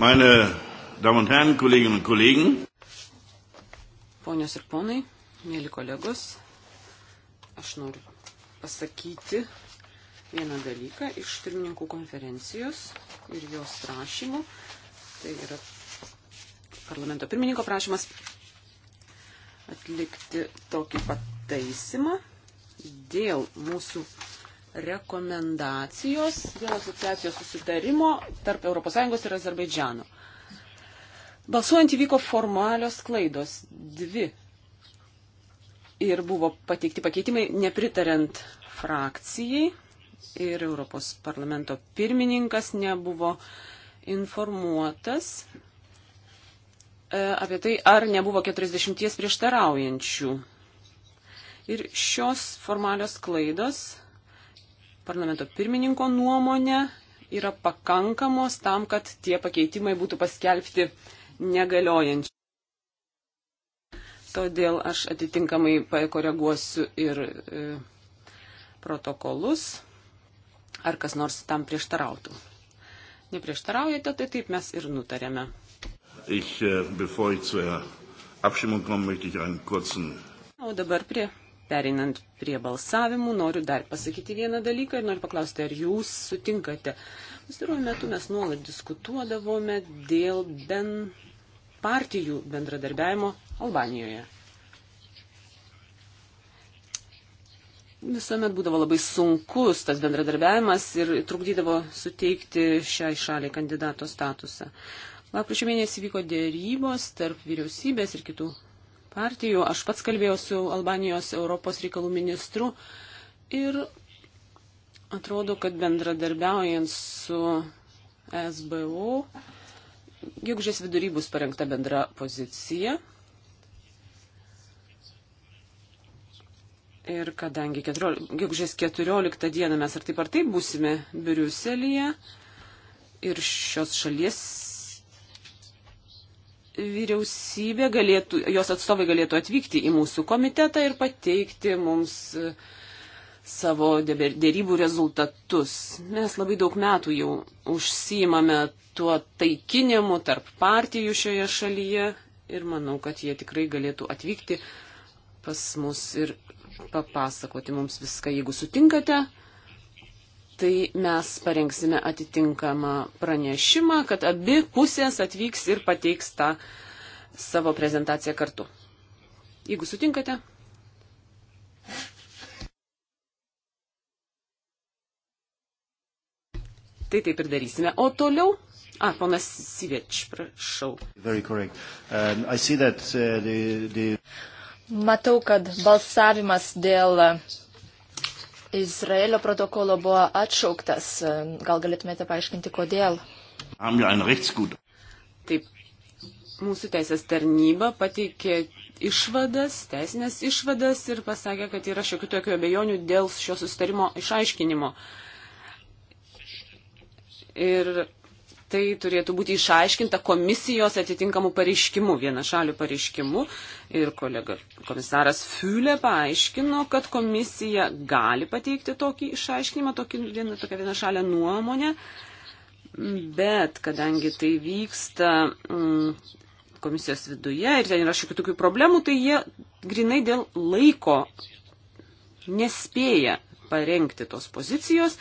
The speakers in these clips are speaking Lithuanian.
Meine Damen und Herren, Kolleginnen und Kollegen. Ponios ir ponai, mėly kolegos, aš noriu pasakyti vieną dalyką iš pirmininkų konferencijos ir jos prašymų. Tai yra parlamento pirmininko prašymas atlikti tokį pataisimą dėl mūsų rekomendacijos dėl asociacijos susitarimo tarp ES ir Azerbaidžiano. Balsuojant įvyko formalios klaidos - dvi. Ir buvo pateikti pakeitimai nepritariant frakcijai ir Europos parlamento pirmininkas nebuvo informuotas e, apie tai, ar nebuvo 40 prieštaraujančių. Ir šios formalios klaidos parlamento pirmininko nuomonė yra pakankamos tam, kad tie pakeitimai būtų paskelbti negaliojančiai. Todėl aš atitinkamai pakoreguosiu ir e, protokolus, ar kas nors tam prieštarautų. Neprieštaraujate, tai taip mes ir nutarėme. Ich, äh, bevor ich zur Abstimmung komme, möchte ich einen kurzen. O dabar prie Perinant prie balsavimų, noriu dar pasakyti vieną dalyką ir noriu paklausti, ar jūs sutinkate. Pastaruoju metu mes nuolat diskutuodavome dėl ben partijų bendradarbiavimo Albanijoje. Visuomet būdavo labai sunkus tas bendradarbiavimas ir trukdydavo suteikti šiai šaliai kandidato statusą. Lapkričio mėnesį vyko dėrybos tarp vyriausybės ir kitų partijų. Aš pats kalbėjau su Albanijos Europos reikalų ministru ir atrodo, kad bendradarbiaujant su SBU, gegužės vidury bus parengta bendra pozicija. Ir kadangi gegužės 14 dieną mes ar taip ar taip būsime Briuselėje ir šios šalies vyriausybė galėtų, jos atstovai galėtų atvykti į mūsų komitetą ir pateikti mums e, savo dėrybų rezultatus. Mes labai daug metų jau užsijimame tuo taikinimu tarp partijų šioje šalyje ir manau, kad jie tikrai galėtų atvykti pas mus ir papasakoti mums viską, jeigu sutinkate tai mes parengsime atitinkamą pranešimą, kad abi pusės atvyks ir pateiks tą savo prezentaciją kartu. Jeigu sutinkate. Tai taip ir darysime. O toliau. A, ponas Siveč, prašau. Um, that, uh, the, the... Matau, kad balsavimas dėl Izraelio protokolo buvo atšauktas. Gal galėtumėte paaiškinti, kodėl? Taip, mūsų teisės tarnyba pateikė išvadas, teisinės išvadas ir pasakė, kad yra šiokių tokių abejonių dėl šio sustarimo išaiškinimo. Ir tai turėtų būti išaiškinta komisijos atitinkamų pareiškimų, vienašalių pareiškimų. Ir kolega komisaras Fiulė paaiškino, kad komisija gali pateikti tokį išaiškinimą, tokį, vieną, tokią vienašalę nuomonę, bet kadangi tai vyksta. Mm, komisijos viduje ir ten yra šiokių tokių problemų, tai jie grinai dėl laiko nespėja parengti tos pozicijos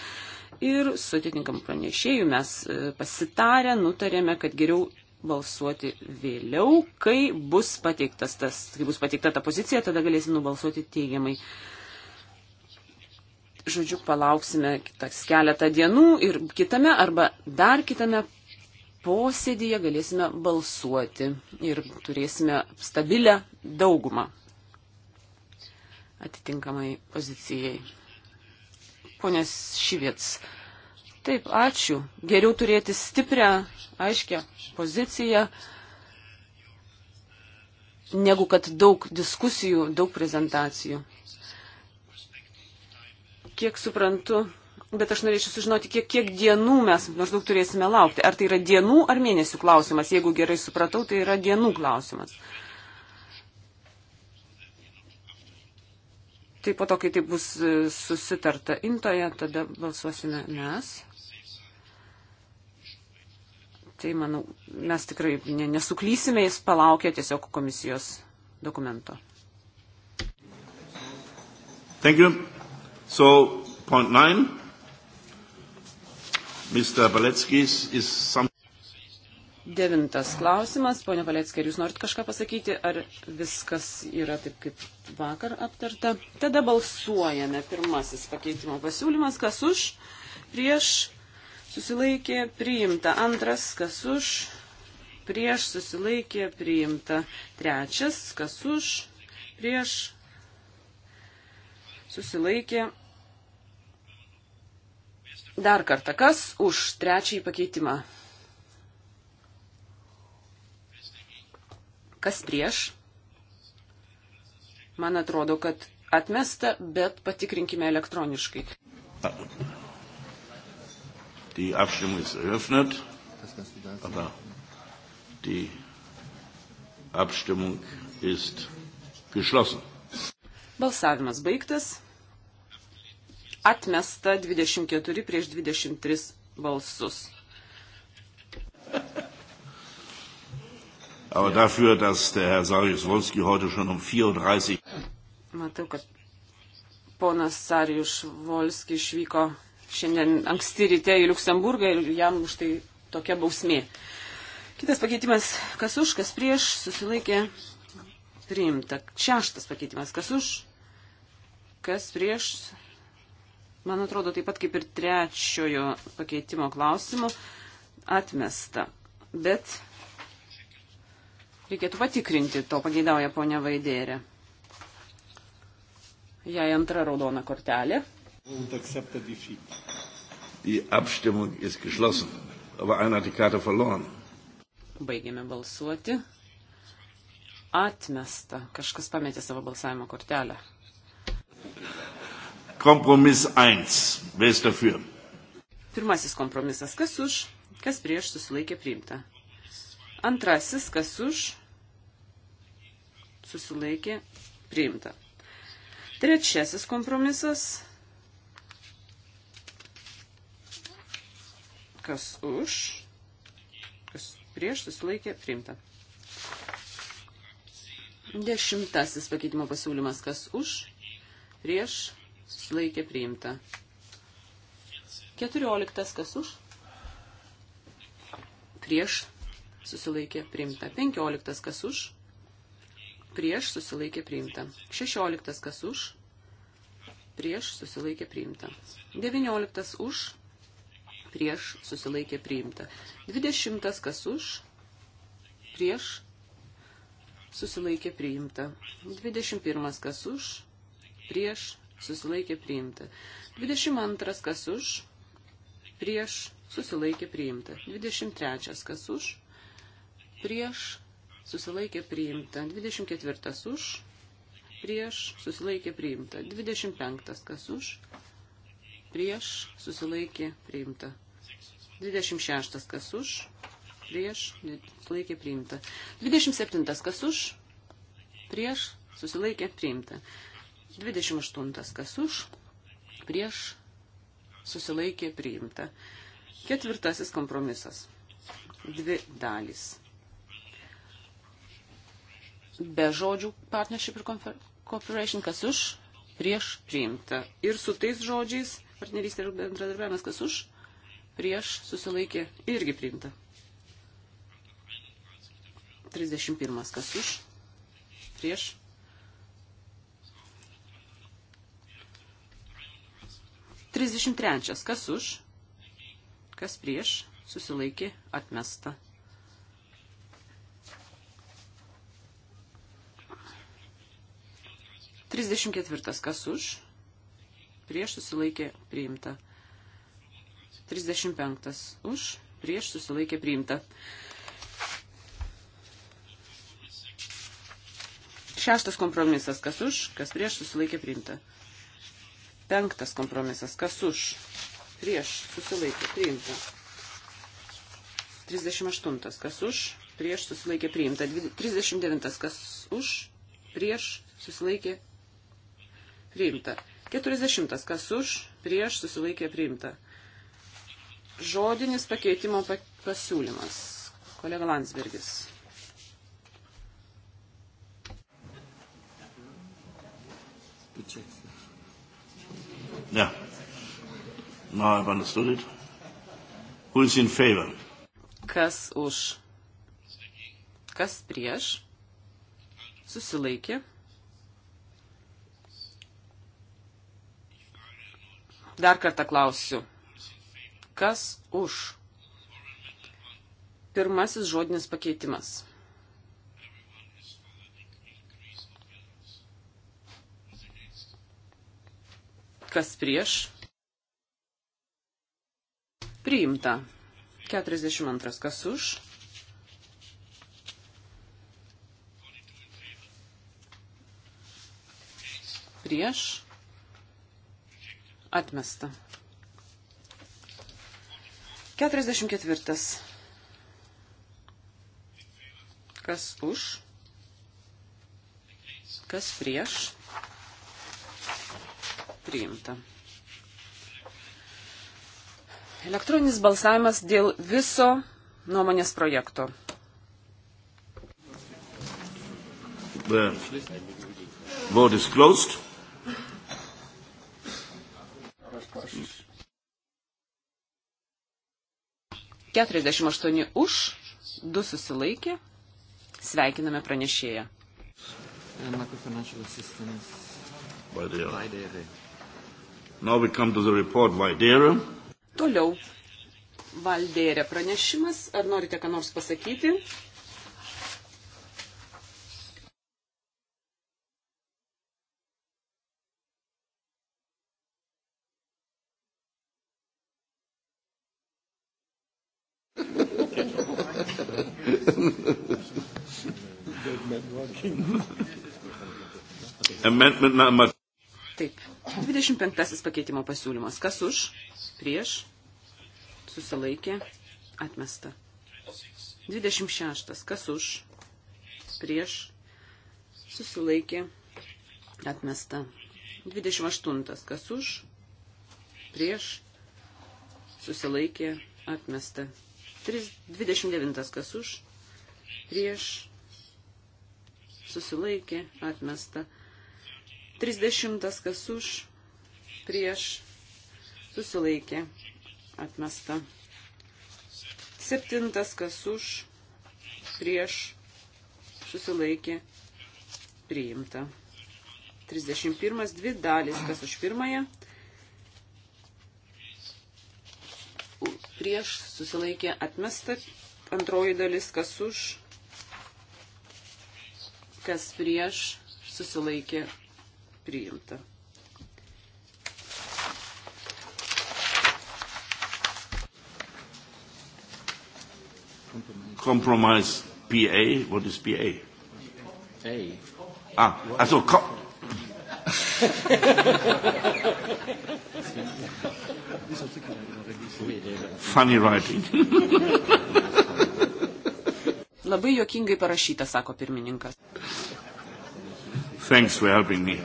ir su atitinkamu pranešėju mes e, pasitarę nutarėme, kad geriau balsuoti vėliau, kai bus, pateiktas tas, kai bus pateikta ta pozicija, tada galėsim nubalsuoti teigiamai. Žodžiu, palauksime kitas keletą dienų ir kitame arba dar kitame posėdėje galėsime balsuoti ir turėsime stabilę daugumą atitinkamai pozicijai ponės Šivits. Taip, ačiū. Geriau turėti stiprią, aiškę poziciją, negu kad daug diskusijų, daug prezentacijų. Kiek suprantu, bet aš norėčiau sužinoti, kiek, kiek dienų mes maždaug turėsime laukti. Ar tai yra dienų ar mėnesių klausimas? Jeigu gerai supratau, tai yra dienų klausimas. Tai po to, kai tai bus e, susitarta intoje, tada balsuosime mes. Tai manau, mes tikrai nesuklysime, jis palaukia tiesiog komisijos dokumento. Thank you. So, point nine. Mr. Baletskis is some. Devintas klausimas. Pone Paleckė, ar jūs norit kažką pasakyti, ar viskas yra taip, kaip vakar aptarta? Tada balsuojame. Pirmasis pakeitimo pasiūlymas, kas už, prieš, susilaikė, priimta. Antras, kas už, prieš, susilaikė, priimta. Trečias, kas už, prieš, susilaikė. Dar kartą, kas už trečiąjį pakeitimą? Kas prieš? Man atrodo, kad atmesta, bet patikrinkime elektroniškai. Die Abstimmung ist eröffnet. Aber die Abstimmung ist geschlossen. Balsavimas baigtas. Atmesta 24 prieš 23 balsus. Aber dafür, dass der Herr Sarjus-Wolski heute schon um 34. Matau, kad ponas Sarjus Volski išvyko šiandien anksti ryte į Luksemburgą ir jam už tai tokia bausmė. Kitas pakeitimas, kas už, kas prieš, susilaikė priimta. Šeštas pakeitimas, kas už, kas prieš, man atrodo, taip pat kaip ir trečiojo pakeitimo klausimo, atmesta. Bet Reikėtų patikrinti, to pageidauja ponia Vaidėrė. Jei antra raudona kortelė. Baigėme balsuoti. Atmesta. Kažkas pametė savo balsavimo kortelę. Kompromis 1. Wer ist dafür? Pirmasis kompromisas. Kas už, kas prieš susilaikė priimta. Antrasis, kas už, susilaikė, priimta. Trečiasis kompromisas, kas už, kas prieš, susilaikė, priimta. Dešimtasis pakeitimo pasiūlymas, kas už, prieš, susilaikė, priimta. Keturioliktas, kas už, prieš, susilaikė priimta. 15 kas už, prieš susilaikė priimta. 16 kas už, prieš susilaikė priimta. 19 už, prieš susilaikė priimta. 20 kas už, prieš susilaikė priimta. 21 kas už, prieš susilaikė priimta. 22 kas už, prieš susilaikė priimta. 23 kas už, prieš, susilaikė priimta. 24 už, prieš, susilaikė priimta. 25 kas už, prieš, susilaikė priimta. 26 kas už, prieš, susilaikė priimta. 27 kas už, prieš, susilaikė priimta. 28 kas už, prieš, susilaikė priimta. Ketvirtasis kompromisas. Dvi dalys be žodžių partnership ir cooperation, kas už, prieš priimta. Ir su tais žodžiais partnerystė ir bendradarbiavimas, kas už, prieš susilaikė irgi priimta. 31. Kas už, prieš. Trisdešimt trečias. Kas už? Kas prieš? Susilaikė atmesta. 34. Kas už? Prieš susilaikė priimta. 35. Už? Prieš susilaikė priimta. Šeštas kompromisas. Kas už? Kas prieš susilaikė priimta. Penktas kompromisas. Kas už? Prieš susilaikė priimta. 38. Kas už? Prieš susilaikė priimta. 39. Kas už? Prieš susilaikė priimta. 40. Kas už, prieš, susilaikė priimta. Žodinis pakeitimo pasiūlymas. Kolega Landsbergis. Yeah. Now I've understood it. Who is in favor? Kas už? Kas prieš? Susilaikė. Dar kartą klausiu. Kas už? Pirmasis žodinis pakeitimas. Kas prieš? Priimta. 42. Kas už? Prieš. Atmesta. 44. Kas už? Kas prieš? Priimta. Elektroninis balsavimas dėl viso nuomonės projekto. The vote is closed. 48 už, 2 susilaikė. Sveikiname pranešėją. Toliau Valdėrė pranešimas. Ar norite ką nors pasakyti? Taip. 25 pakeitimo pasiūlymas. Kas už? Prieš? Susilaikė? Atmesta. 26. Kas už? Prieš? Susilaikė? Atmesta. 28. Kas už? Prieš? Susilaikė? Atmesta. 29. Kas už? Prieš? Susilaikė? Atmesta. 30 kas už, prieš, susilaikė, atmesta. 7 kas už, prieš, susilaikė, priimta. 31 dvi dalys, kas už pirmąją, prieš, susilaikė, atmesta. Antroji dalis, kas už, kas prieš, susilaikė, priimta. Compromise PA, what is PA? A. Ah, also co Funny writing. Labai juokingai parašyta, sako pirmininkas. Thanks for helping me.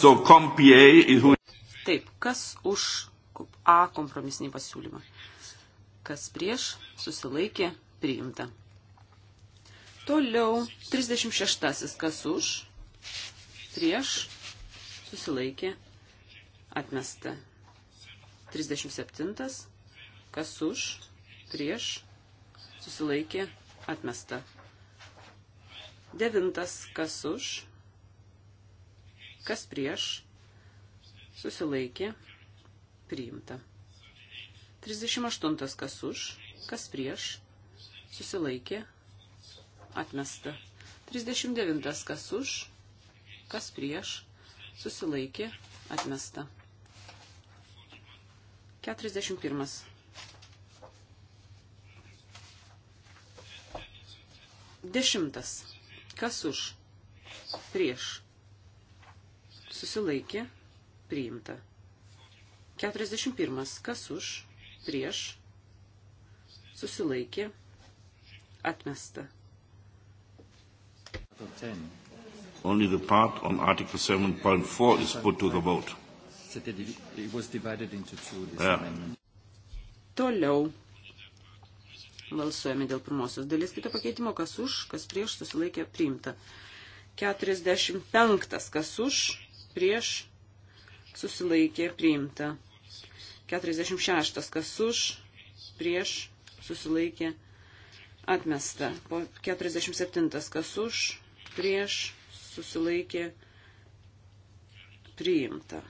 So, ComPA is who... Taip, kas už A kompromisinį pasiūlymą? Kas prieš susilaikė priimta. Toliau 36. Kas už prieš susilaikė atmesta. 37. Kas už prieš susilaikė atmesta. 9. Kas už Kas prieš? Susilaikė. Priimta. 38. Kas už? Kas prieš? Susilaikė. Atmesta. 39. Kas už? Kas prieš? Susilaikė. Atmesta. 41. Dešimtas. Kas už? Prieš susilaikė, priimta. 41. Kas už, prieš, susilaikė, atmesta. Only the part on Article 7.4 is put to the vote. It was divided into two, this yeah. amendment. Toliau balsuojame dėl pirmosios dalies kito pakeitimo, kas už, kas prieš, susilaikė priimta. 45. Kas už, prieš, susilaikė, priimta. 46. Kas už, prieš, susilaikė, atmesta. Po 47. Kas už, prieš, susilaikė, priimta.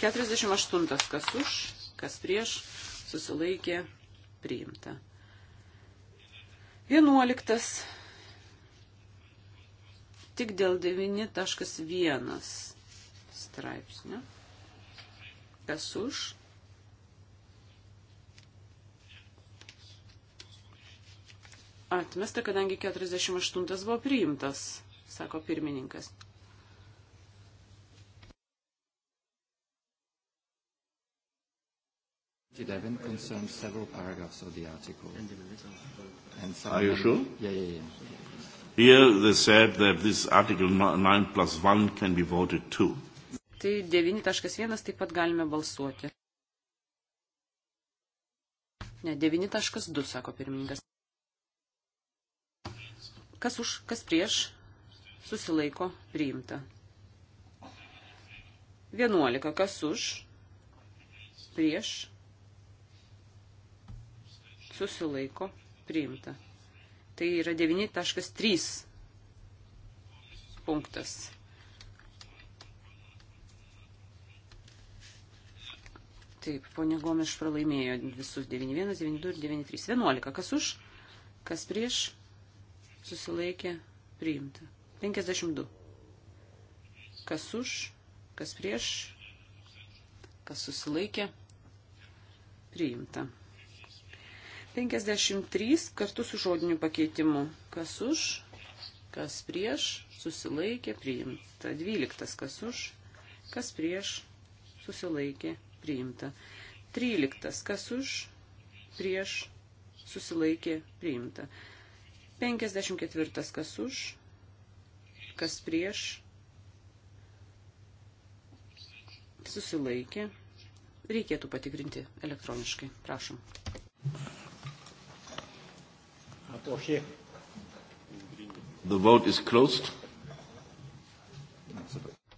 48. Kas už, kas prieš, susilaikė, priimta. 11 tik dėl 9.1 straipsnio. Kas už? Atmesta, kadangi 48 buvo priimtas, sako pirmininkas. Eleven concerns several paragraphs of the article. And some Are you sure? Yeah, yeah, yeah. Here they said that this article 9 plus 1 can be voted too. Tai 9.1 taip pat galime balsuoti. Ne, 9.2, sako pirmininkas. Kas už, kas prieš, susilaiko priimta. 11. Kas už, prieš, susilaiko priimta. Tai yra 9.3 punktas. Taip, ponė Gomeš pralaimėjo visus 91, 92 ir 93. 11. Kas už, kas prieš, susilaikė, priimta. 52. Kas už, kas prieš, kas susilaikė, priimta. 53 kartu su žodiniu pakeitimu. Kas už, kas prieš, susilaikė, priimta. 12 kas už, kas prieš, susilaikė, priimta. 13 kas už, prieš, susilaikė, priimta. 54 kas už, kas prieš, susilaikė. Reikėtų patikrinti elektroniškai. Prašom. Ošė. The vote is closed.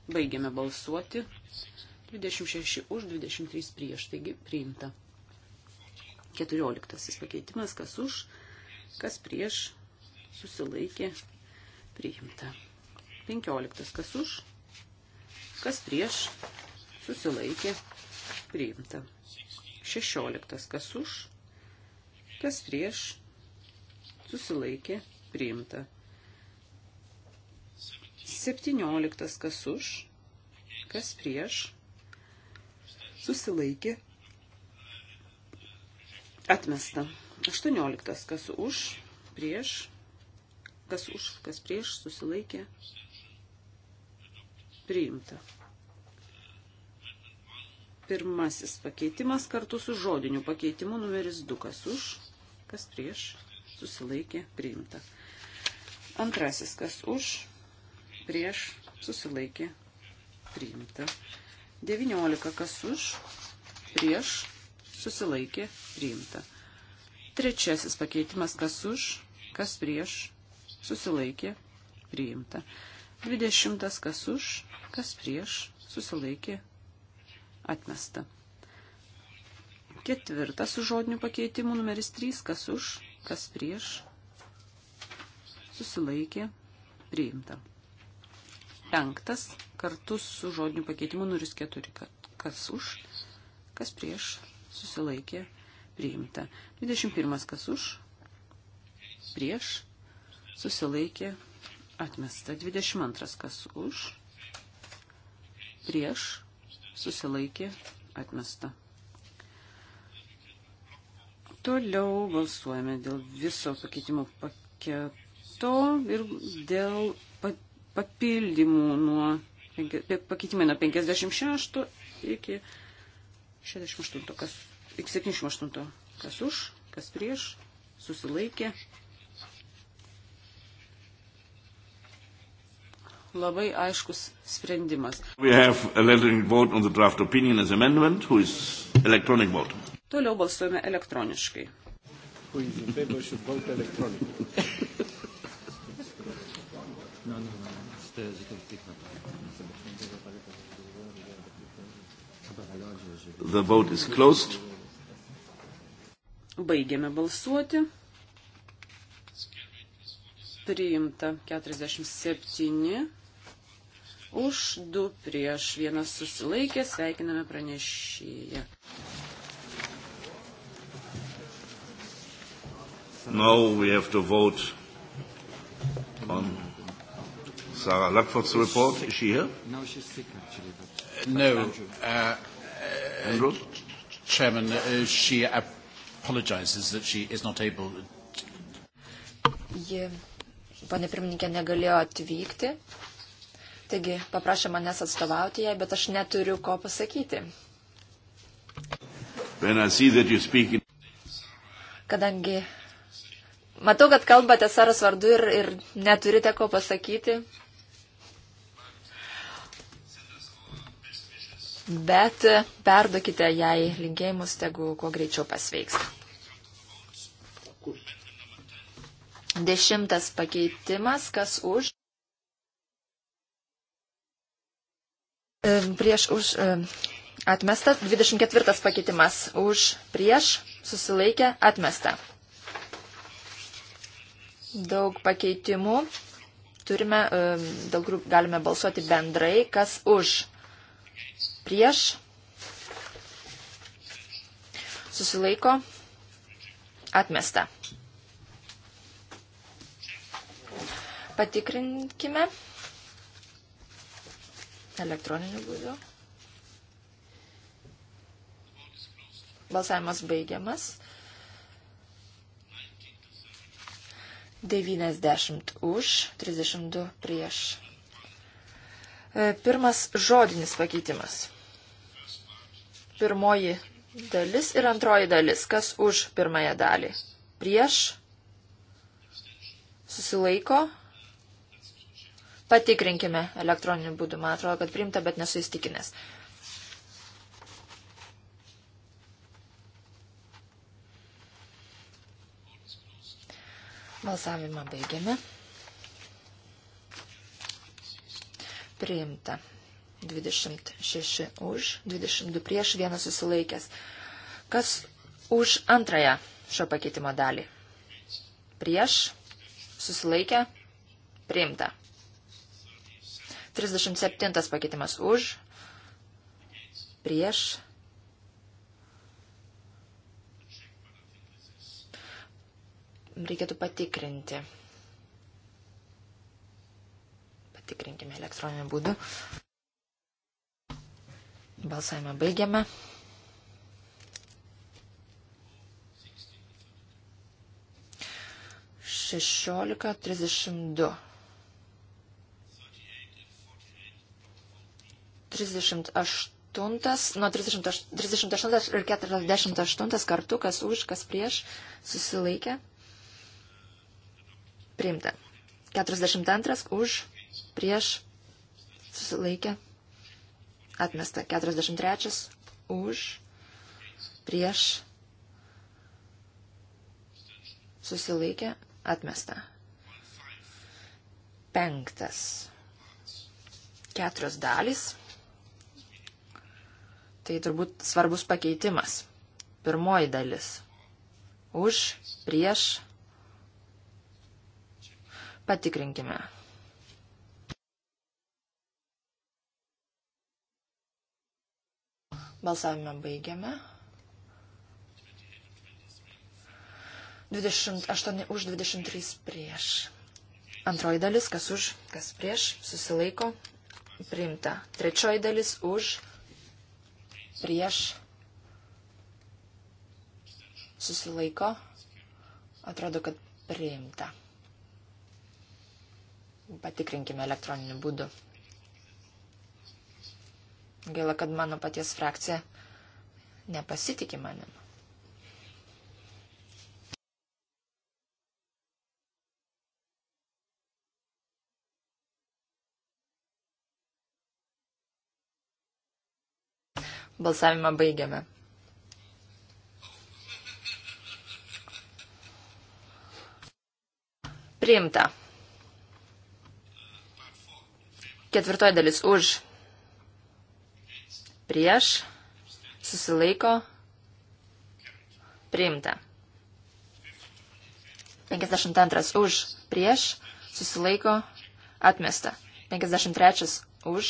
Baigiame balsuoti. 26 už, 23 prieš, taigi priimta. 14 pakeitimas, kas už, kas prieš, susilaikė, priimta. 15 kas už, kas prieš, susilaikė, priimta. 16 kas už, kas prieš, susilaikė, priimta. 17 kas už, kas prieš, susilaikė, atmesta. 18 kas už, prieš, kas už, kas prieš, susilaikė, priimta. Pirmasis pakeitimas kartu su žodiniu pakeitimu numeris 2 kas už, kas prieš, susilaikė, priimta. Antrasis, kas už, prieš, susilaikė, priimta. 19, kas už, prieš, susilaikė, priimta. Trečiasis pakeitimas, kas už, kas prieš, susilaikė, priimta. 20, kas už, kas prieš, susilaikė, atmesta. Ketvirtas su žodiniu pakeitimu numeris 3, kas už, kas prieš, susilaikė, priimta. Penktas, kartu su žodiniu pakeitimu nulis keturi, kas už, kas prieš, susilaikė, priimta. 21, kas už, prieš, susilaikė, atmesta. 22, kas už, prieš, susilaikė, atmesta. Toliau balsuojame dėl viso pakeitimo paketo ir dėl papildymų nuo e, pakeitimai nuo 56 iki 68, kas, iki 78, kas už, kas prieš, susilaikė. Labai aiškus sprendimas. We have a lettering vote on the draft opinion as amendment, who is electronic vote. Toliau balsuojame elektroniškai. No, no, no. It's the, the The vote is closed. Baigiame balsuoti. Priimta 47 už 2 prieš vienas susilaikė. Sveikiname pranešėją. No, we have to vote on Sarah Ludford's report. Is she here? No, she's sick actually. But no, Andrew. Uh, Andrew? Uh, Chairman, uh, she apologizes that she is not able. Ji, ponė pirmininkė, negalėjo atvykti. Taigi, paprašė manęs atstovauti jai, bet aš neturiu ko pasakyti. Kadangi Matau, kad kalbate Saros vardu ir, ir neturite ko pasakyti. Bet perduokite jai linkėjimus, tegu kuo greičiau pasveiks. Dešimtas pakeitimas, kas už. Prieš už atmesta. 24 pakeitimas už prieš susilaikę atmesta daug pakeitimų. Turime, dėl kurių galime balsuoti bendrai, kas už, prieš, susilaiko, atmesta. Patikrinkime elektroniniu būdu. Balsavimas baigiamas. 90 už, 32 prieš. E, pirmas žodinis pakeitimas. Pirmoji dalis ir antroji dalis. Kas už pirmąją dalį? Prieš. Susilaiko. Patikrinkime elektroniniu būdu. Man atrodo, kad priimta, bet nesu įstikinęs. Balsavimą baigiame. Priimta. 26 už, 22 prieš, vienas susilaikęs. Kas už antrąją šio pakeitimo dalį? Prieš, susilaikę, priimta. 37 pakeitimas už, prieš, reikėtų patikrinti. Patikrinkime elektroniniu būdu. Balsavimą baigiame. Šešiolika trisdešimt du. 38, nuo 38, 38 ir 48 kartu, kas už, kas prieš, susilaikė, Priimta. 42 už, prieš, susilaikė, atmesta. 43 už, prieš, susilaikė, atmesta. Penktas. Keturios dalys. Tai turbūt svarbus pakeitimas. Pirmoji dalis. Už, prieš, Patikrinkime. Balsavimą baigiame. 28 už 23 prieš. Antroji dalis, kas už, kas prieš, susilaiko, priimta. Trečioji dalis už, prieš, susilaiko, atrodo, kad priimta. Patikrinkime elektroniniu būdu. Gaila, kad mano paties frakcija nepasitikė manim. Balsavimą baigiame. Priimta. Ketvirtoji dalis už, prieš, susilaiko, priimta. 52 už, prieš, susilaiko, atmesta. 53 už,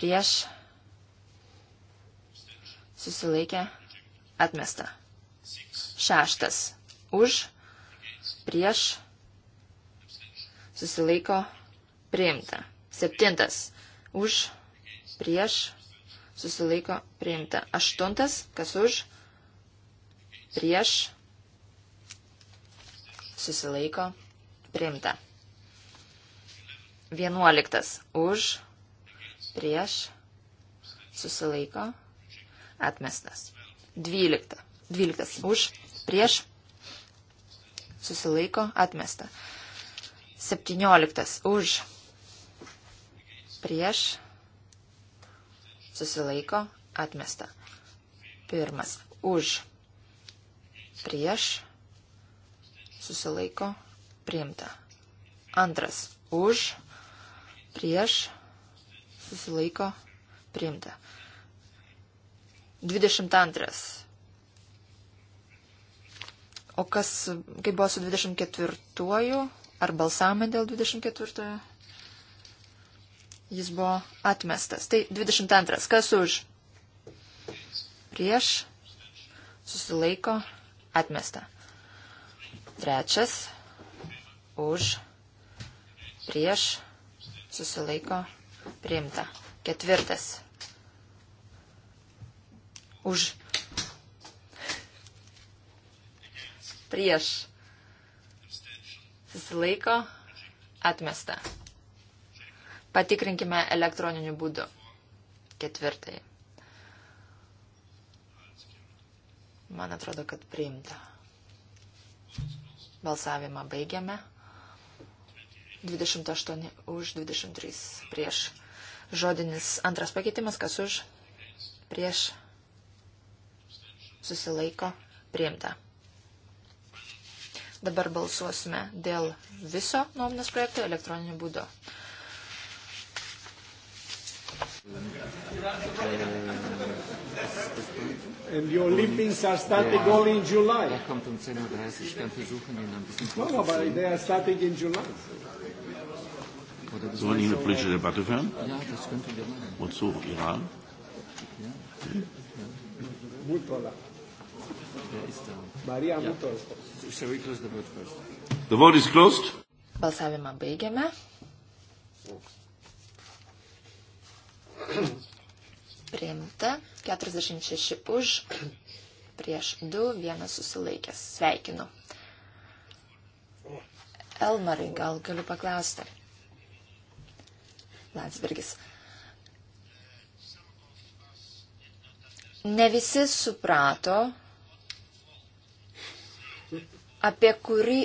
prieš, susilaikė, atmesta. Šeštas už, prieš, susilaiko, atmesta priimta. Septintas už, prieš, susilaiko priimta. Aštuntas, kas už, prieš, susilaiko priimta. Vienuoliktas už, prieš, susilaiko atmestas. Dvylikta. Dvyliktas už, prieš, susilaiko atmesta. Septynioliktas už, prieš prieš, susilaiko, atmesta. Pirmas, už, prieš, susilaiko, priimta. Antras, už, prieš, susilaiko, priimta. 22. O kas, kaip buvo su 24-uoju, ar balsavome dėl 24-ojo? jis buvo atmestas. Tai 22. Kas už? Prieš susilaiko atmesta. Trečias už prieš susilaiko priimta. Ketvirtas už prieš susilaiko atmesta. Patikrinkime elektroniniu būdu. Ketvirtai. Man atrodo, kad priimta. Balsavimą baigiame. 28 už, 23 prieš. Žodinis antras pakeitimas, kas už, prieš, susilaiko, priimta. Dabar balsuosime dėl viso nuomonės projekto elektroniniu būdu. Äh, And the Olympics are starting yeah. only in July. Er kommt um 10.30 Uhr. Ich kann versuchen, ihn ein bisschen No, aber they are starting in July. Oder Sollen die eine politische Debatte führen? Ja, das könnten wir machen. Wozu? Iran? Ja. Hm? ja. Mutola. Wer ist da? Maria ja. Mutola. Shall we close the vote first? The vote is closed. Balsavimą baigiame. Okay. Priimta. 46 už. Prieš 2. Vienas susilaikęs. Sveikinu. Elmarai, gal galiu paklausti. Landsbergis. Ne visi suprato, apie kurį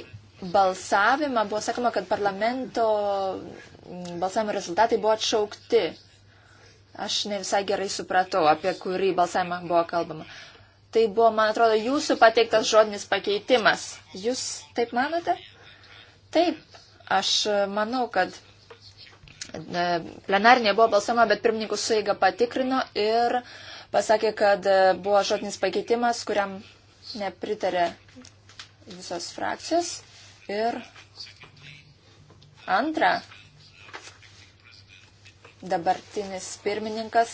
balsavimą buvo sakoma, kad parlamento balsavimo rezultatai buvo atšaukti. Aš ne visai gerai supratau, apie kurį balsavimą buvo kalbama. Tai buvo, man atrodo, jūsų pateiktas žodinis pakeitimas. Jūs taip manote? Taip, aš e, manau, kad e, plenarinė buvo balsama, bet pirmininkų suiga patikrino ir pasakė, kad e, buvo žodinis pakeitimas, kuriam nepritarė visos frakcijos. Ir antra, dabartinis pirmininkas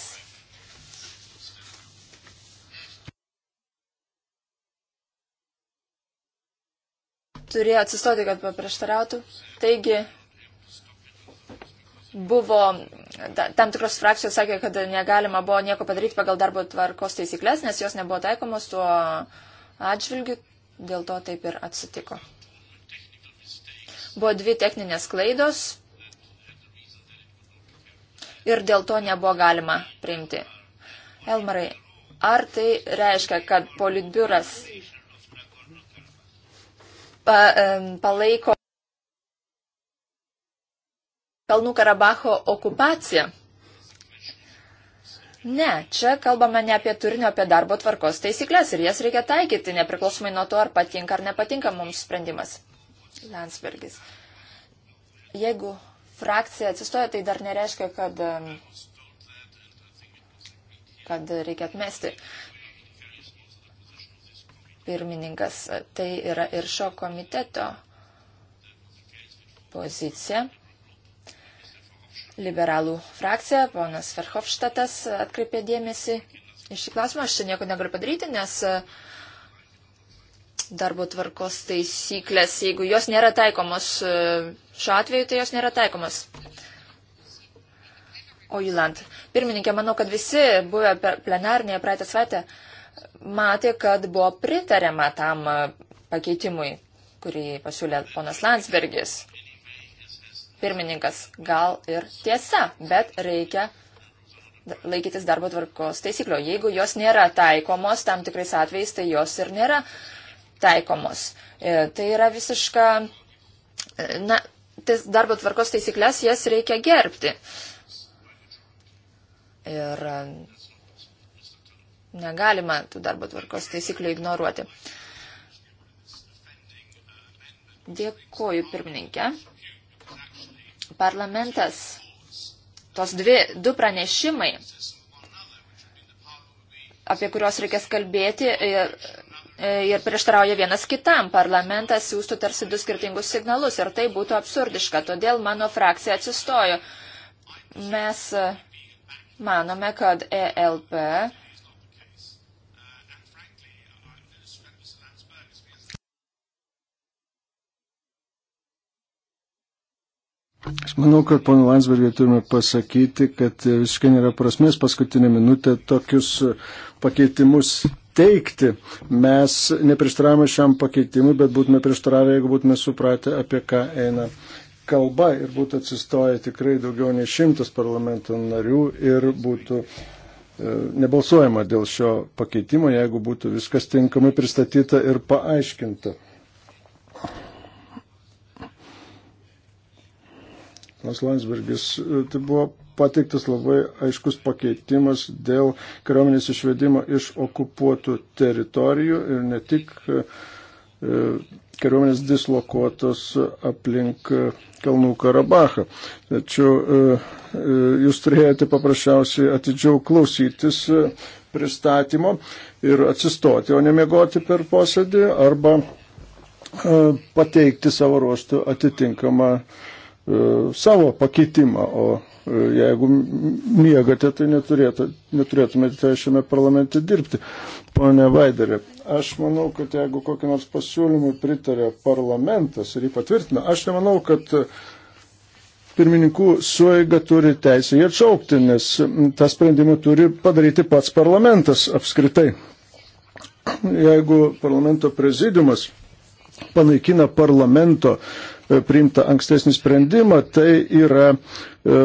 turėjo atsistoti, kad paprieštarautų. Taigi buvo, tam tikros frakcijos sakė, kad negalima buvo nieko padaryti pagal darbo tvarkos taisyklės, nes jos nebuvo taikomos tuo atžvilgiu, dėl to taip ir atsitiko. Buvo dvi techninės klaidos, ir dėl to nebuvo galima priimti. Elmarai, ar tai reiškia, kad politbiuras pa, palaiko Kalnų Karabacho okupaciją? Ne, čia kalbame ne apie turinio, apie darbo tvarkos taisyklės ir jas reikia taikyti, nepriklausomai nuo to, ar patinka ar nepatinka mums sprendimas. Landsbergis. Jeigu frakcija atsistoja, tai dar nereiškia, kad, kad reikia atmesti. Pirmininkas, tai yra ir šio komiteto pozicija. Liberalų frakcija, ponas Verhofštatas atkreipė dėmesį iš šį klausimą. Aš čia nieko negaliu padaryti, nes e, darbo tvarkos taisyklės, jeigu jos nėra taikomos e, Šiuo atveju tai jos nėra taikomas. O Julant, pirmininkė, manau, kad visi buvę plenarnėje praeitą savaitę matė, kad buvo pritariama tam e, pakeitimui, kurį pasiūlė ponas Landsbergis. Pirmininkas, gal ir tiesa, bet reikia laikytis darbo tvarkos taisyklių. Jeigu jos nėra taikomos tam tikrais atvejais, tai jos ir nėra taikomos. E, tai yra visiška, e, na, darbo tvarkos taisyklės, jas reikia gerbti. Ir e, negalima tų darbo tvarkos taisyklių ignoruoti. Dėkuoju, pirmininkė. Parlamentas, tos dvi, du pranešimai, apie kuriuos reikės kalbėti, e, E, ir prieštarauja vienas kitam. Parlamentas siūstų tarsi du skirtingus signalus ir tai būtų absurdiška. Todėl mano frakcija atsistojo. Mes e, manome, kad ELP. Aš manau, kad pono Landsbergį turime pasakyti, kad visiškai nėra prasmės paskutinę minutę tokius pakeitimus teikti. Mes neprieštaravome šiam pakeitimui, bet būtume prieštaravę, jeigu būtume supratę, apie ką eina kalba ir būtų atsistoję tikrai daugiau nei šimtas parlamento narių ir būtų e, nebalsuojama dėl šio pakeitimo, jeigu būtų viskas tinkamai pristatyta ir paaiškinta. Las Landsbergis e, tai buvo pateiktas labai aiškus pakeitimas dėl kariuomenės išvedimo iš okupuotų teritorijų ir ne tik e, e, kariuomenės dislokuotos aplink Kalnų Karabachą. Tačiau e, jūs turėjote paprasčiausiai atidžiau klausytis pristatymo ir atsistoti, o nemiegoti per posėdį arba pateikti savo ruoštų atitinkamą uh, E, savo pakeitimą, o e, jeigu miegate, tai neturėtų, neturėtumėte tai šiame parlamente dirbti. Pone Vaidarė, aš manau, kad jeigu kokį nors pasiūlymą pritarė parlamentas ir jį patvirtina, aš nemanau, kad pirmininkų suėga turi teisę jį atšaukti, nes tą sprendimą turi padaryti pats parlamentas apskritai. Jeigu parlamento prezidiumas panaikina parlamento uh, E, priimtą ankstesnį sprendimą, tai yra e,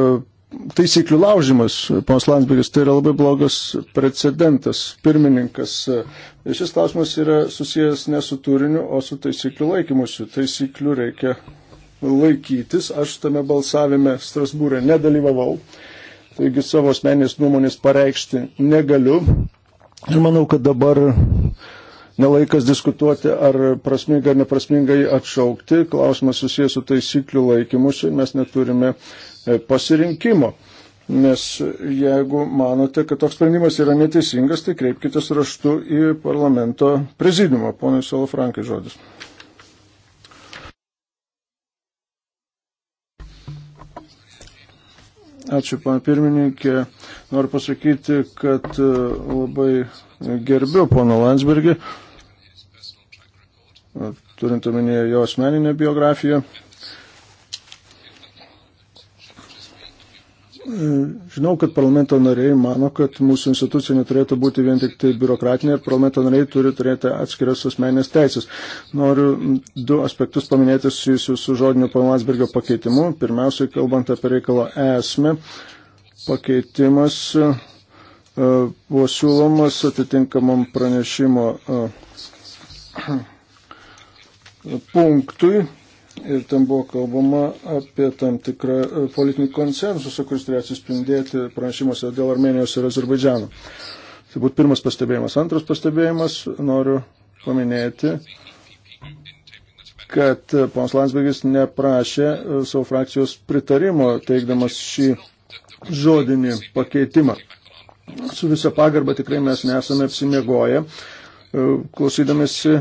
taisyklių laužimas, ponas Landsbergis, tai yra labai blogas precedentas, pirmininkas. E, šis klausimas yra susijęs ne su turiniu, o su taisyklių laikymusiu. Taisyklių reikia laikytis. Aš tame balsavime Strasbūrė nedalyvavau, taigi savo asmenės nuomonės pareikšti negaliu. Ir manau, kad dabar nelaikas diskutuoti, ar prasminga ar neprasmingai atšaukti. Klausimas susijęs su taisyklių laikymusi, mes neturime e, pasirinkimo. Nes jeigu manote, kad toks sprendimas yra neteisingas, tai kreipkite raštu į parlamento prezidiumą. Ponai Salafrankai žodis. Ačiū, pana pirmininkė. Noriu pasakyti, kad e, labai gerbiu pono Landsbergį turint omenyje jo asmeninę biografiją. Žinau, kad parlamento nariai mano, kad mūsų institucija neturėtų būti vien tik tai biurokratinė ir parlamento nariai turi turėti atskiras asmeninės teisės. Noriu du aspektus paminėti susijusius su žodiniu pono Asbergio pakeitimu. Pirmiausia, kalbant apie reikalo esmę, pakeitimas e, buvo siūlomas atitinkamam pranešimo e, punktui ir ten buvo kalbama apie tam tikrą e, politinį konsensusą, kuris turėjo atsispindėti pranešimuose dėl Armenijos ir Azerbaidžiano. Tai būtų pirmas pastebėjimas. Antras pastebėjimas noriu paminėti, kad ponas Landsbergis neprašė e, savo frakcijos pritarimo teikdamas šį žodinį pakeitimą. Su visa pagarba tikrai mes nesame apsimiegoję, e, klausydamėsi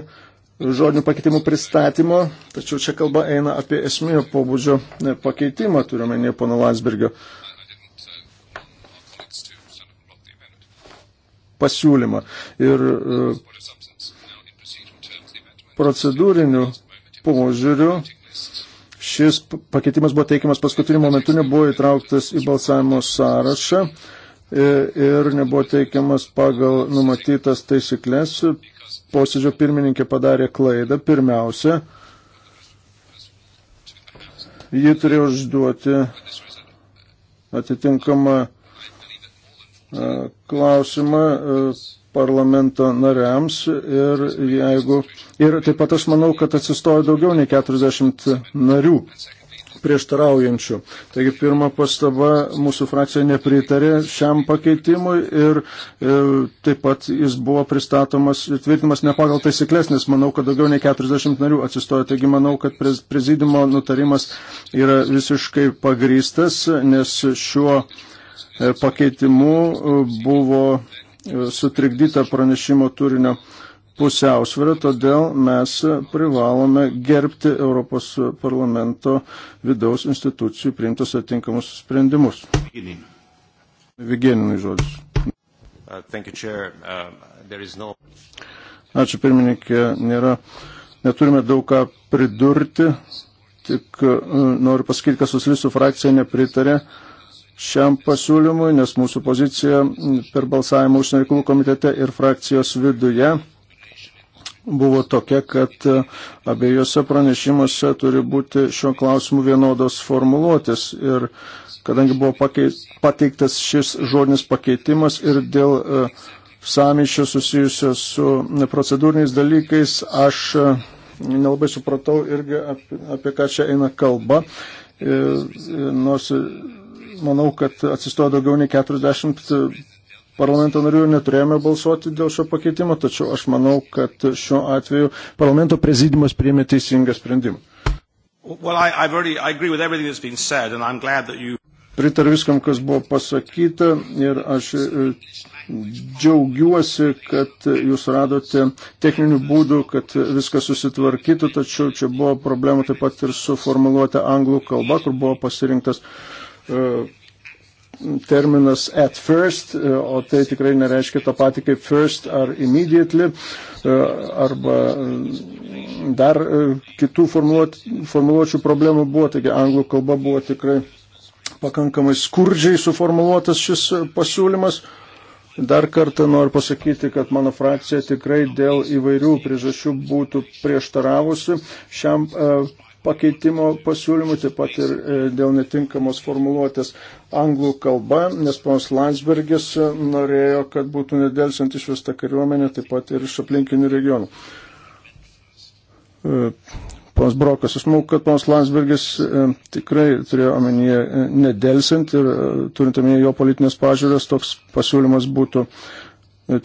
žodinių pakeitimų pristatymo, tačiau čia kalba eina apie esminio pobūdžio pakeitimą, turime ne pono Landsbergio pasiūlymą. Ir e, procedūriniu požiūriu šis pakeitimas buvo teikiamas paskutiniu momentu, nebuvo įtrauktas į balsavimo sąrašą e, ir nebuvo teikiamas pagal numatytas taisyklės posėdžio pirmininkė padarė klaidą. Pirmiausia, ji turėjo užduoti atitinkamą e, klausimą e, parlamento nariams ir jeigu ir taip pat aš manau, kad atsistojo daugiau nei 40 narių prieštaraujančių. Taigi pirma pastaba, mūsų frakcija nepritarė šiam pakeitimui ir, ir e, taip pat jis buvo pristatomas, tvirtinamas ne pagal taisyklės, nes manau, kad daugiau nei 40 narių atsistojo. Taigi manau, kad prezidimo nutarimas yra visiškai pagrystas, nes šiuo e, pakeitimu e, buvo sutrikdyta pranešimo turinio pusiausvyrą, todėl mes privalome gerbti Europos parlamento vidaus institucijų priimtus atinkamus sprendimus. Vigeninai žodis. Uh, uh, no... Ačiū pirmininkė, nėra, neturime daug ką pridurti, tik uh, noriu pasakyti, kad socialistų frakcija nepritarė šiam pasiūlymui, nes mūsų pozicija per balsavimą užsienio reikalų komitete ir frakcijos viduje buvo tokia, kad e, abiejose pranešimuose turi būti šiuo klausimu vienodos formuluotės. Ir kadangi buvo pakeit, pateiktas šis žodinis pakeitimas ir dėl e, samyšio susijusio su procedūriniais dalykais, aš e, nelabai supratau irgi apie, apie ką čia eina kalba. Ir, nors manau, kad atsistojo daugiau nei 40 parlamento narių ir neturėjome balsuoti dėl šio pakeitimo, tačiau aš manau, kad šiuo atveju parlamento prezidimas priėmė teisingą sprendimą. Well, I, I've already, I agree with everything that's been said, and I'm glad that you. Pritariu viskam, kas buvo pasakyta ir aš e, džiaugiuosi, kad jūs radote techninių būdų, kad viskas susitvarkytų, tačiau čia buvo problemų taip pat ir su formuluotė anglų kalba, kur buvo pasirinktas uh, terminas at first, o tai tikrai nereiškia tą patį kaip first ar immediately, e, arba mm, dar e, kitų formuluočių problemų buvo, taigi anglų kalba buvo tikrai pakankamai skurdžiai suformuluotas šis pasiūlymas. Dar kartą noriu pasakyti, kad mano frakcija tikrai dėl įvairių priežasčių būtų prieštaravusi šiam e, pakeitimo pasiūlymų, taip pat ir e, dėl netinkamos formuluotės anglų kalba, nes ponas Landsbergis e, norėjo, kad būtų nedelsiant išvesta kariuomenė, taip pat ir iš aplinkinių regionų. E, ponas Brokas, aš manau, kad ponas Landsbergis tikrai turėjo omenyje nedelsint ir turint omenyje jo politinės pažiūrės, toks pasiūlymas būtų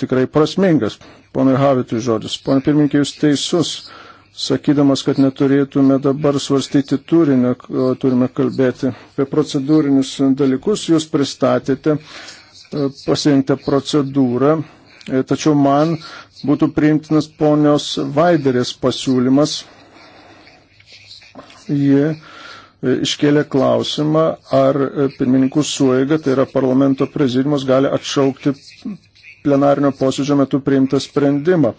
tikrai prasmingas. Ponai Havitui žodis. Pone pirmininkė, jūs teisus sakydamas, kad neturėtume dabar svarstyti turinio, turime kalbėti apie procedūrinius dalykus. Jūs pristatėte e, pasirinktą procedūrą, e, tačiau man būtų priimtinas ponios Vaiderės pasiūlymas. Ji e, iškėlė klausimą, ar pirmininkų suėga, tai yra parlamento prezidimas, gali atšaukti plenarinio posėdžio metu priimtą sprendimą.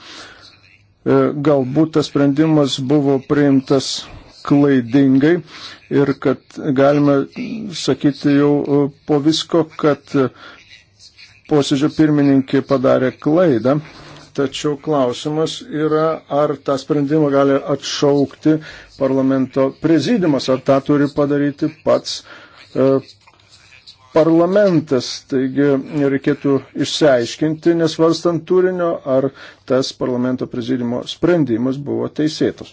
E, galbūt tas sprendimas buvo priimtas klaidingai ir kad galime sakyti jau e, po visko, kad posėdžio pirmininkė padarė klaidą. Tačiau klausimas yra, ar tą sprendimą gali atšaukti parlamento prezidimas, ar tą turi padaryti pats e, parlamentas. Taigi reikėtų išsiaiškinti, nesvarstant turinio, ar tas parlamento prezidimo sprendimas buvo teisėtas.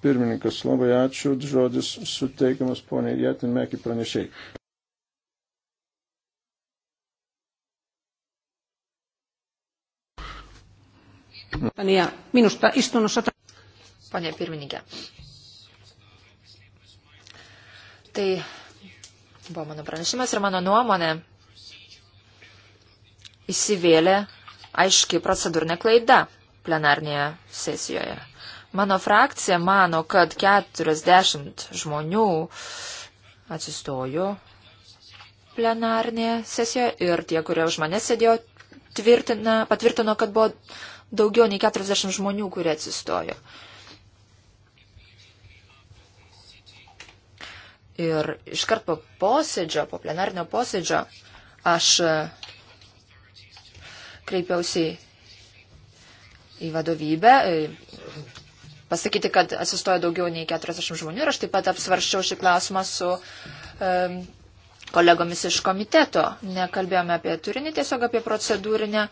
Pirmininkas, labai ačiū, žodis suteikiamas poniai Jatinmekį pranešiai. Ja minusta istunnossa... Pane pirmininkė. Tai buvo mano pranešimas ir mano nuomonė įsivėlė aiški procedūrinė klaida plenarnėje sesijoje. Mano frakcija mano, kad 40 žmonių atsistojo plenarnėje sesijoje ir tie, kurie už mane sėdėjo, tvirtina, patvirtino, kad buvo daugiau nei 40 žmonių, kurie atsistojo. Uh, Ir iškart po posėdžio, po plenarnio posėdžio, aš e, kreipiausi į vadovybę, e, pasakyti, kad atsistoja daugiau nei 40 žmonių ir aš taip pat apsvarščiau šį klausimą su um, kolegomis iš komiteto. Nekalbėjome apie turinį, tiesiog apie procedūrinę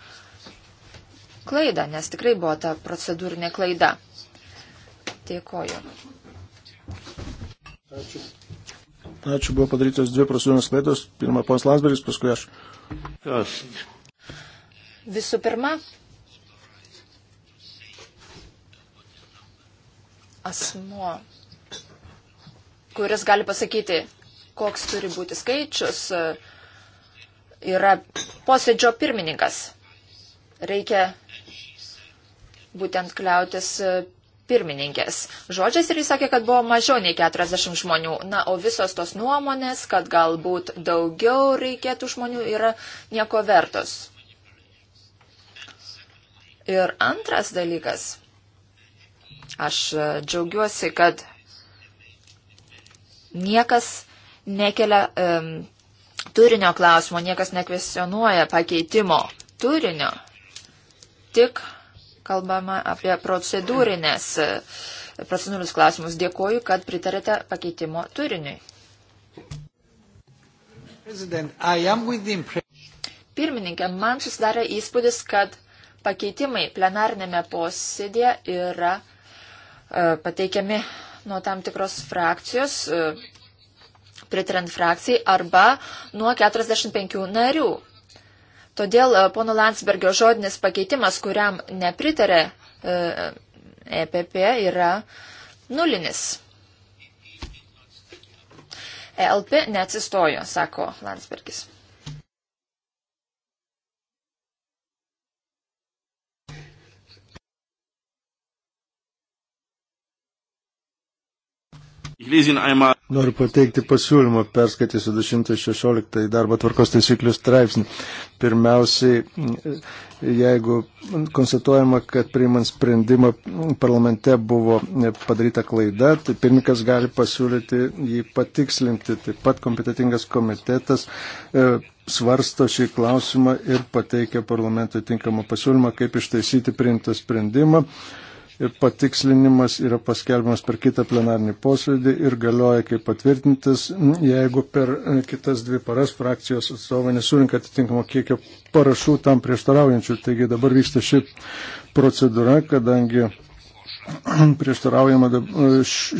klaidą, nes tikrai buvo ta procedūrinė klaida. Dėkoju. Ačiū. Ačiū, buvo padarytos dvi prasidūrinės klaidos. Pirma, pons Landsbergis, paskui aš. Kas? Visų pirma, asmuo, kuris gali pasakyti, koks turi būti skaičius, yra posėdžio pirmininkas. Reikia būtent kliautis pirmininkės žodžiais ir jis sakė, kad buvo mažiau nei 40 žmonių. Na, o visos tos nuomonės, kad galbūt daugiau reikėtų žmonių, yra nieko vertos. Ir antras dalykas. Aš e, džiaugiuosi, kad niekas nekelia um, turinio klausimo, niekas nekvesionuoja pakeitimo turinio. Tik kalbama apie procedūrinės, procedūrinius klausimus. Dėkuoju, kad pritarėte pakeitimo turiniui. Pirmininkė, man susidarė įspūdis, kad pakeitimai plenarinėme posėdėje yra e, pateikiami nuo tam tikros frakcijos, e, pritarant frakcijai, arba nuo 45 narių. Todėl e, pono Landsbergio žodinis pakeitimas, kuriam nepritarė EPP, e yra nulinis. ELP neatsistojo, sako Landsbergis. Noriu pateikti pasiūlymą, perskaitysiu 216 darbo tvarkos taisyklių straipsnį. Pirmiausiai, jeigu konstatuojama, kad priimant sprendimą parlamente buvo padaryta klaida, tai pirmininkas gali pasiūlyti jį patikslinti. Taip pat kompetitingas komitetas e, svarsto šį klausimą ir pateikia parlamentui tinkamą pasiūlymą, kaip ištaisyti priimtą sprendimą ir patikslinimas yra paskelbiamas per kitą plenarnį posėdį ir galioja kaip patvirtintas, jeigu per e, kitas dvi paras frakcijos atstovai nesurinka atitinkamo kiekio parašų tam prieštaraujančių. Taigi dabar vyksta ši procedūra, kadangi prieštaraujama e,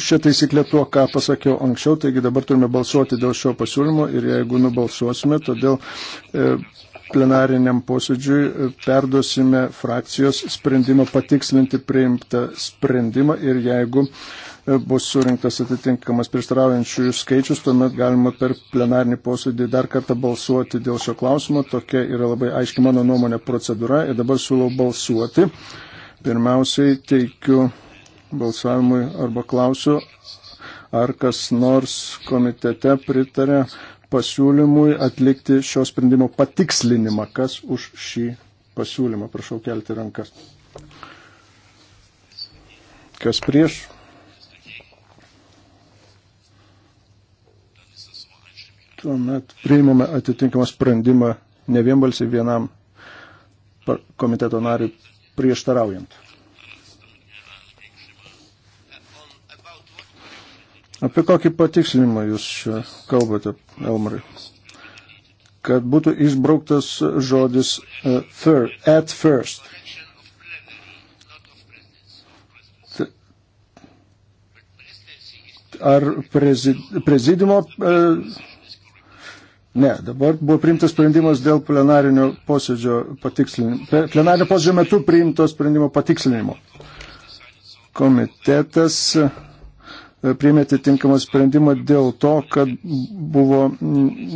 šią taisyklę tuo, ką pasakiau anksčiau, taigi dabar turime balsuoti dėl šio pasiūlymo ir jeigu nubalsuosime, todėl e, plenariniam posėdžiui perduosime frakcijos sprendimą patikslinti priimtą sprendimą ir jeigu e, bus surinktas atitinkamas prieštaraujančiųjų skaičius, tuomet galima per plenarinį posėdį dar kartą balsuoti dėl šio klausimo. Tokia yra labai aiški mano nuomonė procedūra ir dabar siūlau balsuoti. Pirmiausiai teikiu balsavimui arba klausiu, ar kas nors komitete pritarė pasiūlymui atlikti šio sprendimo patikslinimą. Kas už šį pasiūlymą? Prašau kelti rankas. Kas prieš? Tuomet priimame atitinkamą sprendimą ne vienbalsiai vienam komiteto nariui prieštaraujant. Apie kokį patikslinimą jūs kalbate, Elmarai? Kad būtų išbrauktas žodis uh, fir, at first. Ar prezid, prezidimo. Uh, e, ne, dabar buvo priimtas sprendimas dėl plenarinio posėdžio patikslinimo. Plenarinio posėdžio metu priimto sprendimo patikslinimo. Komitetas. Uh, E, priėmė atitinkamą sprendimą dėl to, kad buvo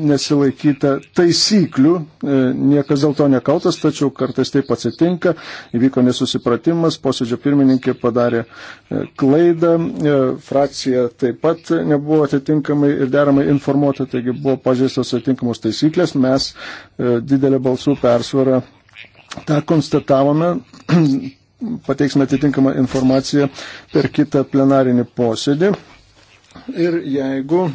nesilaikyta taisyklių, e, niekas dėl to nekaltas, tačiau kartais taip atsitinka, įvyko nesusipratimas, posėdžio pirmininkė padarė e, klaidą, frakcija taip pat nebuvo atitinkamai ir deramai informuota, taigi buvo pažeistos atitinkamos taisyklės, mes didelę balsų persvarą tą konstatavome pateiksime atitinkamą informaciją per kitą plenarinį posėdį. Ir jeigu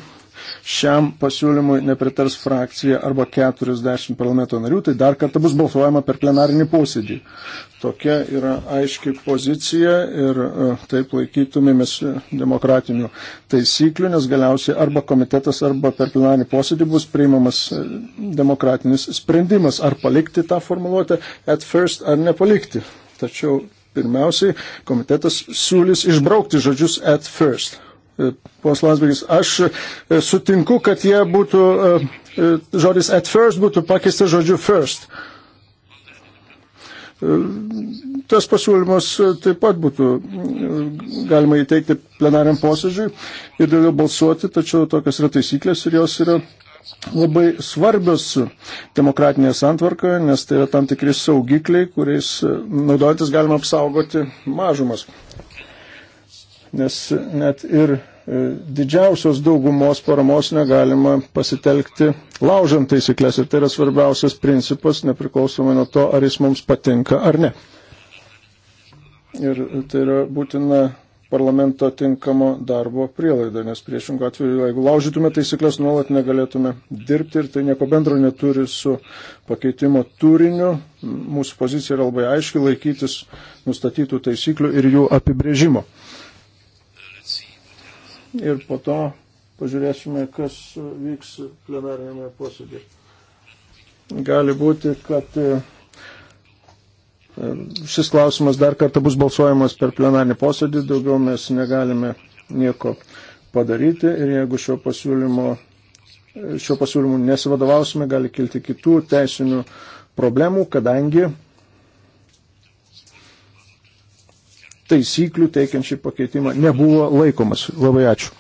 šiam pasiūlymui nepritars frakcija arba 40 parlamento narių, tai dar kartą bus balsuojama per plenarinį posėdį. Tokia yra aiški pozicija ir e, taip laikytumėmės e, demokratinių taisyklių, nes galiausiai arba komitetas, arba per plenarinį posėdį bus priimamas e, demokratinis sprendimas, ar palikti tą formuluotę at first, ar nepalikti. Tačiau Pirmiausiai, komitetas siūlys išbraukti žodžius at first. E, Pons Landsbergis, aš e, sutinku, kad jie būtų, e, žodis at first būtų pakeista žodžiu first. Tas pasiūlymas taip pat būtų galima įteikti plenariam posėdžiui ir dėl jo balsuoti, tačiau tokios yra taisyklės ir jos yra labai svarbios demokratinėje santvarkoje, nes tai yra tam tikri saugikliai, kuriais e, naudojantis galima apsaugoti mažumas. Nes net ir e, didžiausios daugumos paramos negalima pasitelkti laužant taisyklės ir tai yra svarbiausias principas, nepriklausomai nuo to, ar jis mums patinka ar ne. Ir tai yra būtina parlamento tinkamo darbo prielaida, nes priešingų atveju, jeigu laužytume taisyklės, nuolat negalėtume dirbti ir tai nieko bendro neturi su pakeitimo turiniu. Mūsų pozicija yra labai aiški laikytis nustatytų taisyklių ir jų apibrėžimo. Ir po to pažiūrėsime, kas vyks plenarinėme posėdėje. Gali būti, kad Šis klausimas dar kartą bus balsuojamas per plenarnį posėdį, daugiau mes negalime nieko padaryti ir jeigu šio pasiūlymo, šio pasiūlymo nesivadovausime, gali kilti kitų teisinių problemų, kadangi taisyklių teikiant šį pakeitimą nebuvo laikomas. Labai ačiū.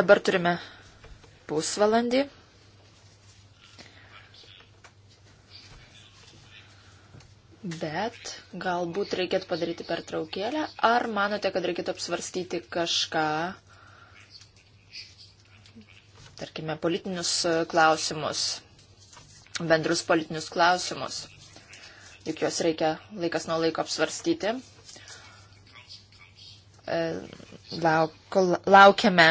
Dabar turime pusvalandį. Bet galbūt reikėtų padaryti pertraukėlę. Ar manote, kad reikėtų apsvarstyti kažką, tarkime, politinius e, klausimus, bendrus politinius klausimus? Juk juos reikia laikas nuo laiko apsvarstyti. E, lauk, laukiame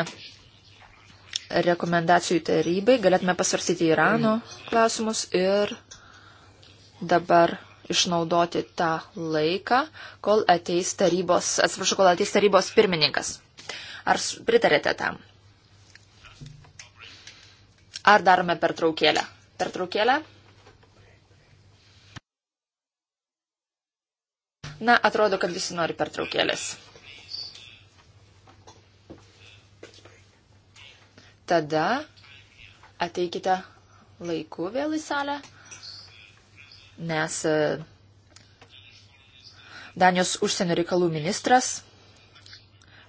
rekomendacijų tarybai. Galėtume pasvarstyti Irano mhm. klausimus ir dabar išnaudoti tą laiką, kol ateis tarybos, atsiprašau, kol ateis tarybos pirmininkas. Ar pritarėte tam? Ar darome pertraukėlę? Pertraukėlę? Na, atrodo, kad visi nori pertraukėlės. Tada ateikite laiku vėl į salę nes e, Danijos užsienio reikalų ministras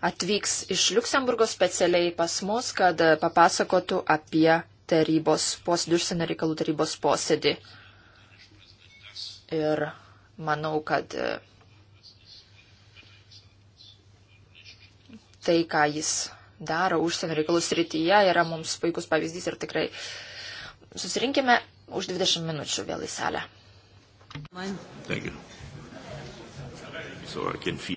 atvyks iš Luksemburgo specialiai pas mus, kad e, papasakotų apie tarybos posėdį, užsienio reikalų tarybos posėdį. Ir manau, kad e, tai, ką jis daro užsienio reikalų srityje, yra mums puikus pavyzdys ir tikrai susirinkime už 20 minučių vėl į salę. Thank you. So I can feel.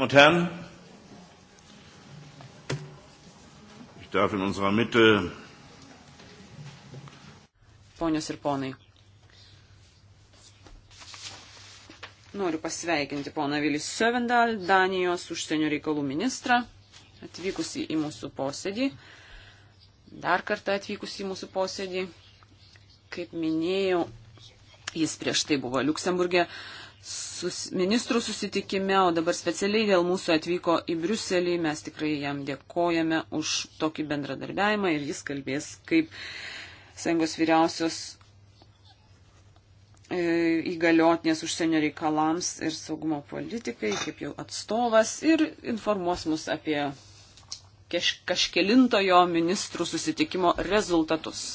Damen und Herren, ich darf in unserer Mitte. Ponios ir ponai, noriu pasveikinti poną Vilį Sövendal, Danijos užsienio reikalų ministrą, atvykusi į mūsų posėdį. Dar kartą atvykusi į mūsų posėdį. Kaip minėjau, jis prieš tai buvo Luksemburgė sus, ministrų susitikime, o dabar specialiai dėl mūsų atvyko į Briuselį. Mes tikrai jam dėkojame už tokį bendradarbiavimą ir jis kalbės kaip Sąjungos vyriausios e, įgaliotinės užsienio reikalams ir saugumo politikai, kaip jau atstovas, ir informuos mus apie kažkelintojo ministrų susitikimo rezultatus.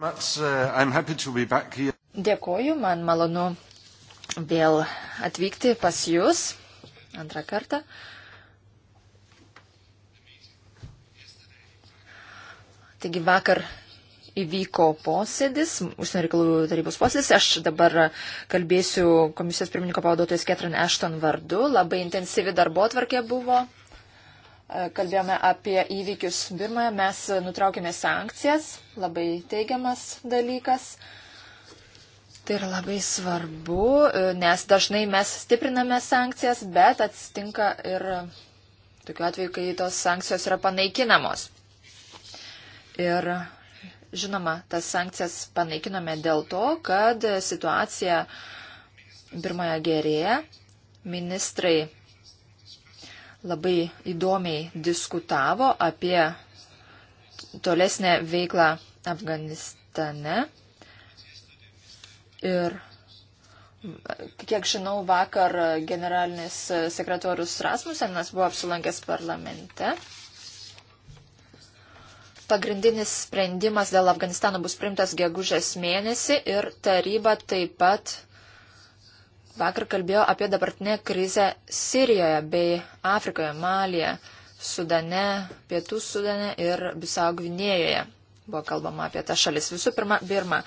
Uh, Dėkoju, man malonu vėl atvykti pas Jūs antrą kartą. Taigi vakar įvyko posėdis, užsienio reikalų tarybos posėdis. Aš dabar kalbėsiu komisijos pirmininko pavaduotojas Ketrin Ashton vardu. Labai intensyvi darbo atvarkė buvo. Kalbėjome apie įvykius Birmoje. Mes nutraukėme sankcijas. Labai teigiamas dalykas. Tai yra labai svarbu, e, nes dažnai mes stipriname sankcijas, bet atsitinka ir tokiu atveju, kai tos sankcijos yra panaikinamos. Ir žinoma, tas sankcijas panaikinome dėl to, kad situacija Birmoje gerėja, ministrai labai įdomiai diskutavo apie tolesnę veiklą Afganistane. Ir Kiek žinau, vakar generalinis sekretorius Rasmusenas buvo apsilankęs parlamente. Pagrindinis sprendimas dėl Afganistano bus primtas gegužės mėnesį ir taryba taip pat vakar kalbėjo apie dabartinę krizę Sirijoje bei Afrikoje, Malėje, Sudane, Pietų Sudane ir Bisau Gvinėjoje buvo kalbama apie tą šalis. Visų pirma, Birma.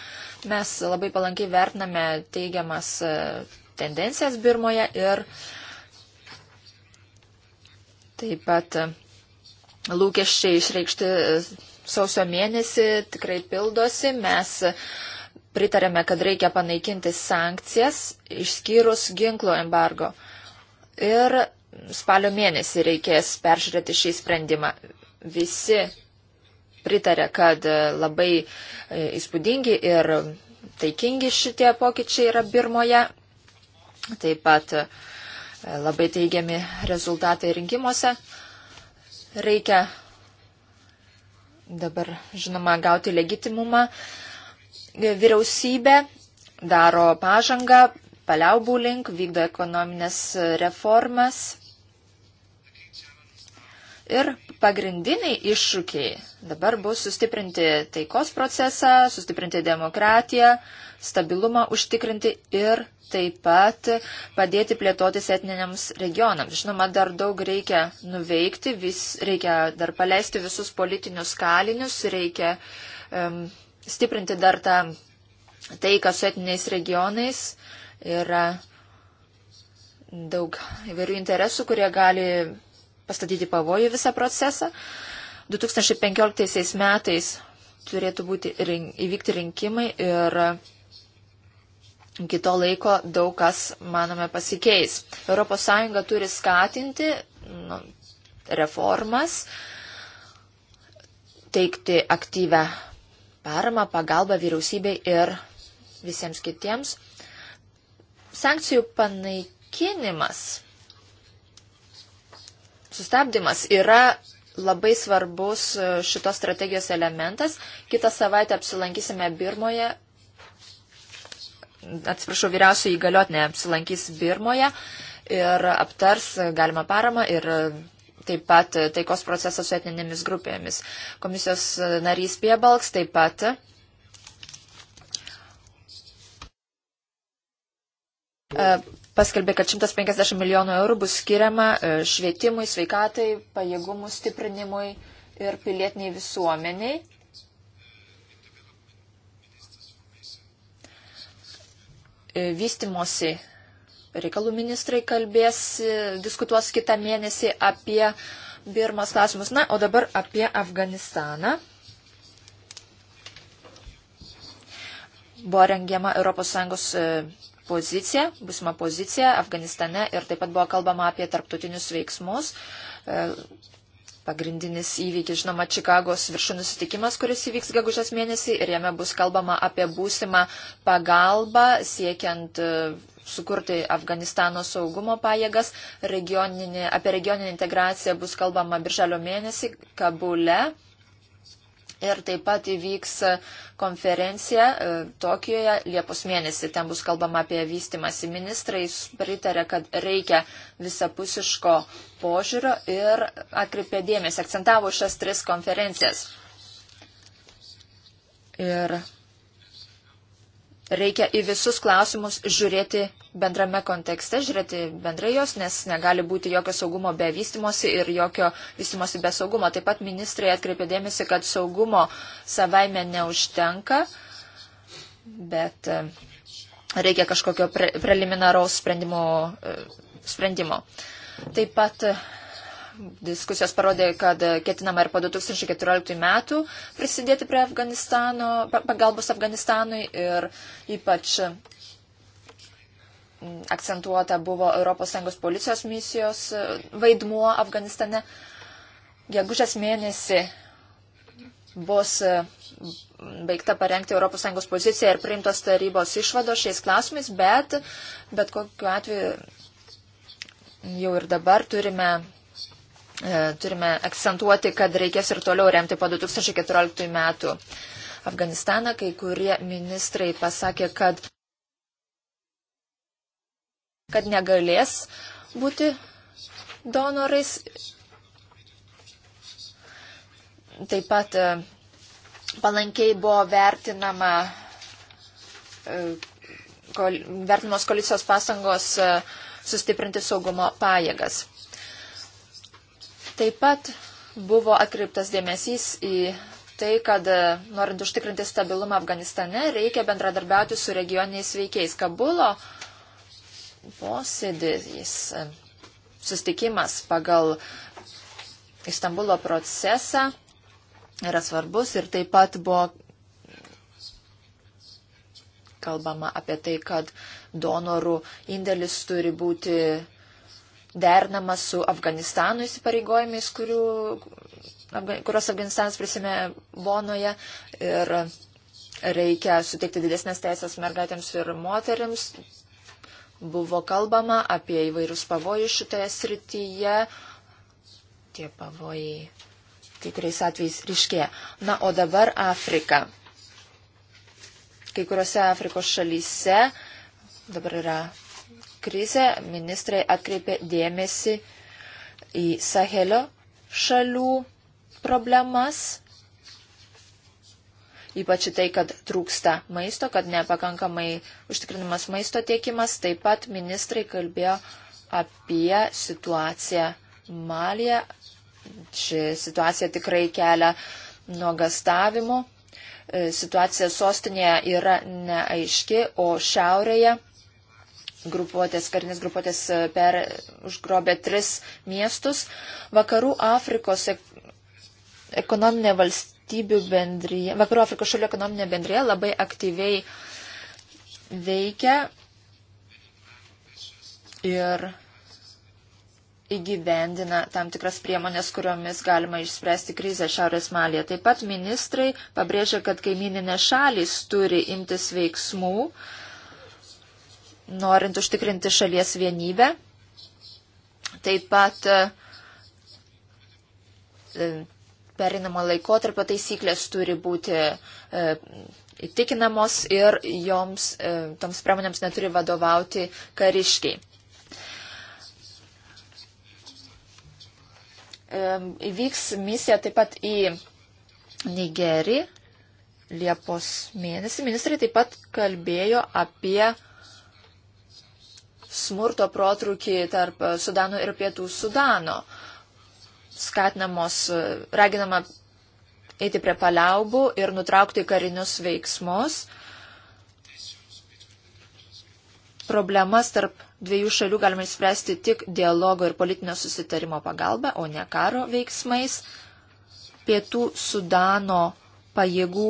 Mes labai palankiai vertiname teigiamas e, tendencijas Birmoje ir taip pat e, lūkesčiai išreikšti e, sausio mėnesį tikrai pildosi. Mes pritarėme, kad reikia panaikinti sankcijas, išskyrus ginklo embargo. Ir spalio mėnesį reikės peržiūrėti šį sprendimą. Visi pritarė, kad labai e, įspūdingi ir taikingi šitie pokyčiai yra Birmoje. Taip pat e, labai teigiami rezultatai rinkimuose. Reikia dabar, žinoma, gauti legitimumą. E, vyriausybė daro pažangą, paliaubų link, vykdo ekonominės reformas. Ir pagrindiniai iššūkiai dabar bus sustiprinti taikos procesą, sustiprinti demokratiją, stabilumą užtikrinti ir taip pat padėti plėtotis etniniams regionams. Žinoma, dar daug reikia nuveikti, vis, reikia dar paleisti visus politinius kalinius, reikia um, stiprinti dar tą taiką su etniniais regionais. Yra daug įvairių interesų, kurie gali pastatyti pavojų visą procesą. 2015 metais turėtų būti, įvykti rinkimai ir iki to laiko daug kas, manome, pasikeis. ES turi skatinti nu, reformas, teikti aktyvę paramą, pagalbą vyriausybei ir visiems kitiems. Sankcijų panaikinimas sustabdymas yra labai svarbus e, šitos strategijos elementas. Kitą savaitę apsilankysime Birmoje. Atsiprašau, vyriausiai įgaliotinė apsilankys Birmoje ir aptars galima paramą ir e, taip pat taikos procesą su etninėmis grupėmis. Komisijos narys Piebalks taip pat e, paskelbė, kad 150 milijonų eurų bus skiriama e, švietimui, sveikatai, pajėgumų stiprinimui ir pilietiniai visuomeniai. E, vystimosi reikalų ministrai kalbės, e, diskutuos kitą mėnesį apie Birmos klausimus. Na, o dabar apie Afganistaną. Buvo rengiama ES poziciją, būsimą poziciją Afganistane ir taip pat buvo kalbama apie tarptautinius veiksmus. E, pagrindinis įvykis, žinoma, Čikagos viršūnų sutikimas, kuris įvyks gegužės mėnesį ir jame bus kalbama apie būsimą pagalbą siekiant e, sukurti Afganistano saugumo pajėgas. Regioninė, apie regioninę integraciją bus kalbama birželio mėnesį Kabule. Ir taip pat įvyks konferencija e, Tokijoje Liepos mėnesį. Ten bus kalbama apie vystimąsi. Ministrai pritarė, kad reikia visapusiško požiūrio ir atkreipė dėmesį, akcentavo šias tris konferencijas. Ir reikia į visus klausimus žiūrėti bendrame kontekste, žiūrėti bendrai jos, nes negali būti jokio saugumo be vystimosi ir jokio vystimosi be saugumo. Taip pat ministrai atkreipė dėmesį, kad saugumo savaime neužtenka, bet e, reikia kažkokio pre preliminaraus sprendimo. E, sprendimo. Taip pat e, Diskusijos parodė, kad ketinama ir po 2014 metų prisidėti prie Afganistano, pagalbos Afganistanui ir ypač mm, akcentuota buvo ES policijos misijos e, vaidmuo Afganistane. Gegužės mėnesį bus e, baigta parengti ES poziciją ir priimtos tarybos išvados šiais klausimais, bet bet kokiu atveju jau ir dabar turime E, turime akcentuoti, kad reikės ir toliau remti po 2014 metų Afganistaną. Kai kurie ministrai pasakė, kad, kad negalės būti donorais. Taip pat e, palankiai buvo vertinama e, vertinamos koalicijos pastangos sustiprinti saugumo pajėgas. Taip pat buvo atkreiptas dėmesys į tai, kad e, norint užtikrinti stabilumą Afganistane, reikia bendradarbiauti su regioniniais veikiais. Kabulo posėdis, e, sustikimas pagal Istanbulo procesą yra svarbus ir taip pat buvo kalbama apie tai, kad donorų indėlis turi būti dernama su Afganistano įsipareigojimais, kurių, kurios Afganistanas prisime Bonoje ir reikia suteikti didesnės teisės mergaitėms ir moteriams. Buvo kalbama apie įvairius pavojus šitoje srityje. Tie pavojai kai kuriais atvejais ryškėja. Na, o dabar Afrika. Kai kuriuose Afrikos šalyse dabar yra krizę ministrai atkreipė dėmesį į Sahelio šalių problemas, ypač į tai, kad trūksta maisto, kad nepakankamai užtikrinamas maisto tiekimas. Taip pat ministrai kalbėjo apie situaciją Malėje. Ši situacija tikrai kelia nuogastavimų. E, situacija sostinėje yra neaiški, o šiaurėje grupuotės, karinės grupuotės e, per, užgrobė tris miestus. Vakarų Afrikos ekonominė valstybių bendryje, Vakarų Afrikos šalių ekonominė bendryje labai aktyviai veikia ir įgyvendina tam tikras priemonės, kuriomis galima išspręsti krizę Šiaurės Malėje. Taip pat ministrai pabrėžia, kad kaimininės šalis turi imtis veiksmų, uh, norint užtikrinti šalies vienybę. Taip pat e, e, perinamo laikotarpio taisyklės turi būti e, įtikinamos ir joms, toms priemonėms neturi vadovauti kariškiai. Įvyks misija taip pat į Nigerį Liepos mėnesį. Ministrai taip pat kalbėjo apie smurto protrukį tarp Sudano ir Pietų Sudano. Skatinamos, raginama eiti prie paliaubų ir nutraukti karinius veiksmus. Problemas tarp dviejų šalių galima išspręsti tik dialogo ir politinio susitarimo pagalba, o ne karo veiksmais. Pietų Sudano pajėgų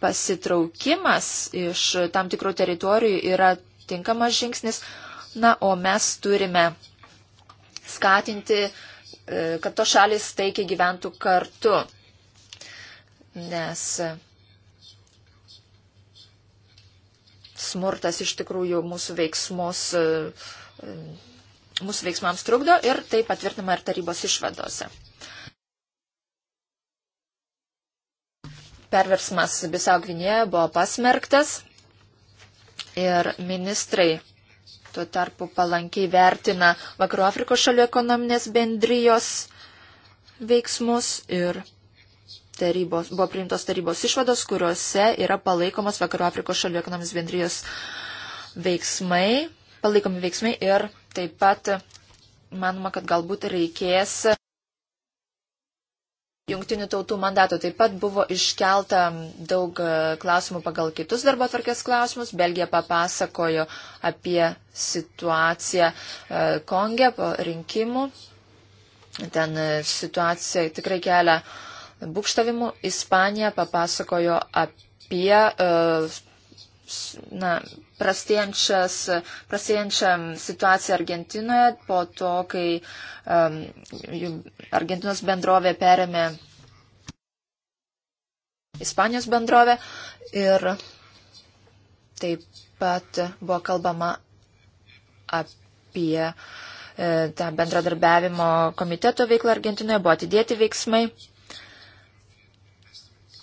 pasitraukimas iš tam tikrų teritorijų yra tinkamas žingsnis, Na, o mes turime skatinti, e, kad to šalis taikiai gyventų kartu. Nes smurtas iš tikrųjų mūsų veiksmus, e, e, mūsų veiksmams trukdo ir tai patvirtinama ir tarybos išvadose. Perversmas Bisau Gvinėje buvo pasmerktas ir ministrai tuo tarpu palankiai vertina Vakarų Afrikos šalių ekonominės bendrijos veiksmus ir tarybos, buvo priimtos tarybos išvados, kuriuose yra palaikomas Vakarų Afrikos šalių ekonominės bendrijos veiksmai, palaikomi veiksmai ir taip pat manoma, kad galbūt reikės jungtinių tautų mandato. Taip pat buvo iškelta daug e, klausimų pagal kitus darbo atvarkės klausimus. Belgija papasakojo apie situaciją e, Konge po rinkimų. Ten e, situacija tikrai kelia būkštavimų. Ispanija papasakojo apie na, prastėjančią situaciją Argentinoje po to, kai um, Argentinos bendrovė perėmė Ispanijos bendrovę ir taip pat buvo kalbama apie e, tą bendradarbiavimo komiteto veiklą Argentinoje, buvo atidėti veiksmai.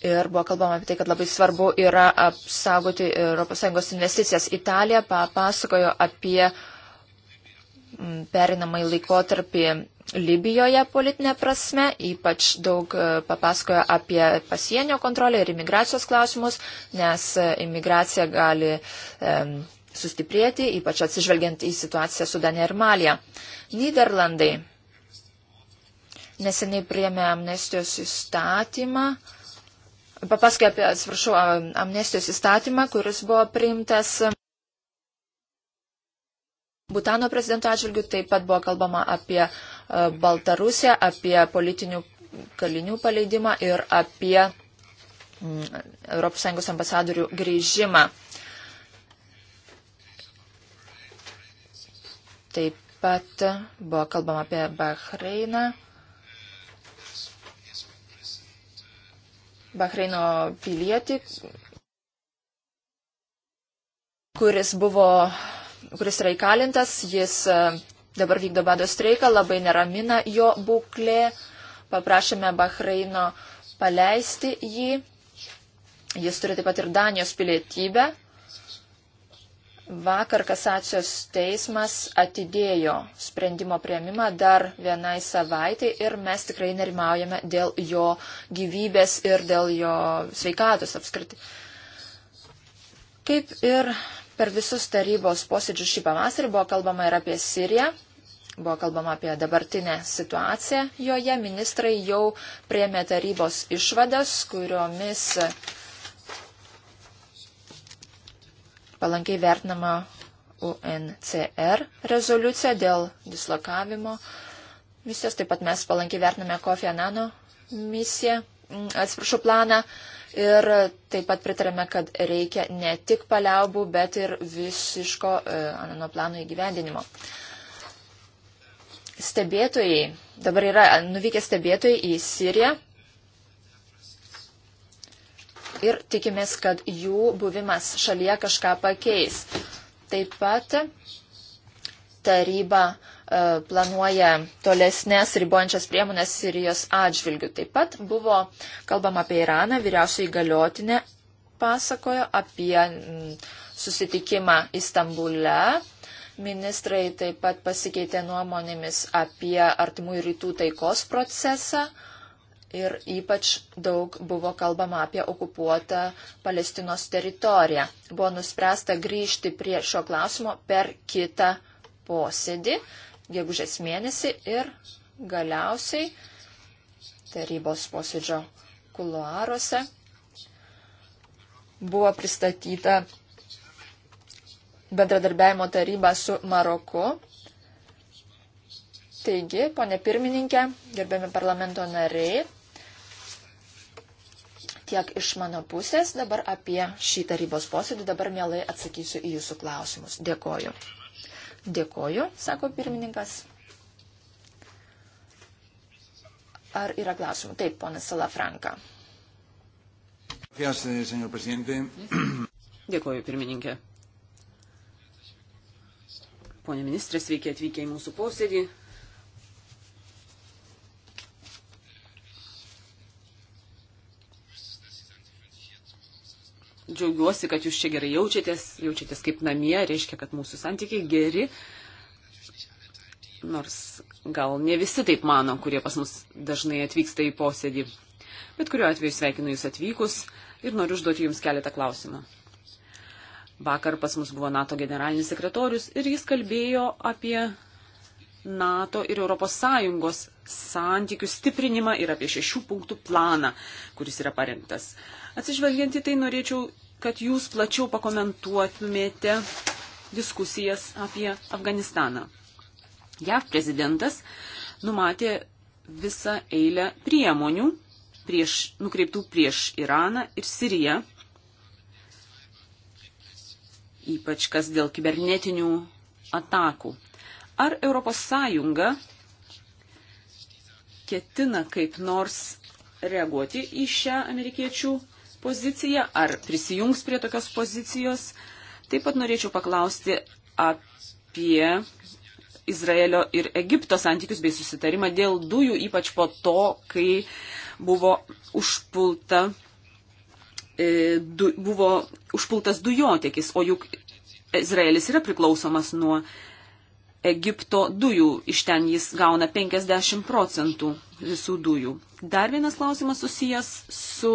Ir buvo kalbama apie tai, kad labai svarbu yra apsaugoti ES investicijas. Italija papasakojo apie mm, perinamai laikotarpį Libijoje politinė prasme, ypač daug e, papasakojo apie pasienio kontrolę ir imigracijos klausimus, nes e, imigracija gali e, sustiprėti, ypač atsižvelgiant į situaciją Sudane ir Malija. Niderlandai neseniai priėmė amnestijos įstatymą, papasakė apie, atsiprašau, amnestijos įstatymą, kuris buvo priimtas Butano prezidento atžvilgių. Taip pat buvo kalbama apie e, Baltarusiją, apie politinių kalinių paleidimą ir apie mm, ES ambasadorių grįžimą. Taip pat buvo kalbama apie Bahreiną Bahreino pilietį, kuris buvo, kuris yra įkalintas, jis e, dabar vykdo bado streiką, labai neramina jo būklė. Paprašėme Bahreino paleisti jį. Jis turi taip pat ir Danijos pilietybę. Vakar kasacijos teismas atidėjo sprendimo prieimimą dar vienai savaitai ir mes tikrai nerimaujame dėl jo gyvybės ir dėl jo sveikatos apskritai. Kaip ir per visus tarybos posėdžius šį pavasarį buvo kalbama ir apie Siriją, buvo kalbama apie dabartinę situaciją joje. Ministrai jau priemė tarybos išvadas, kuriomis palankiai vertinama UNCR rezoliucija dėl dislokavimo misijos. Taip pat mes palankiai vertiname Kofi Anano misiją, mm, atsiprašau, planą. Ir taip pat pritarėme, kad reikia ne tik paliaubų, bet ir visiško e, Anano plano įgyvendinimo. Stebėtojai, dabar yra nuvykę stebėtojai į Siriją ir tikimės, kad jų buvimas šalyje kažką pakeis. Taip pat taryba e, planuoja tolesnės ribojančias priemonės Sirijos atžvilgių. Taip pat buvo kalbama apie Iraną, vyriausiai galiotinė pasakojo apie mm, susitikimą Istambule. Ministrai taip pat pasikeitė nuomonėmis apie artimųjų rytų taikos procesą. Uh, ir ypač daug buvo kalbama apie okupuotą Palestinos teritoriją. Buvo nuspręsta grįžti prie šio klausimo per kitą posėdį, gegužės mėnesį ir galiausiai tarybos posėdžio kuluaruose buvo pristatyta bendradarbiajimo taryba su Maroku. Taigi, ponė pirmininkė, gerbiami parlamento nariai, tiek iš mano pusės dabar apie šį tarybos posėdį. Dabar mielai atsakysiu į jūsų klausimus. Dėkoju. Dėkoju, sako pirmininkas. Ar yra klausimų? Taip, ponas Salafranka. Dėkoju, pirmininkė. Pone ministrė, sveiki atvykę į mūsų posėdį. džiaugiuosi, kad jūs čia gerai jaučiatės, jaučiatės kaip namie, reiškia, kad mūsų santykiai geri. Nors gal ne visi taip mano, kurie pas mus dažnai atvyksta į posėdį. Bet kuriuo atveju sveikinu Jūs atvykus ir noriu užduoti Jums keletą klausimų. Vakar pas mus buvo NATO generalinis sekretorius ir jis kalbėjo apie NATO ir ES santykių stiprinimą ir apie šešių punktų planą, kuris yra parengtas. Uh, Atsižvelgiant į tai, norėčiau, kad jūs plačiau pakomentuotumėte diskusijas apie Afganistaną. JAV prezidentas numatė visą eilę priemonių prieš, nukreiptų prieš Iraną ir Siriją, ypač kas dėl kibernetinių atakų. Ar ES ketina kaip nors reaguoti į šią amerikiečių poziciją, ar prisijungs prie tokios pozicijos. Taip pat norėčiau paklausti apie Izraelio ir Egipto santykius bei susitarimą dėl dujų, ypač po to, kai buvo užpulta e, du, buvo užpultas dujotiekis, o juk Izraelis yra priklausomas nuo Egipto dujų, iš ten jis gauna 50 procentų visų dujų. Dar vienas klausimas susijęs su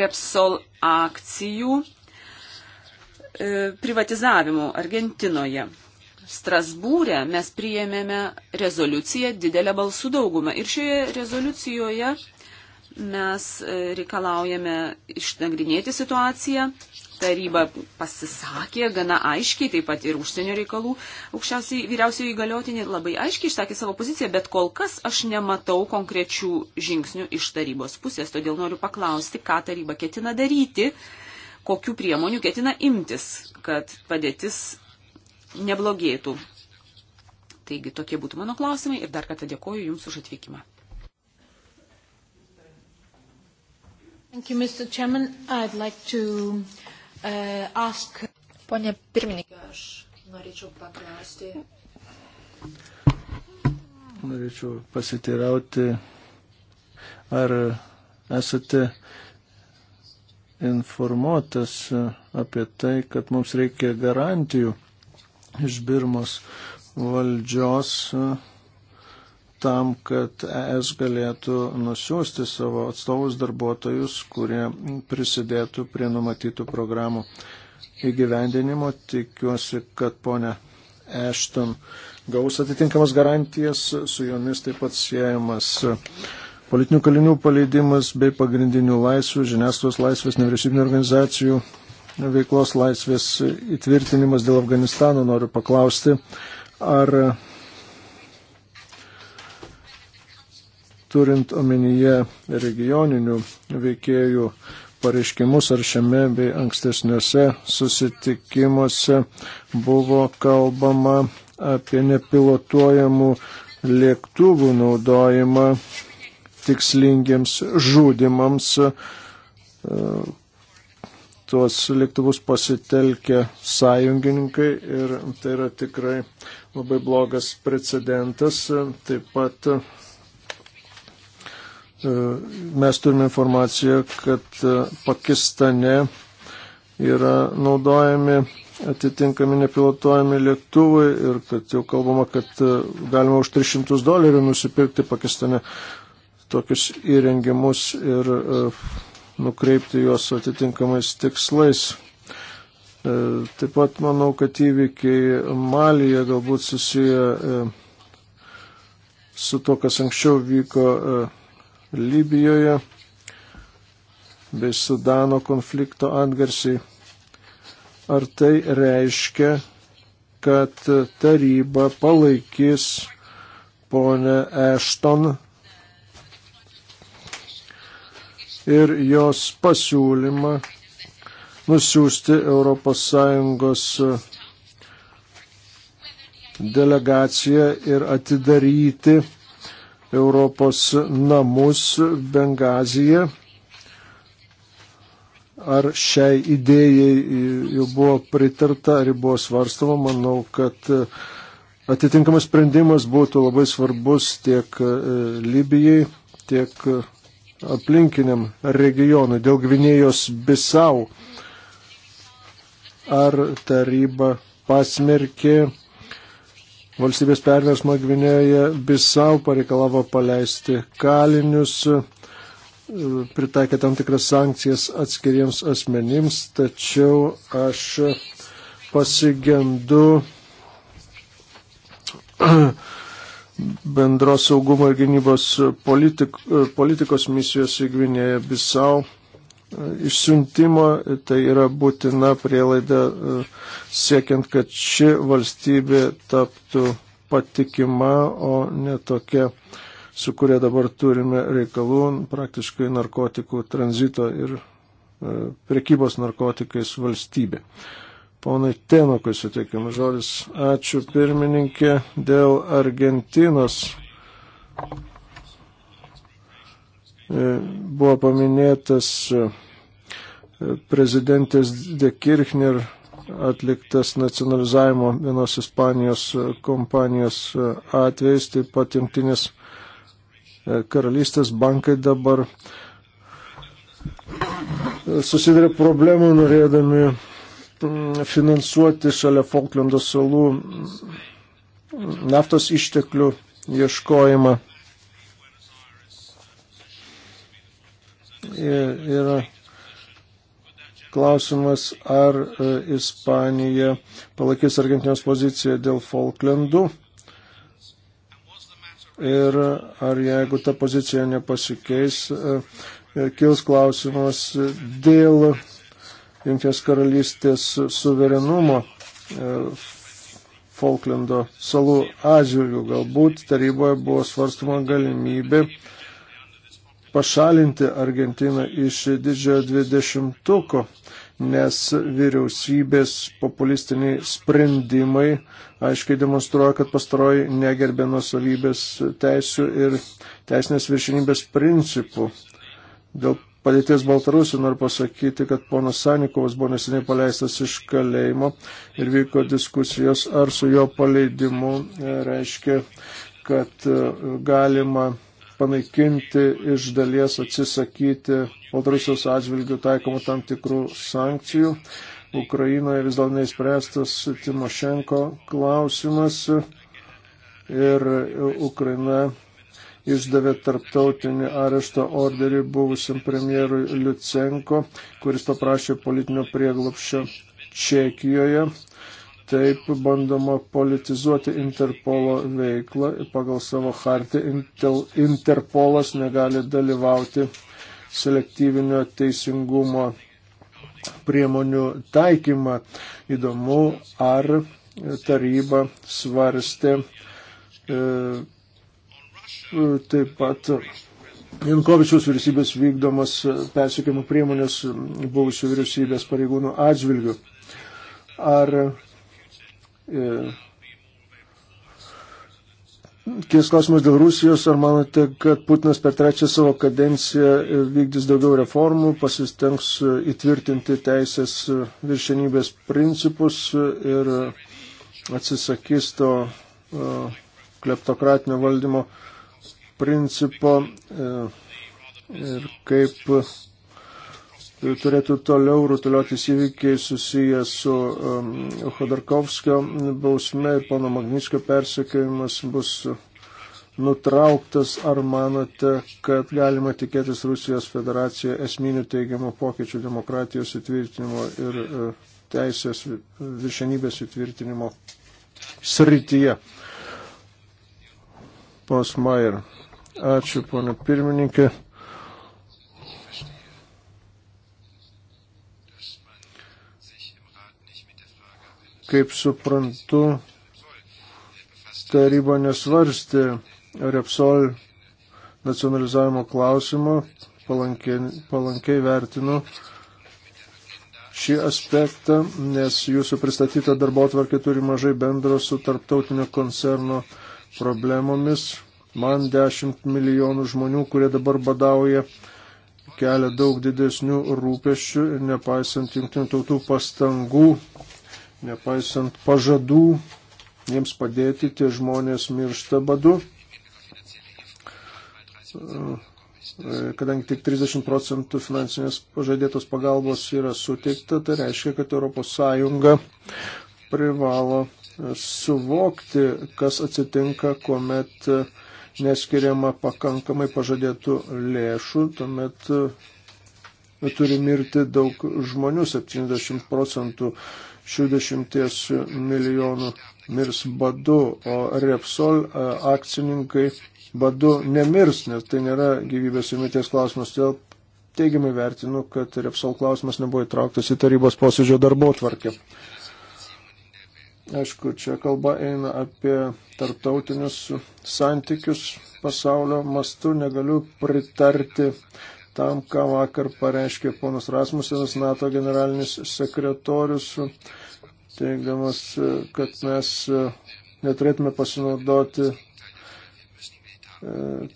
Repsol akcijų e, privatizavimu Argentinoje. Strasbūrė mes priėmėme rezoliuciją didelę balsų daugumą ir šioje rezoliucijoje Mes e, reikalaujame išnagrinėti situaciją. Taryba pasisakė gana aiškiai, taip pat ir užsienio reikalų aukščiausiai vyriausiai įgaliotinė labai aiškiai išsakė savo poziciją, bet kol kas aš nematau konkrečių žingsnių iš tarybos pusės, todėl noriu paklausti, ką taryba ketina daryti, kokiu priemonių ketina imtis, kad padėtis neblogėtų. Taigi tokie būtų mano klausimai ir dar kartą dėkoju Jums už atvykimą. Thank you, Mr. Chairman. I'd like to uh, ask. Pone pirmininkė, aš norėčiau paklausti. Norėčiau pasiteirauti, ar esate informuotas apie tai, kad mums reikia garantijų iš Birmos valdžios. Uh, tam, kad ES galėtų nusiųsti savo atstovus darbuotojus, kurie prisidėtų prie numatytų programų įgyvendinimo. Tikiuosi, kad ponia Ešton gaus atitinkamas garantijas, su jomis taip pat siejamas politinių kalinių paleidimas bei pagrindinių laisvių, žiniasklaidos laisvės, nevyriausybinio organizacijų veiklos laisvės įtvirtinimas dėl Afganistano. Noriu paklausti, ar turint omenyje regioninių veikėjų pareiškimus ar šiame bei ankstesniuose susitikimuose buvo kalbama apie nepilotuojamų lėktuvų naudojimą tikslingiems žudimams. E, tuos lėktuvus pasitelkia sąjungininkai ir tai yra tikrai labai blogas precedentas. Taip pat E, mes turime informaciją, kad e, Pakistane yra naudojami atitinkami nepilotuojami lėktuvai ir kad jau kalbama, kad e, galima už 300 dolerių nusipirkti Pakistane tokius įrengimus ir nukreipti juos atitinkamais tikslais. Taip pat manau, kad įvykiai Malyje galbūt susiję su to, kas anksčiau vyko Libijoje bei Sudano konflikto atgarsiai. Ar tai reiškia, kad taryba palaikys ponę Ešton ir jos pasiūlymą nusiųsti ES delegaciją ir atidaryti Europos namus Bengaziją. Ar šiai idėjai jau buvo pritarta, ar buvo svarstama, manau, kad e, atitinkamas sprendimas būtų labai svarbus tiek e, Libijai, tiek e, aplinkiniam regionui dėl Gvinėjos Bisau. Ar taryba pasmerkė valstybės perversmo Gvinėje Bisau pareikalavo paleisti kalinius, pritaikė tam tikras sankcijas atskiriems asmenims, tačiau aš pasigendu bendros saugumo ir gynybos politik, politikos misijos į Gvinėje Bisau išsiuntimo, tai yra būtina prielaida e, siekiant, kad ši valstybė taptų patikima, o ne tokia, su kuria dabar turime reikalų, praktiškai narkotikų tranzito ir e, prekybos narkotikais valstybė. Ponai Tenokui suteikiamas žodis. Ačiū pirmininkė dėl Argentinos. E, buvo paminėtas e, prezidentės Dekirchner atliktas nacionalizavimo vienos Ispanijos e, kompanijos atvejais, taip pat jungtinės karalystės bankai dabar susiduria problemų norėdami mm, finansuoti šalia Falklando salų mm, naftos išteklių ieškojimą. yra klausimas, ar e, Ispanija palaikys Argentinos poziciją dėl Falklandų. Ir ar jeigu ta pozicija nepasikeis, e, e, kils klausimas dėl Junktinės karalystės suverenumo Falklando salų atžvilgių. Galbūt taryboje buvo svarstama galimybė pašalinti Argentiną iš didžiojo dvidešimtuko, nes vyriausybės populistiniai sprendimai aiškiai demonstruoja, kad pastaroji negerbė nuosavybės teisų ir teisinės viršinybės principų. Dėl padėties Baltarusių noriu pasakyti, kad ponas Sanikovas buvo neseniai paleistas iš kalėjimo ir vyko diskusijos, ar su jo paleidimu e, reiškia, kad e, galima panaikinti iš dalies atsisakyti Baltarusijos atžvilgių taikomų tam tikrų sankcijų. Ukrainoje vis dar neįspręstas Timošenko klausimas ir Ukraina išdavė tarptautinį arešto orderį buvusiam premjerui Liucenko, kuris paprašė politinio prieglopščio Čekijoje taip bandoma politizuoti Interpolo veiklą ir pagal savo hartį Interpolas negali dalyvauti selektyvinio teisingumo priemonių taikymą. Įdomu, ar taryba svarstė e, e taip pat Jankovičiaus vyriausybės vykdomas persikėjimų priemonės buvusių vyriausybės pareigūnų atžvilgių. Ar Kies klausimas dėl Rusijos, ar manote, kad Putinas per trečią savo kadenciją vykdys daugiau reformų, pasistengs įtvirtinti teisės viršenybės principus ir atsisakys to e, kleptokratinio valdymo principo e, ir kaip turėtų toliau rutuliuotis įvykiai susijęs su um, Khodorkovskio bausme ir pono Magniškio persekiojimas bus nutrauktas. Ar manote, kad galima tikėtis Rusijos federacija esminių teigiamų pokyčių demokratijos įtvirtinimo ir uh, teisės viršenybės įtvirtinimo srityje? Pos Mayer. Ačiū, ponė pirmininkė. kaip suprantu, taryba nesvarstė Repsol nacionalizavimo klausimo, palankiai, palankiai vertinu šį aspektą, nes jūsų pristatyta darbo atvarkė turi mažai bendro su tarptautinio koncerno problemomis. Man 10 milijonų žmonių, kurie dabar badauja, kelia daug didesnių rūpešių ir nepaisant jungtinių tautų pastangų Nepaisant pažadų jiems padėti, tie žmonės miršta badu. Kadangi tik 30 procentų finansinės pažadėtos pagalbos yra suteikta, tai reiškia, kad ES privalo suvokti, kas atsitinka, kuomet neskiriama pakankamai pažadėtų lėšų, tuomet turi mirti daug žmonių, 70 procentų 60 milijonų mirs badu, o Repsol e, akcininkai badu nemirs, nes tai nėra gyvybės ir mirties klausimas. Todėl teigiamai vertinu, kad Repsol klausimas nebuvo įtrauktas į tarybos posėdžio darbo tvarkę. Aišku, čia kalba eina apie tarptautinius santykius pasaulio mastu. Negaliu pritarti tam, ką vakar pareiškė ponas Rasmusenas, NATO generalinis sekretorius teigdamas, e, kad mes e, neturėtume pasinaudoti e,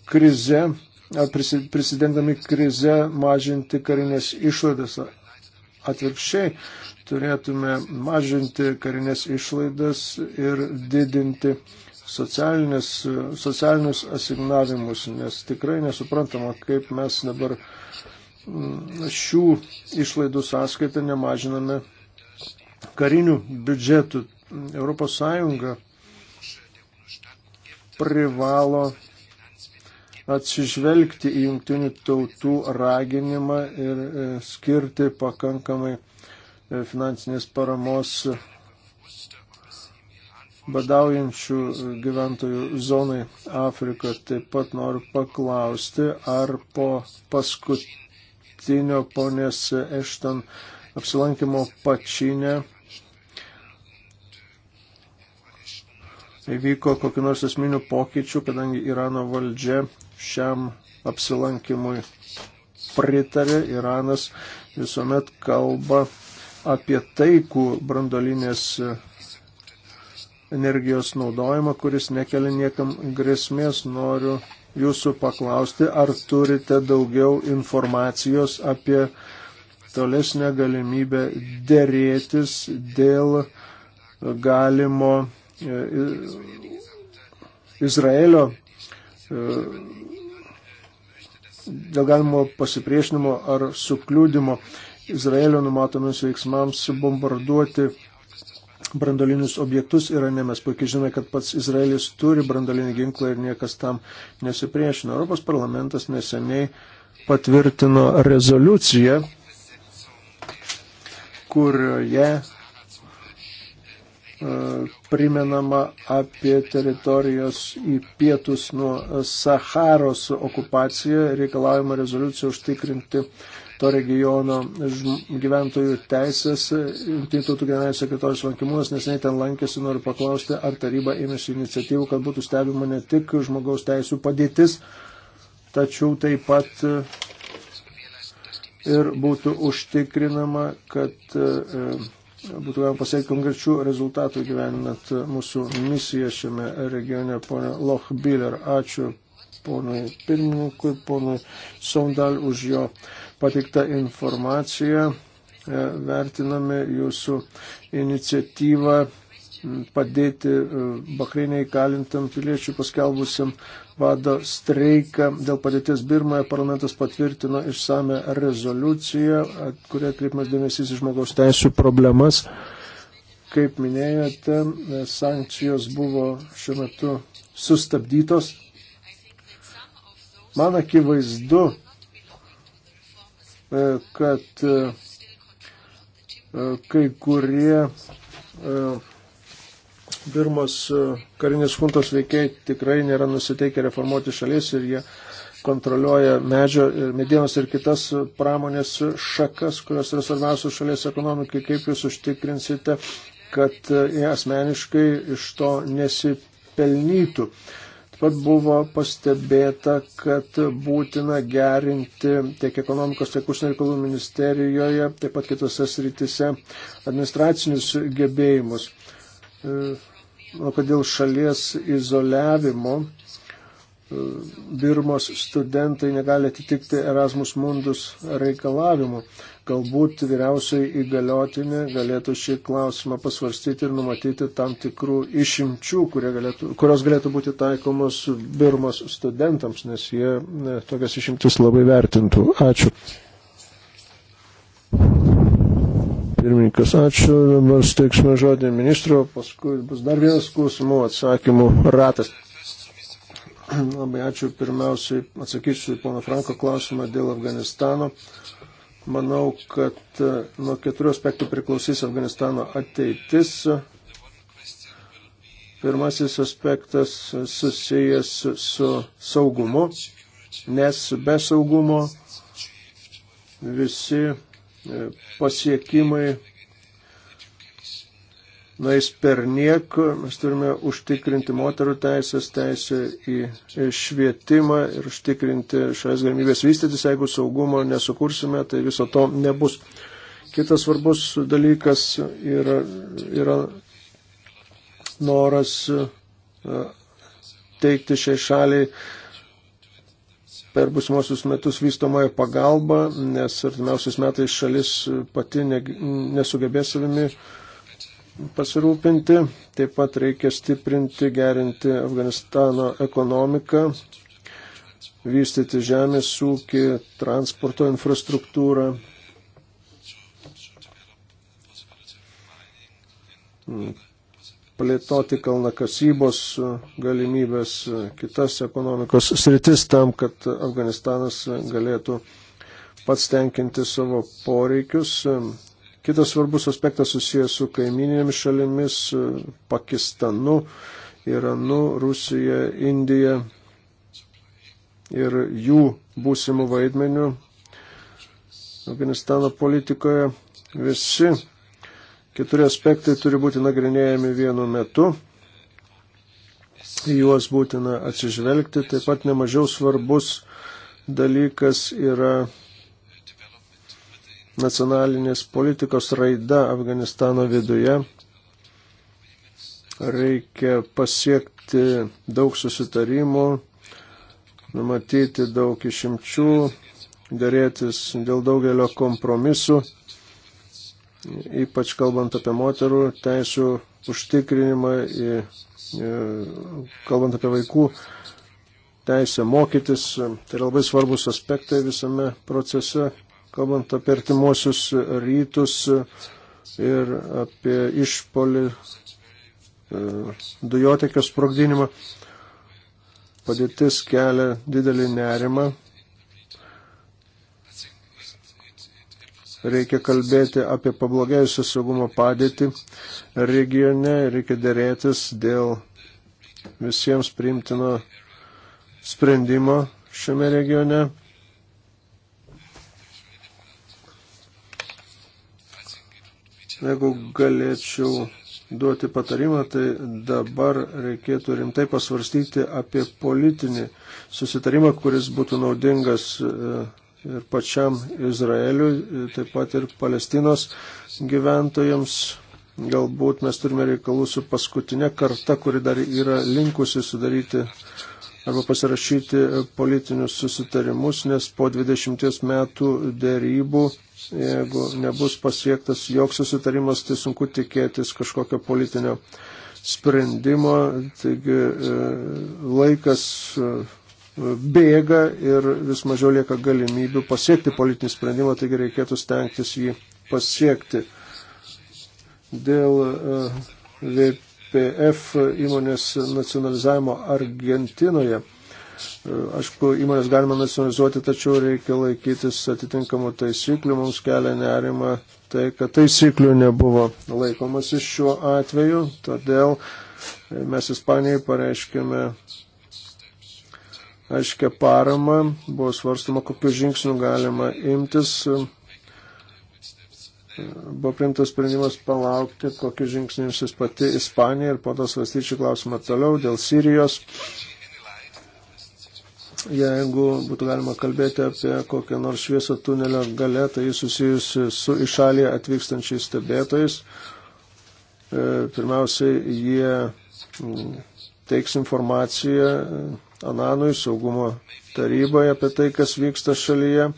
krize, prisidengdami krize mažinti karinės išlaidas. Atvirkščiai turėtume mažinti karinės išlaidas ir didinti socialinius, socialinius asignavimus, nes tikrai nesuprantama, kaip mes dabar šių išlaidų sąskaitą nemažiname karinių biudžetų. ES privalo atsižvelgti į jungtinių tautų raginimą ir e, skirti pakankamai e, finansinės paramos badaujančių gyventojų zonai Afrika. Taip pat noriu paklausti, ar po paskutinio ponės Ešton apsilankimo pačinę įvyko tai kokiu nors esminių pokyčių, kadangi Irano valdžia šiam apsilankimui pritarė. Iranas visuomet kalba apie taikų brandolinės energijos naudojimą, kuris nekelia niekam grėsmės. Noriu jūsų paklausti, ar turite daugiau informacijos apie tolesnę galimybę dėrėtis dėl galimo E, Izraelio e, dėl galimo pasipriešinimo ar sukliūdimo Izraelio numatomis veiksmams bombarduoti brandolinius objektus Irane. Mes puikiai žinome, kad pats Izraelis turi brandolinį ginklą ir niekas tam nesipriešino. Europos parlamentas neseniai patvirtino rezoliuciją, kurioje E, primenama apie teritorijos į pietus nuo Saharos okupaciją, reikalaujama rezoliucija užtikrinti to regiono gyventojų teisės. Jungtinių tautų generalinis sekretorius lankimuos nesnei ten lankėsi, noriu paklausti, ar taryba ėmėsi iniciatyvų, kad būtų stebima ne tik žmogaus teisų padėtis, tačiau taip pat ir būtų užtikrinama, kad e, būtų galima pasiekti konkrečių rezultatų gyveninant mūsų misiją šiame regione. Pone Lochbiller, ačiū ponui pirmininkui, ponui Saundal už jo pateiktą informaciją. E, vertiname jūsų iniciatyvą padėti e, Bahreiniai kalintam piliečių paskelbusiam vado streiką. Dėl padėties Birmoje parlamentas patvirtino išsame rezoliuciją, kuria atkreipimas dėmesys į žmogaus teisų problemas. Kaip minėjote, e, sankcijos buvo šiuo metu sustabdytos. Man akivaizdu, e, kad kai kurie Birmos e, karinės huntos veikiai tikrai nėra nusiteikę reformuoti šalies ir jie kontroliuoja medžio ir medienos ir kitas pramonės šakas, kurios yra svarbiausios šalies ekonomikai. Kaip jūs užtikrinsite, kad e, jie asmeniškai iš to nesipelnytų? Taip pat buvo pastebėta, kad būtina gerinti tiek ekonomikos, tiek užsienio reikalų ministerijoje, taip pat kitose srityse administracinius gebėjimus. E, kad dėl šalies izoliavimo e, Birmos studentai negali atitikti Erasmus Mundus reikalavimų. Galbūt vyriausiai įgaliotinė galėtų šį klausimą pasvarstyti ir numatyti tam tikrų išimčių, galėtų, kurios galėtų būti taikomos Birmos studentams, nes jie ne, tokias išimtis labai vertintų. Ačiū. Pirmininkas, ačiū. Dabar steiksime žodį ministro, paskui bus dar vienas klausimų atsakymų ratas. Labai ačiū. Pirmiausiai atsakysiu į pono Franko klausimą dėl Afganistano. Manau, kad e, nuo keturių aspektų priklausys Afganistano ateitis. Pirmasis aspektas susijęs su saugumu, nes be saugumo visi E, pasiekimai nais per niek, mes turime užtikrinti moterų teisės, teisę į švietimą ir užtikrinti šias galimybės vystytis, jeigu saugumo nesukursime, tai viso to nebus. Kitas svarbus dalykas yra, yra noras e, teikti šiai šaliai per busimuosius metus vystomąją pagalbą, nes artimiausiais metais šalis pati ne, nesugebės savimi pasirūpinti. Taip pat reikia stiprinti, gerinti Afganistano ekonomiką, vystyti žemės ūkį, transporto infrastruktūrą plėtoti kalnakasybos galimybės, kitas ekonomikos sritis tam, kad Afganistanas galėtų pats tenkinti savo poreikius. Kitas svarbus aspektas susijęs su kaiminėmis šalimis - Pakistanu, Iranu, Rusija, Indija ir jų būsimų vaidmenių Afganistano politikoje. Visi Keturi aspektai turi būti nagrinėjami vienu metu, į juos būtina atsižvelgti. Taip pat nemažiau svarbus dalykas yra nacionalinės politikos raida Afganistano viduje. Reikia pasiekti daug susitarimų, numatyti daug išimčių, dėrėtis dėl daugelio kompromisų ypač kalbant apie moterų teisų užtikrinimą, kalbant apie vaikų teisę mokytis. Tai yra labai svarbus aspektai visame procese, kalbant apie artimuosius rytus ir apie išpolį e, dujotekio sprogdinimą. Padėtis kelia didelį nerimą reikia kalbėti apie pablogėjusią saugumo padėtį regione, reikia dėrėtis dėl visiems priimtino sprendimo šiame regione. Jeigu galėčiau duoti patarimą, tai dabar reikėtų rimtai pasvarstyti apie politinį susitarimą, kuris būtų naudingas e, ir pačiam Izraeliui, taip pat ir Palestinos gyventojams. Galbūt mes turime reikalų su paskutinė karta, kuri dar yra linkusi sudaryti arba pasirašyti politinius susitarimus, nes po 20 metų dėrybų, jeigu nebus pasiektas joks susitarimas, tai sunku tikėtis kažkokio politinio sprendimo. Taigi e, laikas e, bėga ir vis mažiau lieka galimybių pasiekti politinį sprendimą, taigi reikėtų stengtis jį pasiekti. Dėl e, VPF įmonės nacionalizavimo Argentinoje. E, aišku, įmonės galima nacionalizuoti, tačiau reikia laikytis atitinkamų taisyklių. Mums kelia nerima tai, kad taisyklių nebuvo laikomasi šiuo atveju. Todėl mes Ispanijai pareiškėme aiškę paramą, buvo svarstama, kokiu žingsniu galima imtis. Buvo priimtas sprendimas palaukti, kokiu žingsniu imsis pati Ispanija ir po to svarstyčių klausimą toliau dėl Sirijos. Jeigu būtų galima kalbėti apie kokią nors šviesą tunelio galę, tai jis susijusi su į šalį atvykstančiais stebėtojais. E, pirmiausiai, jie teiks informaciją Ananui saugumo taryboje apie tai, kas vyksta šalyje.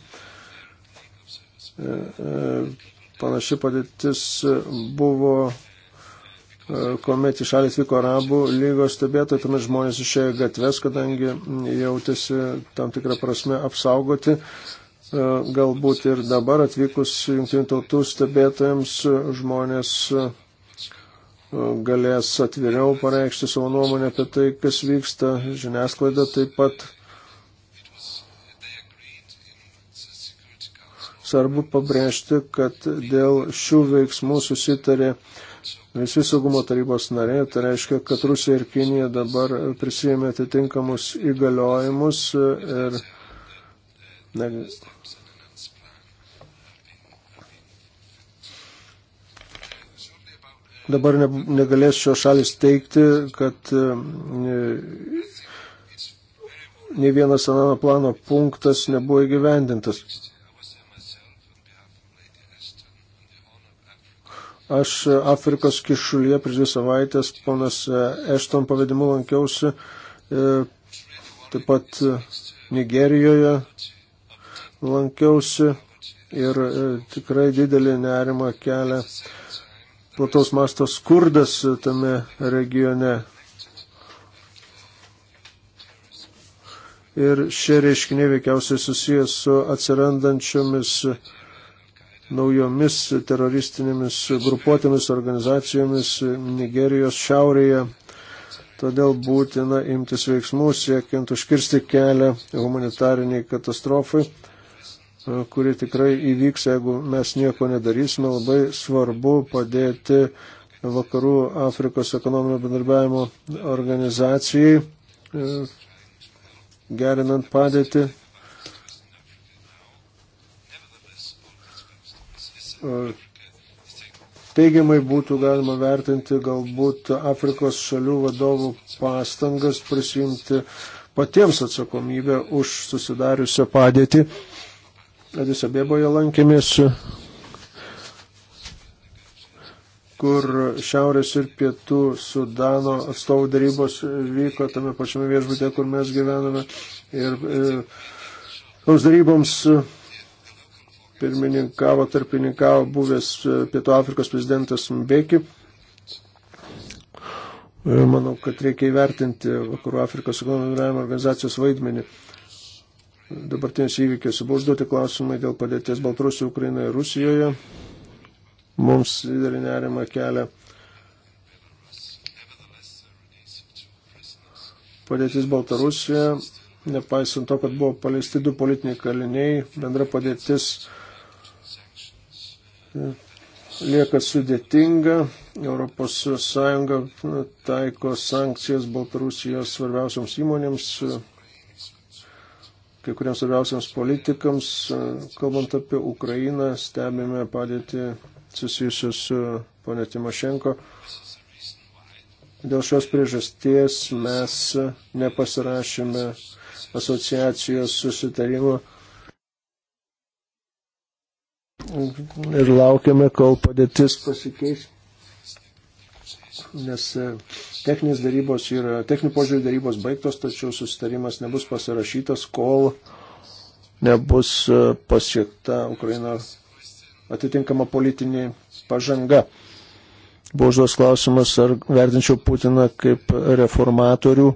E, e, panaši padėtis buvo, e, kuomet į šalį atvyko arabų lygos stebėtojai, tuomet žmonės išėjo gatves, kadangi jautėsi tam tikrą prasme apsaugoti galbūt ir dabar atvykus jungtinių tautų stebėtojams žmonės galės atviriau pareikšti savo nuomonę apie tai, kas vyksta. Žiniasklaida taip pat svarbu pabrėžti, kad dėl šių veiksmų susitarė visi saugumo tarybos nariai. Tai reiškia, kad Rusija ir Kinija dabar prisijėmė atitinkamus įgaliojimus ir dabar ne, negalės šios šalis teikti, kad e, ne, ne vienas Anano plano punktas nebuvo įgyvendintas. Aš Afrikos kišulyje prieš dvi savaitės ponas e, Ešton pavadimu lankiausi, e, taip pat Nigerijoje lankiausi ir tikrai didelį nerimą kelia plataus masto skurdas tame regione. Ir šie reiškiniai veikiausiai susijęs su atsirandančiomis naujomis teroristinėmis grupuotėmis, organizacijomis Nigerijos šiaurėje. Todėl būtina imtis veiksmų siekiant užkirsti kelią humanitariniai katastrofai kuri tikrai įvyks, jeigu mes nieko nedarysime, labai svarbu padėti Vakarų Afrikos ekonominio bendarbiavimo organizacijai, e, gerinant padėtį. E, teigiamai būtų galima vertinti galbūt Afrikos šalių vadovų pastangas prisimti patiems atsakomybę už susidariusią padėtį Adis Abeboje lankėmės, kur šiaurės ir pietų Sudano atstovų darybos vyko tame pačiame viešbutė, kur mes gyvename. Ir e, toms daryboms e, pirmininkavo, tarpininkavo buvęs e, Pietų Afrikos prezidentas Mbeki. Manau, kad reikia įvertinti Vakarų Afrikos ekonominio organizacijos vaidmenį dabartinės įvykės. Buvo užduoti klausimai dėl padėties Baltarusijoje, Ukrainoje ir Rusijoje. Mums didelį nerimą kelia padėtis Baltarusijoje, nepaisant to, kad buvo paleisti du politiniai kaliniai, bendra padėtis e, lieka sudėtinga. ES taiko sankcijas Baltarusijos svarbiausiams įmonėms kai kuriems svarbiausiams politikams, e, kalbant apie Ukrainą, stebime padėti susijusius su ponė Timošenko. Dėl šios priežasties mes nepasirašėme asociacijos susitarimo ir laukiame, kol padėtis pasikeis nes e, techninės darybos yra, techninių požiūrių darybos baigtos, tačiau susitarimas nebus pasirašytas, kol nebus e, pasiekta Ukraina atitinkama politinė pažanga. Buvo užduos klausimas, ar vertinčiau Putiną kaip reformatorių.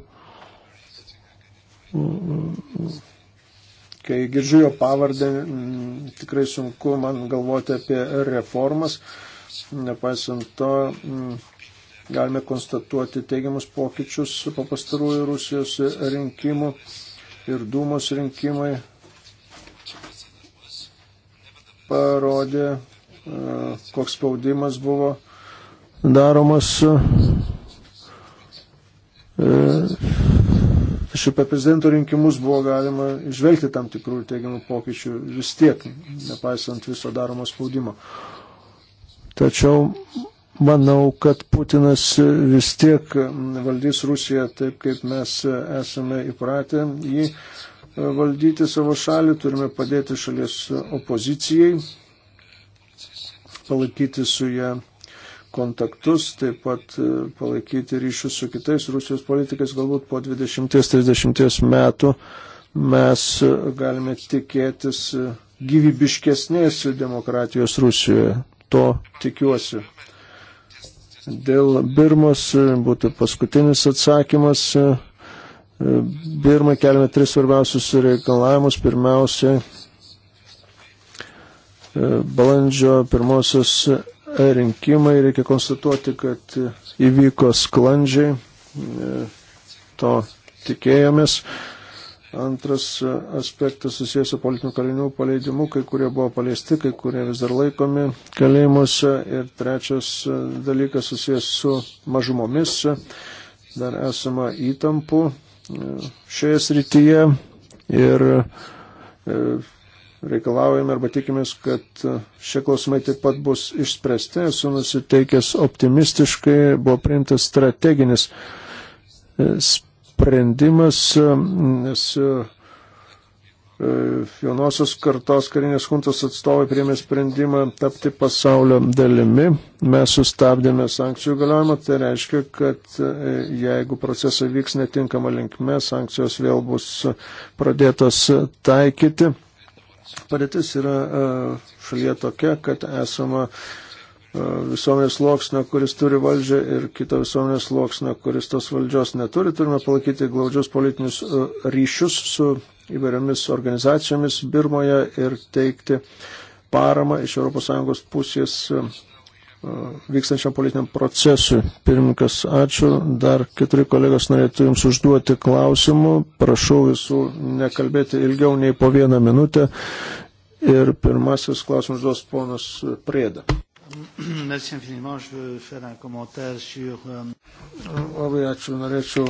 Kai girdžiu jo pavardę, mm, tikrai sunku man galvoti apie reformas. Nepaisant to, mm, galime konstatuoti teigiamus pokyčius po pastarųjų Rusijos rinkimų ir Dūmos rinkimai parodė, e, koks spaudimas buvo daromas. E, tačiau apie prezidento rinkimus buvo galima išvelgti tam tikrų teigiamų pokyčių vis tiek, nepaisant viso daromo spaudimo. Tačiau manau, kad Putinas vis tiek valdys Rusiją taip, kaip mes esame įpratę jį valdyti savo šalį, turime padėti šalies opozicijai, palaikyti su ją kontaktus, taip pat palaikyti ryšius su kitais Rusijos politikais, galbūt po 20-30 metų mes galime tikėtis gyvybiškesnės demokratijos Rusijoje. To tikiuosi. Dėl Birmos e, būtų paskutinis atsakymas. E, e, Birmai keliame tris svarbiausius reikalavimus. Pirmiausia, balandžio pirmosios rinkimai reikia konstatuoti, kad įvyko sklandžiai. To tikėjomės. Antras aspektas susijęs su politinių kalinių paleidimu, kai kurie buvo paleisti, kai kurie vis dar laikomi kalėjimuose. Ir trečias dalykas susijęs su mažumomis. Dar esama įtampų e, šioje srityje ir e, reikalaujame arba tikimės, kad šie klausimai taip pat bus išspręsti. Esu nusiteikęs optimistiškai, buvo priimtas strateginis e, sprendimas sprendimas, nes e, e, jaunosios kartos karinės huntos atstovai priėmė sprendimą tapti pasaulio dalimi. Mes sustabdėme sankcijų galiojimą, tai reiškia, kad e, jeigu procesai vyks netinkama linkme, sankcijos vėl bus pradėtos taikyti. Padėtis yra šalyje tokia, kad esama E, visuomenės sluoksnio, kuris turi valdžią ir kito visuomenės sluoksnio, kuris tos valdžios neturi. Turime palaikyti glaudžius politinius e, ryšius su įvairiomis organizacijomis Birmoje ir teikti paramą iš ES pusės e, vykstančiam politiniam procesui. Pirmininkas, ačiū. Dar keturi kolegos norėtų Jums užduoti klausimų. Prašau visų nekalbėti ilgiau nei po vieną minutę. Ir pirmasis klausimas duos ponas Prėda. Merci infiniment. Je veux faire un commentaire sur. Euh, labai ačiū. Norėčiau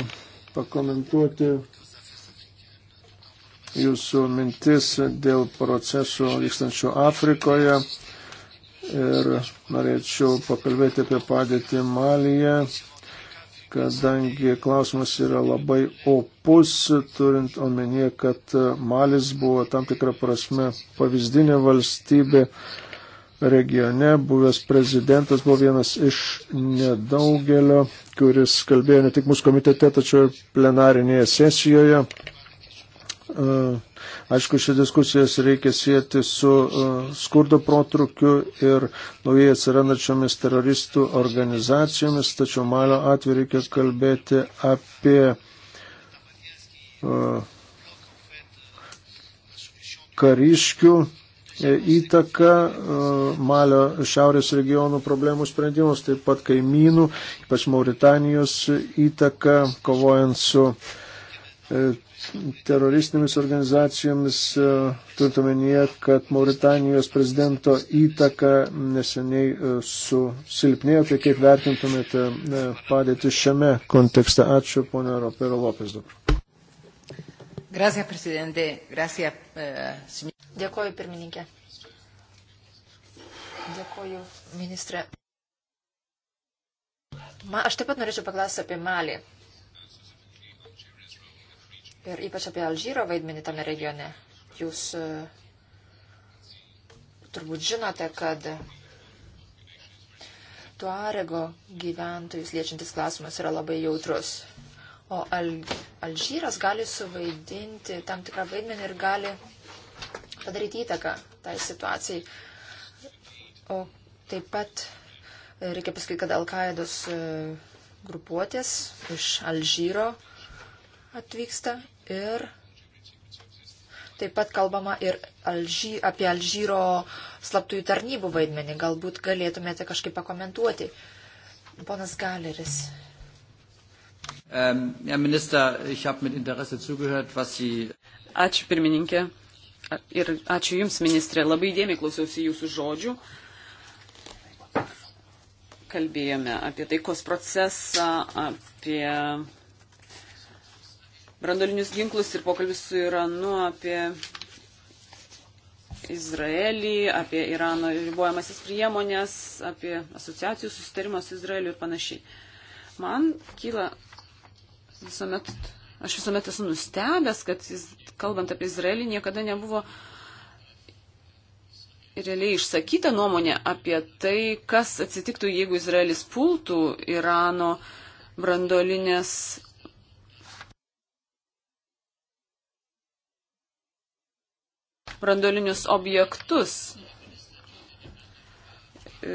pakomentuoti jūsų mintis dėl procesų vykstančių Afrikoje. Ir norėčiau pakalbėti apie padėtį Malyje, kadangi klausimas yra labai opus, turint omenyje, kad Malis buvo tam tikrą prasme pavyzdinė valstybė regione. Buvęs prezidentas buvo vienas iš nedaugelio, kuris kalbėjo ne tik mūsų komitete, tačiau ir plenarinėje sesijoje. E, aišku, šią diskusijas reikia sėti su e, skurdo protrukiu ir naujai atsirandačiomis teroristų organizacijomis, tačiau Malio atveju reikia kalbėti apie e, kariškių E, įtaką e, Malio šiaurės regionų problemų sprendimus, taip pat kaimynų, ypač Mauritanijos įtaką, kovojant su e, teroristinėmis organizacijomis, turint omenyje, kad Mauritanijos prezidento įtaka neseniai susilpnėjo, tai kaip vertintumėte padėti šiame kontekste? Ačiū, ponia Ropero Lopes dabar. Gracias, prezidentė. Gracias, uh, Dėkoju, pirmininkė. Dėkoju, ministrė. Ma, aš taip pat norėčiau paklausti apie Malį. Ir ypač apie Alžyro vaidmenį tame regione. Jūs e, turbūt žinote, kad Tuarego gyventojus liečiantis klausimas yra labai jautrus. O Al Alžyras gali suvaidinti tam tikrą vaidmenį ir gali padaryti įtaką tai situacijai. O taip pat e, reikia pasakyti, kad Al-Qaidos e, grupuotės iš Alžyro atvyksta ir taip pat kalbama ir Alžy, apie Alžyro slaptųjų tarnybų vaidmenį. Galbūt galėtumėte kažkaip pakomentuoti. Ponas Galeris Ähm, ačiū pirmininkė ir ačiū Jums, ministrė. Labai dėmiai klausiausi Jūsų žodžių. Kalbėjome apie taikos procesą, apie brandolinius ginklus ir pokalbis su Iranu apie Izraelį, apie Irano ribojamasis priemonės, apie asociacijų susitarimą su Izraeliu ir panašiai. Man kyla visuomet, aš visuomet esu nustebęs, kad jis, kalbant apie Izraelį, niekada nebuvo realiai išsakyta nuomonė apie tai, kas atsitiktų, jeigu Izraelis pultų Irano brandolinės. brandolinius objektus. E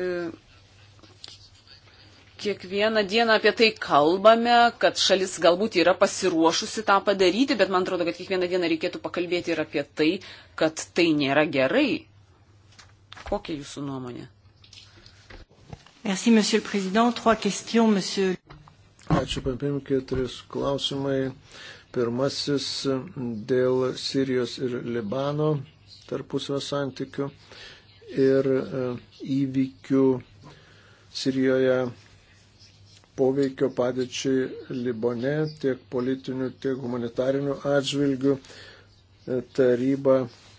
kiekvieną dieną apie tai kalbame, kad šalis galbūt yra pasiruošusi tą padaryti, bet man atrodo, kad kiekvieną dieną reikėtų pakalbėti ir apie tai, kad tai nėra gerai. Kokia jūsų nuomonė? Merci, monsieur le président. Trois questions, monsieur. Ačiū, papimkė, tris klausimai. Pirmasis dėl Sirijos ir Libano tarpusio santykių ir e, įvykių Sirijoje poveikio padėčiai Libone tiek politinių, tiek humanitarinių atžvilgių. Taryba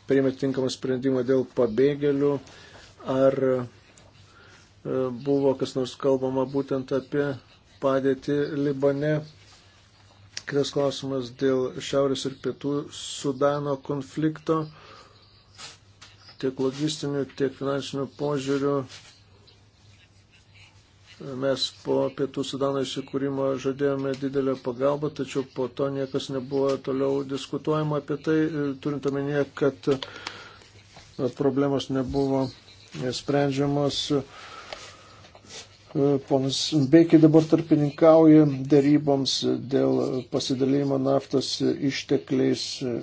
priėmė tinkamą sprendimą dėl pabėgėlių. Ar e, buvo kas nors kalbama būtent apie padėtį Libane? Kitas klausimas dėl Šiaurės ir Pietų Sudano konflikto. Tiek logistinių, tiek finansinių požiūrių Mes po pietų Sudano įsikūrimo žadėjome didelę pagalbą, tačiau po to niekas nebuvo toliau diskutuojama apie tai, e, turint omenyje, kad e, problemos nebuvo e, sprendžiamos E, ponas Beikiai dabar tarpininkauja daryboms dėl pasidalymo naftos ištekliais, e,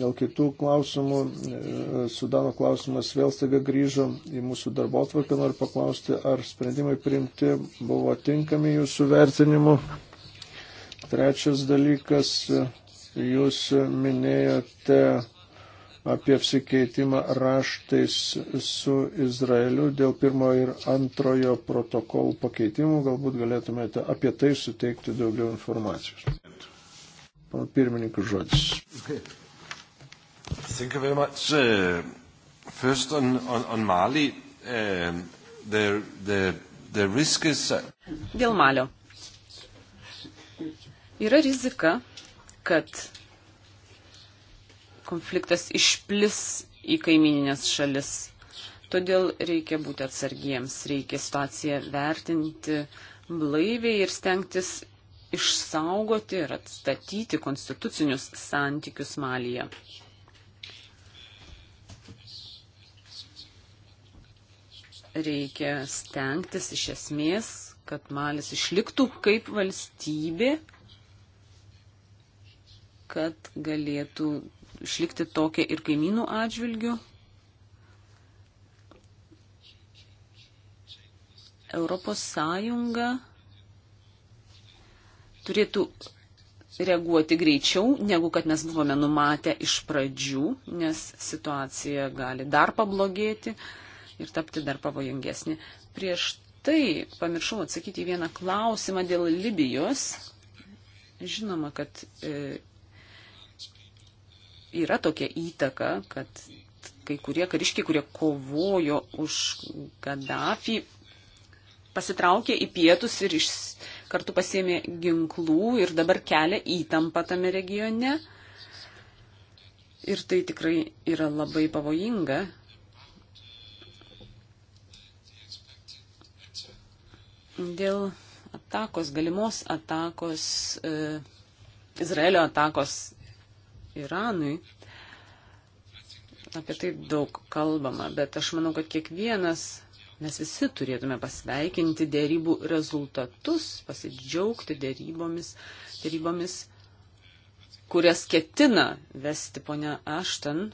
dėl kitų klausimų. E, Sudano klausimas vėl staiga grįžo į mūsų darbo atvarkę. Noriu paklausti, ar sprendimai priimti buvo tinkami jūsų vertinimu. Trečias dalykas, jūs minėjote apie apsikeitimą raštais su Izraeliu dėl pirmojo ir antrojo protokolų pakeitimų. Galbūt galėtumėte apie tai suteikti daugiau informacijos. Pana pirmininkas žodis. Thank you very much. Uh, first on, on, on Mali, uh, the, the, the risk is... Uh, dėl Malio. Yra rizika, kad konfliktas išplis į kaimininės šalis. Todėl reikia būti atsargiems, reikia situaciją vertinti blaiviai ir stengtis išsaugoti ir atstatyti konstitucinius santykius Malyje. Reikia stengtis iš esmės, kad Malis išliktų kaip valstybė, kad galėtų išlikti tokia ir kaimynų atžvilgių. Europos Sąjunga turėtų reaguoti greičiau, negu kad mes buvome numatę iš pradžių, nes situacija gali dar pablogėti ir tapti dar pavojingesnė. Prieš tai pamiršau atsakyti į vieną klausimą dėl Libijos. Žinoma, kad e, yra tokia įtaka, kad kai kurie kariškiai, kurie kovojo už Gaddafį, pasitraukė į pietus ir iš, kartu pasėmė ginklų ir dabar kelia įtampą tame regione. Ir tai tikrai yra labai pavojinga. Dėl atakos, galimos atakos, e, Izraelio atakos Iranui. Apie tai daug kalbama, bet aš manau, kad kiekvienas, mes visi turėtume pasveikinti dėrybų rezultatus, pasidžiaugti dėrybomis, dėrybomis kurias ketina vesti ponia Ašten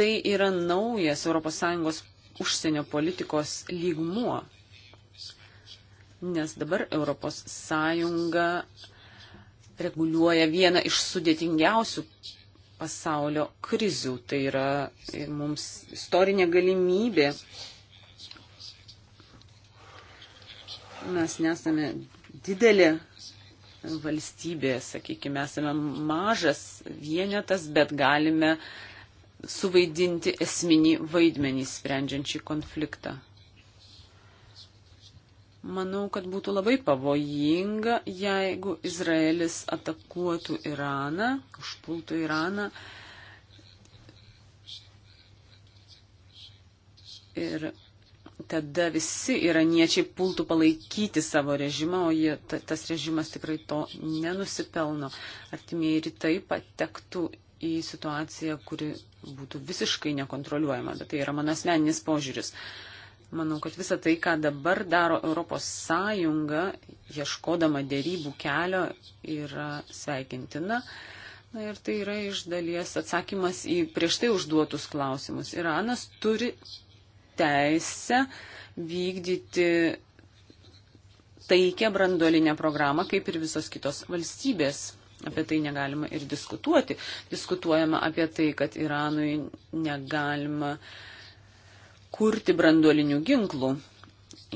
tai yra naujas ES užsienio politikos lygmuo. Nes dabar ES reguliuoja vieną iš sudėtingiausių pasaulio krizių. Tai yra mums istorinė galimybė. Mes nesame didelė valstybė, sakykime, esame mažas vienetas, bet galime suvaidinti esminį vaidmenį sprendžiant šį konfliktą. Manau, kad būtų labai pavojinga, jeigu Izraelis atakuotų Iraną, užpultų Iraną. Ir tada visi iraniečiai pultų palaikyti savo režimą, o jie, ta, tas režimas tikrai to nenusipelno. Artimieji rytai patektų į situaciją, kuri būtų visiškai nekontroliuojama, bet tai yra mano asmeninis požiūris. Uh, Manau, kad visa tai, ką dabar daro Europos Sąjunga, ieškodama dėrybų kelio, yra sveikintina. Na ir tai yra iš dalies atsakymas į prieš tai užduotus klausimus. Iranas turi teisę vykdyti taikę brandolinę programą, kaip ir visos kitos valstybės. Apie tai negalima ir diskutuoti. Diskutuojama apie tai, kad Iranui negalima uh, kurti branduolinių ginklų.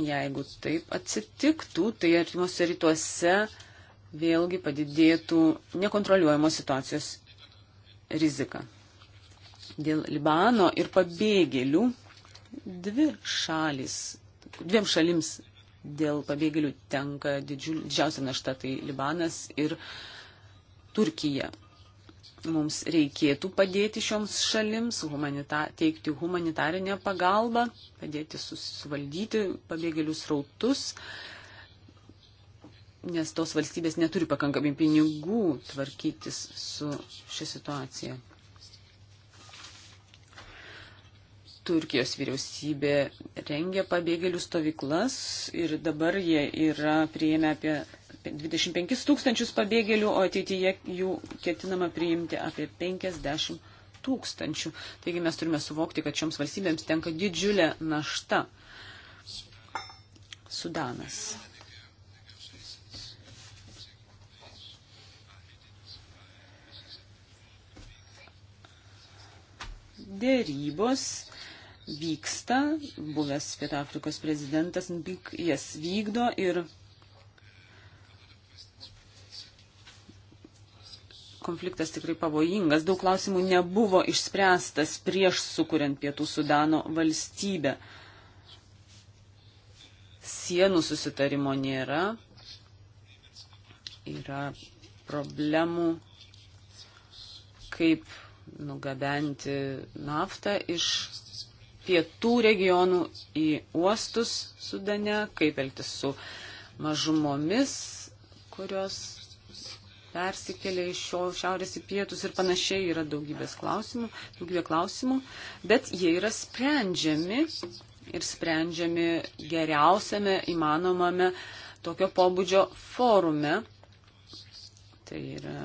Jeigu taip atsitiktų, tai artimuose rytuose vėlgi padidėtų nekontroliuojamos situacijos rizika. Dėl Libano ir pabėgėlių dvi šalis, dviem šalims dėl pabėgėlių tenka didžiul, didžiausia našta, tai Libanas ir Turkija mums reikėtų padėti šioms šalims, humanita, teikti humanitarinę pagalbą, padėti susivaldyti pabėgėlių srautus, nes tos valstybės neturi pakankamai pinigų tvarkytis su šią situaciją. Turkijos vyriausybė rengia pabėgėlių stovyklas ir dabar jie yra prieėmę apie 25 tūkstančius pabėgėlių, o ateityje jų ketinama priimti apie 50 tūkstančių. Taigi mes turime suvokti, kad šioms valstybėms tenka didžiulė našta. Sudanas. Dėrybos vyksta, buvęs Pietų Afrikos prezidentas jas vykdo ir konfliktas tikrai pavojingas. Daug klausimų nebuvo išspręstas prieš sukuriant Pietų Sudano valstybę. Sienų susitarimo nėra. Yra problemų, kaip nugabenti naftą iš pietų regionų į uostus Sudane, kaip elgtis su mažumomis, kurios persikelia iš šio šiaurės į pietus ir panašiai yra daugybės klausimų, daugybė klausimų, bet jie yra sprendžiami ir sprendžiami geriausiame įmanomame tokio pobūdžio forume. Tai yra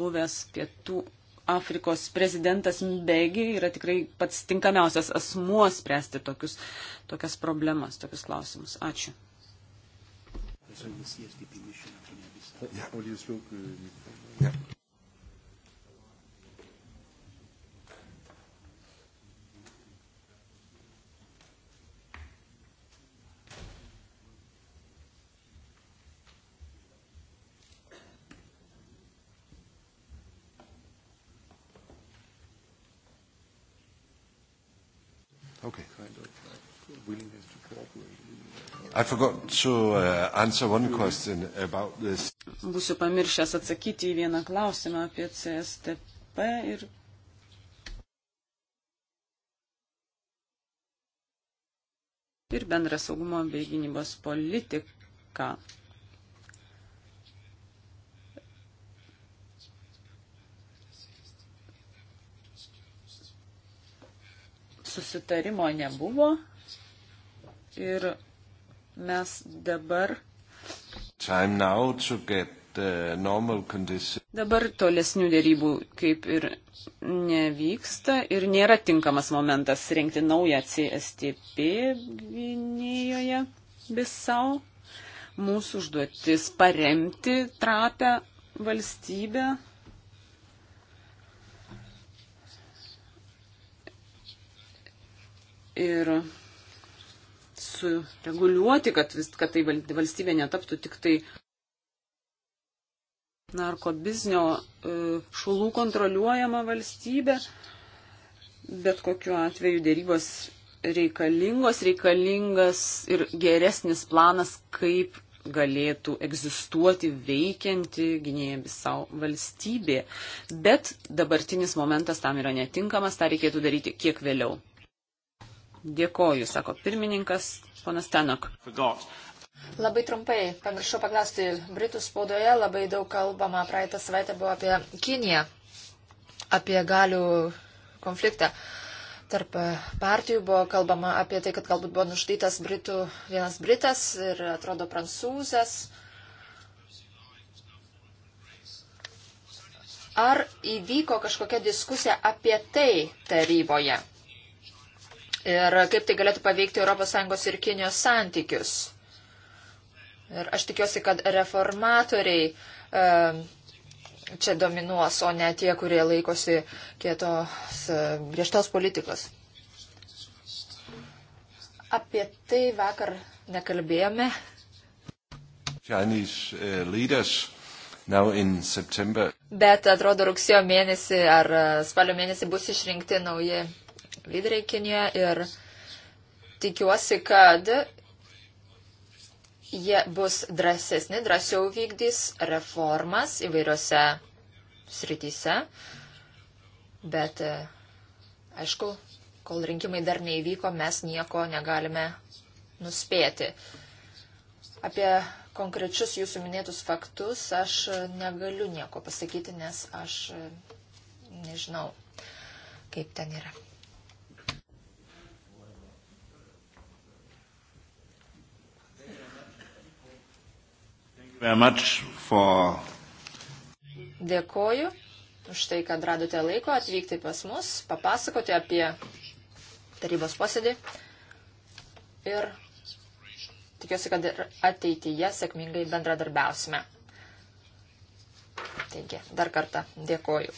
buvęs pietų Afrikos prezidentas Mbegi yra tikrai pats tinkamiausias asmuo spręsti tokius, tokias problemas, tokius klausimus. Ačiū. Thank you. Yeah. I forgot to uh, answer one question about this. Būsiu pamiršęs atsakyti į vieną klausimą apie CSTP ir. Ir bendrą saugumo bei gynybos politiką. Susitarimo nebuvo ir mes dabar. Uh, dabar tolesnių dėrybų kaip ir nevyksta ir nėra tinkamas momentas rinkti naują CSTP Gvinėjoje visau. Mūsų užduotis paremti trapę valstybę ir sureguliuoti, kad, vis, kad tai valstybė netaptų tik tai narkobiznio e, šulų kontroliuojama valstybė. Bet kokiu atveju dėrybos reikalingos, reikalingas ir geresnis planas, kaip galėtų egzistuoti veikianti gynėja visau valstybė. Bet dabartinis momentas tam yra netinkamas, tą reikėtų daryti kiek vėliau. Dėkoju, sako pirmininkas, ponas Tenok. Labai trumpai, pamiršau paklausti, Britų spaudoje labai daug kalbama, praeitą savaitę buvo apie Kiniją, apie galių konfliktą. Tarp partijų buvo kalbama apie tai, kad galbūt buvo nužudytas Britų, vienas Britas ir atrodo prancūzas. Ar įvyko kažkokia diskusija apie tai taryboje? ir kaip tai galėtų paveikti ES ir Kinijos santykius. Ir aš tikiuosi, kad reformatoriai e, čia dominuos, o ne tie, kurie laikosi kietos e, griežtos politikos. Apie tai vakar nekalbėjome. Chinese uh, leaders now in September. Bet atrodo rugsėjo mėnesį ar spalio mėnesį bus išrinkti nauji lyderiai Kinijoje ir tikiuosi, kad jie bus drąsesni, drąsiau vykdys reformas įvairiose srityse. Bet, e, aišku, kol rinkimai dar neįvyko, mes nieko negalime nuspėti. Apie konkrečius jūsų minėtus faktus aš negaliu nieko pasakyti, nes aš e, nežinau, kaip ten yra. For... Dėkoju už tai, kad radote laiko atvykti pas mus, papasakoti apie tarybos posėdį ir tikiuosi, kad ateityje sėkmingai bendradarbiausime. Taigi, dar kartą dėkoju.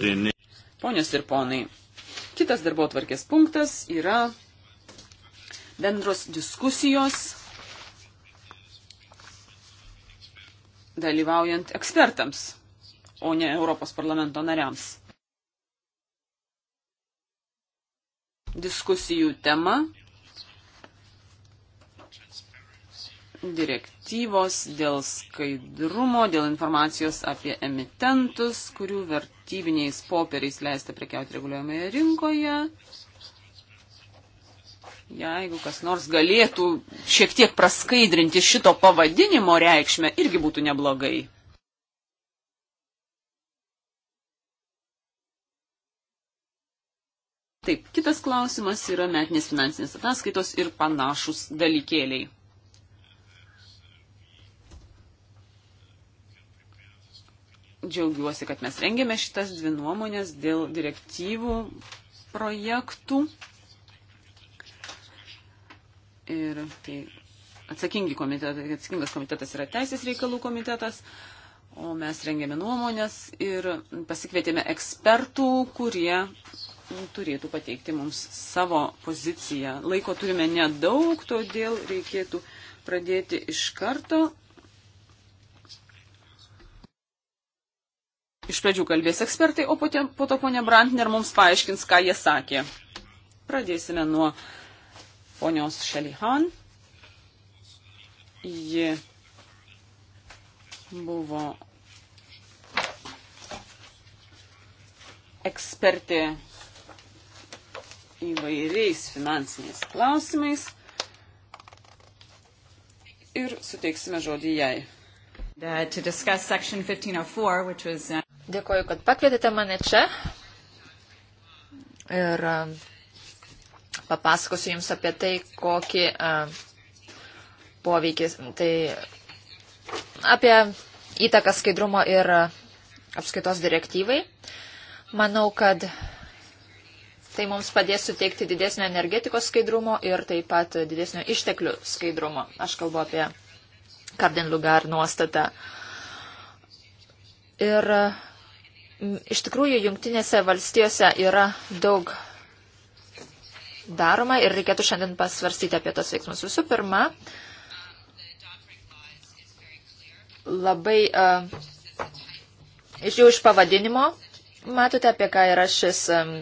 Den... Ponios ir ponai, kitas darbo tvarkės punktas yra bendros diskusijos dalyvaujant ekspertams, o ne Europos parlamento nariams. Diskusijų tema direktyvos dėl skaidrumo, dėl informacijos apie emitentus, kurių vertybiniais popieriais leista prekiauti reguliuojamoje rinkoje. Jeigu kas nors galėtų šiek tiek praskaidrinti šito pavadinimo reikšmę, irgi būtų neblogai. Taip, kitas klausimas yra metinės finansinės ataskaitos ir panašus dalykėliai. Džiaugiuosi, kad mes rengėme šitas dvi nuomonės dėl direktyvų projektų. Ir tai atsakingi komitetai, atsakingas komitetas yra Teisės reikalų komitetas, o mes rengėme nuomonės ir pasikvietėme ekspertų, kurie turėtų pateikti mums savo poziciją. Laiko turime nedaug, todėl reikėtų pradėti iš karto Iš pradžių kalbės ekspertai, o potė, po to ponia Brantner mums paaiškins, ką jie sakė. Pradėsime nuo ponios Šelihan. Ji buvo ekspertė įvairiais finansiniais klausimais ir suteiksime žodį jai. 1504, uh, was... Uh, Dėkoju, kad pakvietėte mane čia. Ir papasakosiu Jums apie tai, kokį poveikį, tai apie įtaką skaidrumo ir apskaitos direktyvai. Manau, kad tai mums padės suteikti didesnio energetikos skaidrumo ir taip pat didesnio išteklių skaidrumo. Aš kalbu apie Kardin Lugar nuostatą. Ir Iš tikrųjų, jungtinėse valstijose yra daug daroma ir reikėtų šiandien pasvarstyti apie tos veiksmus. Visų pirma, labai uh, jau iš pavadinimo matote, apie ką yra šis um,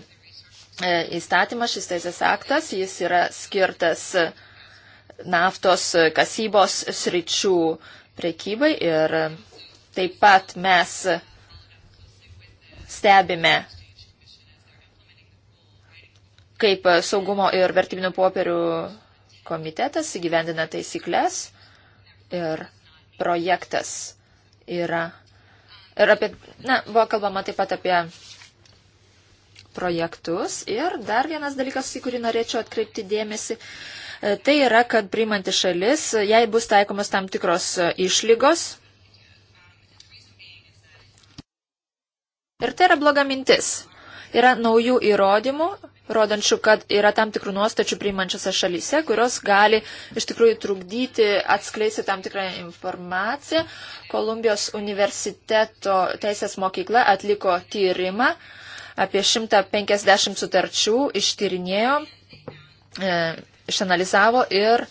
įstatymas, šis teisės aktas. Jis yra skirtas naftos kasybos sričių prekybai ir taip pat mes stebime, kaip saugumo ir vertybinių popierių komitetas įgyvendina taisyklės ir projektas yra. Ir apie, na, buvo kalbama taip pat apie projektus. Ir dar vienas dalykas, į kurį norėčiau atkreipti dėmesį, e, tai yra, kad priimanti šalis, jai bus taikomas tam tikros išlygos, Ir tai yra bloga mintis. Yra naujų įrodymų, rodančių, kad yra tam tikrų nuostačių priimančiose šalyse, kurios gali iš tikrųjų trukdyti atskleisti tam tikrą informaciją. Kolumbijos universiteto teisės mokykla atliko tyrimą, apie 150 sutarčių ištyrinėjo, e, išanalizavo ir e,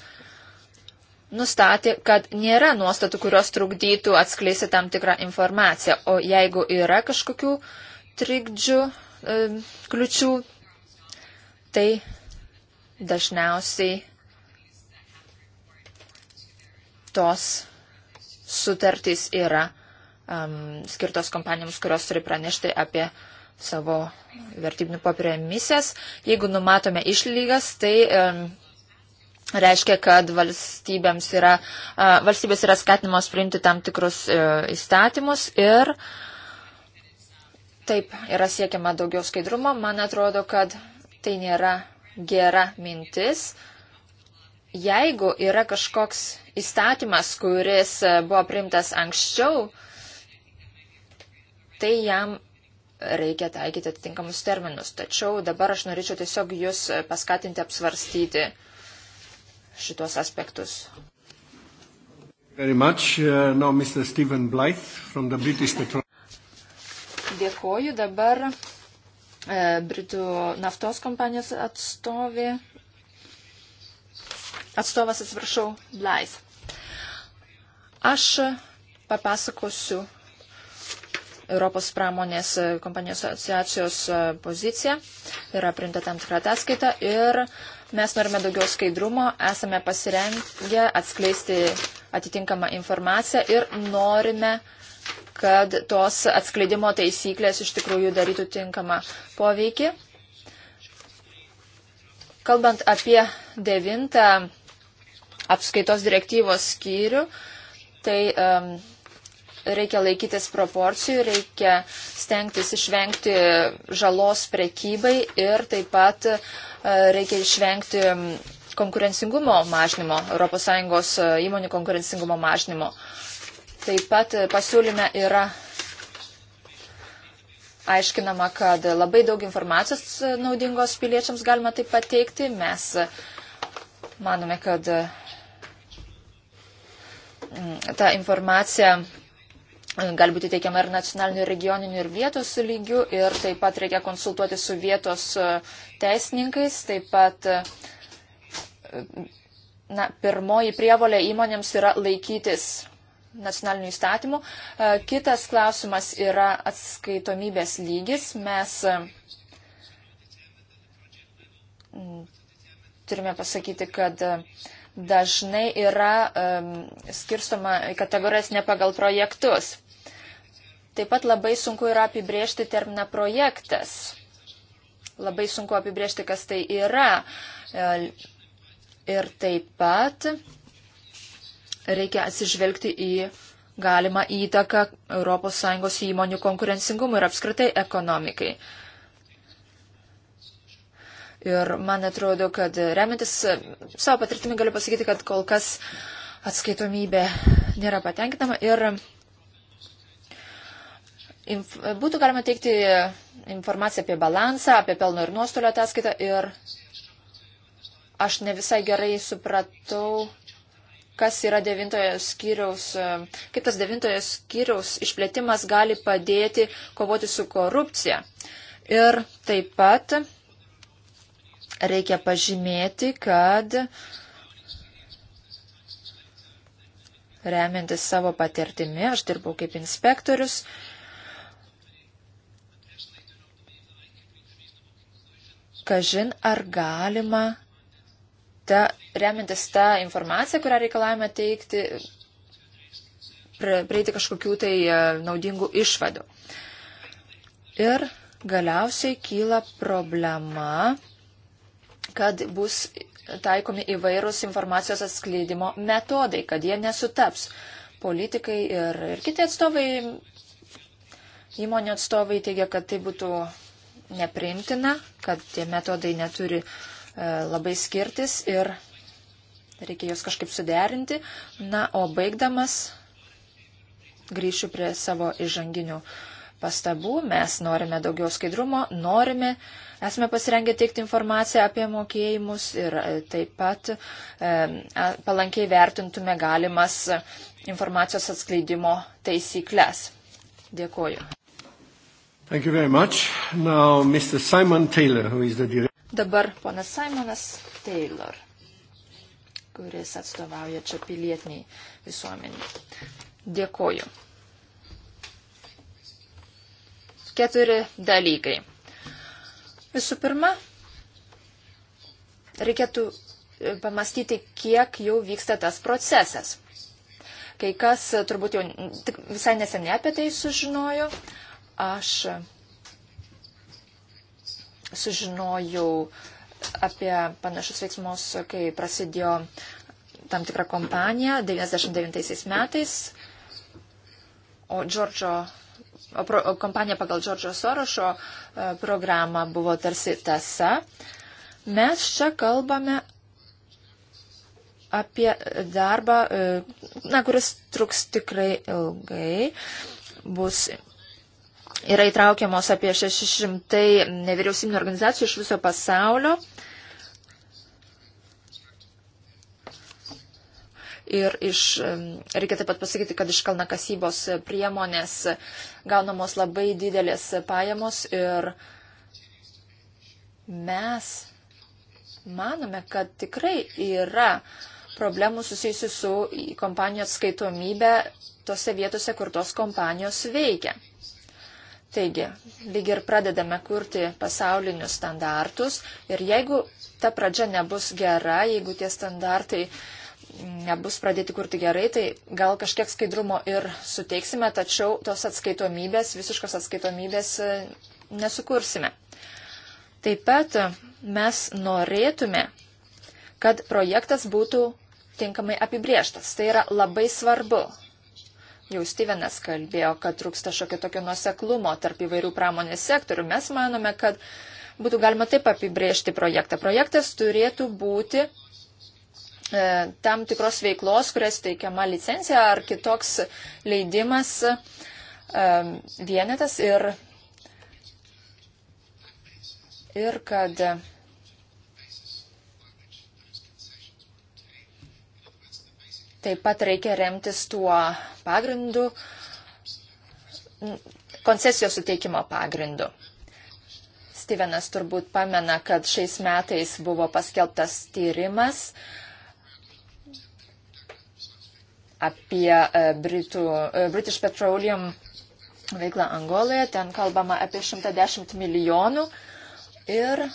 nustatė, kad nėra nuostatų, kurios trukdytų atskleisti tam tikrą informaciją, o jeigu yra kažkokių trikdžių, e, kliučių, tai dažniausiai tos sutartys yra um, skirtos kompanijoms, kurios turi pranešti apie savo vertybinių papirų emisijas. Jeigu numatome išlygas, tai um, reiškia, kad valstybėms yra, valstybės yra skatinamos priimti tam tikrus e, įstatymus ir taip yra siekiama daugiau skaidrumo. Man atrodo, kad tai nėra gera mintis. Jeigu yra kažkoks įstatymas, kuris e, buvo priimtas anksčiau, tai jam reikia taikyti atitinkamus terminus. Tačiau dabar aš norėčiau tiesiog jūs e, paskatinti apsvarstyti uh, šitos aspektus. Uh, now, Dėkoju dabar e, Britų naftos kompanijos atstovė. Atstovas, atsiprašau, Blaith. Aš papasakosiu Europos pramonės kompanijos asociacijos e, poziciją, yra priimta tam tikra ataskaita ir Mes norime daugiau skaidrumo, esame pasirengę atskleisti atitinkamą informaciją ir norime, kad tos atskleidimo taisyklės iš tikrųjų darytų tinkamą poveikį. Kalbant apie devintą apskaitos direktyvos skyrių, tai um, reikia laikytis proporcijų, reikia stengtis išvengti žalos prekybai ir taip pat uh, E, reikia išvengti konkurencingumo mažnymo, ES e, įmonių konkurencingumo mažnymo. Taip pat e, pasiūlyme yra aiškinama, kad labai daug informacijos naudingos piliečiams galima taip pateikti. Mes manome, kad mm, ta informacija gali būti teikiama ir nacionaliniu, regioniniu, ir vietos lygiu, ir taip pat reikia konsultuoti su vietos e, teisininkais, taip pat e, na, pirmoji prievolė įmonėms yra laikytis nacionalinių įstatymų. E, kitas klausimas yra atskaitomybės lygis. Mes turime pasakyti, kad uh, dažnai yra um, skirstoma kategorijas ne pagal projektus. Taip pat labai sunku yra apibriežti terminą projektas. Labai sunku apibriežti, kas tai yra. E, ir taip pat reikia atsižvelgti į galimą įtaką ES įmonių konkurencingumui ir apskritai ekonomikai. Uh, Ir man atrodo, kad remintis e, savo patirtimi galiu pasakyti, kad kol kas atskaitomybė nėra patenkinama ir inf, būtų galima teikti informaciją apie balansą, apie pelno ir nuostolio ataskaitą ir aš ne visai gerai supratau, kas yra devintojo skyriaus, e, kaip tas devintojo skyriaus išplėtimas gali padėti kovoti su korupcija. Ir taip pat reikia pažymėti, kad remiantis savo patirtimi, aš dirbau kaip inspektorius, kažin ar galima, ta, remiantis tą informaciją, kurią reikalavime teikti, prieiti kažkokių tai e, naudingų išvadų. Ir galiausiai kyla problema kad bus taikomi įvairūs informacijos atskleidimo metodai, kad jie nesutaps. Politikai ir, ir kiti atstovai, įmonių atstovai teigia, kad tai būtų nepriimtina, kad tie metodai neturi e, labai skirtis ir reikia juos kažkaip suderinti. Na, o baigdamas grįšiu prie savo įžanginių pastabų. Mes norime daugiau skaidrumo, norime uh, Esame pasirengę teikti informaciją apie mokėjimus ir e, taip pat e, palankiai vertintume galimas informacijos atskleidimo taisyklės. Dėkuoju. Now, Taylor, Dabar ponas Simonas Taylor, kuris atstovauja čia pilietiniai visuomeniai. Dėkuoju. Keturi dalykai. Visų pirma, reikėtų e, pamastyti, kiek jau vyksta tas procesas. Kai kas e, turbūt jau tik visai neseniai apie tai sužinojo. Aš sužinojau apie panašus veiksmus, kai prasidėjo tam tikra kompanija 99 metais. O Džordžo kompanija pagal Džordžo Sorošo e, programą buvo tarsi tasa. Mes čia kalbame apie darbą, e, na, kuris truks tikrai ilgai. Bus yra įtraukiamos apie 600 nevyriausybinio organizacijų iš viso pasaulio. Uh, ir iš, reikia taip pat pasakyti, kad iš kalnakasybos priemonės gaunamos labai didelės pajamos ir mes manome, kad tikrai yra problemų susijusių su kompanijų atskaitomybė tose vietose, kur tos kompanijos veikia. Taigi, lyg ir pradedame kurti pasaulinius standartus ir jeigu ta pradžia nebus gera, jeigu tie standartai uh, nebus pradėti kurti gerai, tai gal kažkiek skaidrumo ir suteiksime, tačiau tos atskaitomybės, visiškos atskaitomybės e, nesukursime. Taip pat e, mes norėtume, kad projektas būtų tinkamai apibrieštas. Tai yra labai svarbu. Jau Stevenas kalbėjo, kad trūksta šiokio tokio nuseklumo tarp įvairių pramonės sektorių. Mes manome, kad būtų galima taip apibriežti projektą. Projektas turėtų būti E, tam tikros veiklos, kurias teikiama licencija ar kitoks leidimas e, vienetas ir, ir kad taip pat reikia remtis tuo pagrindu, koncesijos suteikimo pagrindu. Stevenas turbūt pamena, kad šiais metais buvo paskelbtas tyrimas, uh, apie e, Britų, e, British Petroleum veiklą Angoloje. Ten kalbama apie 110 milijonų ir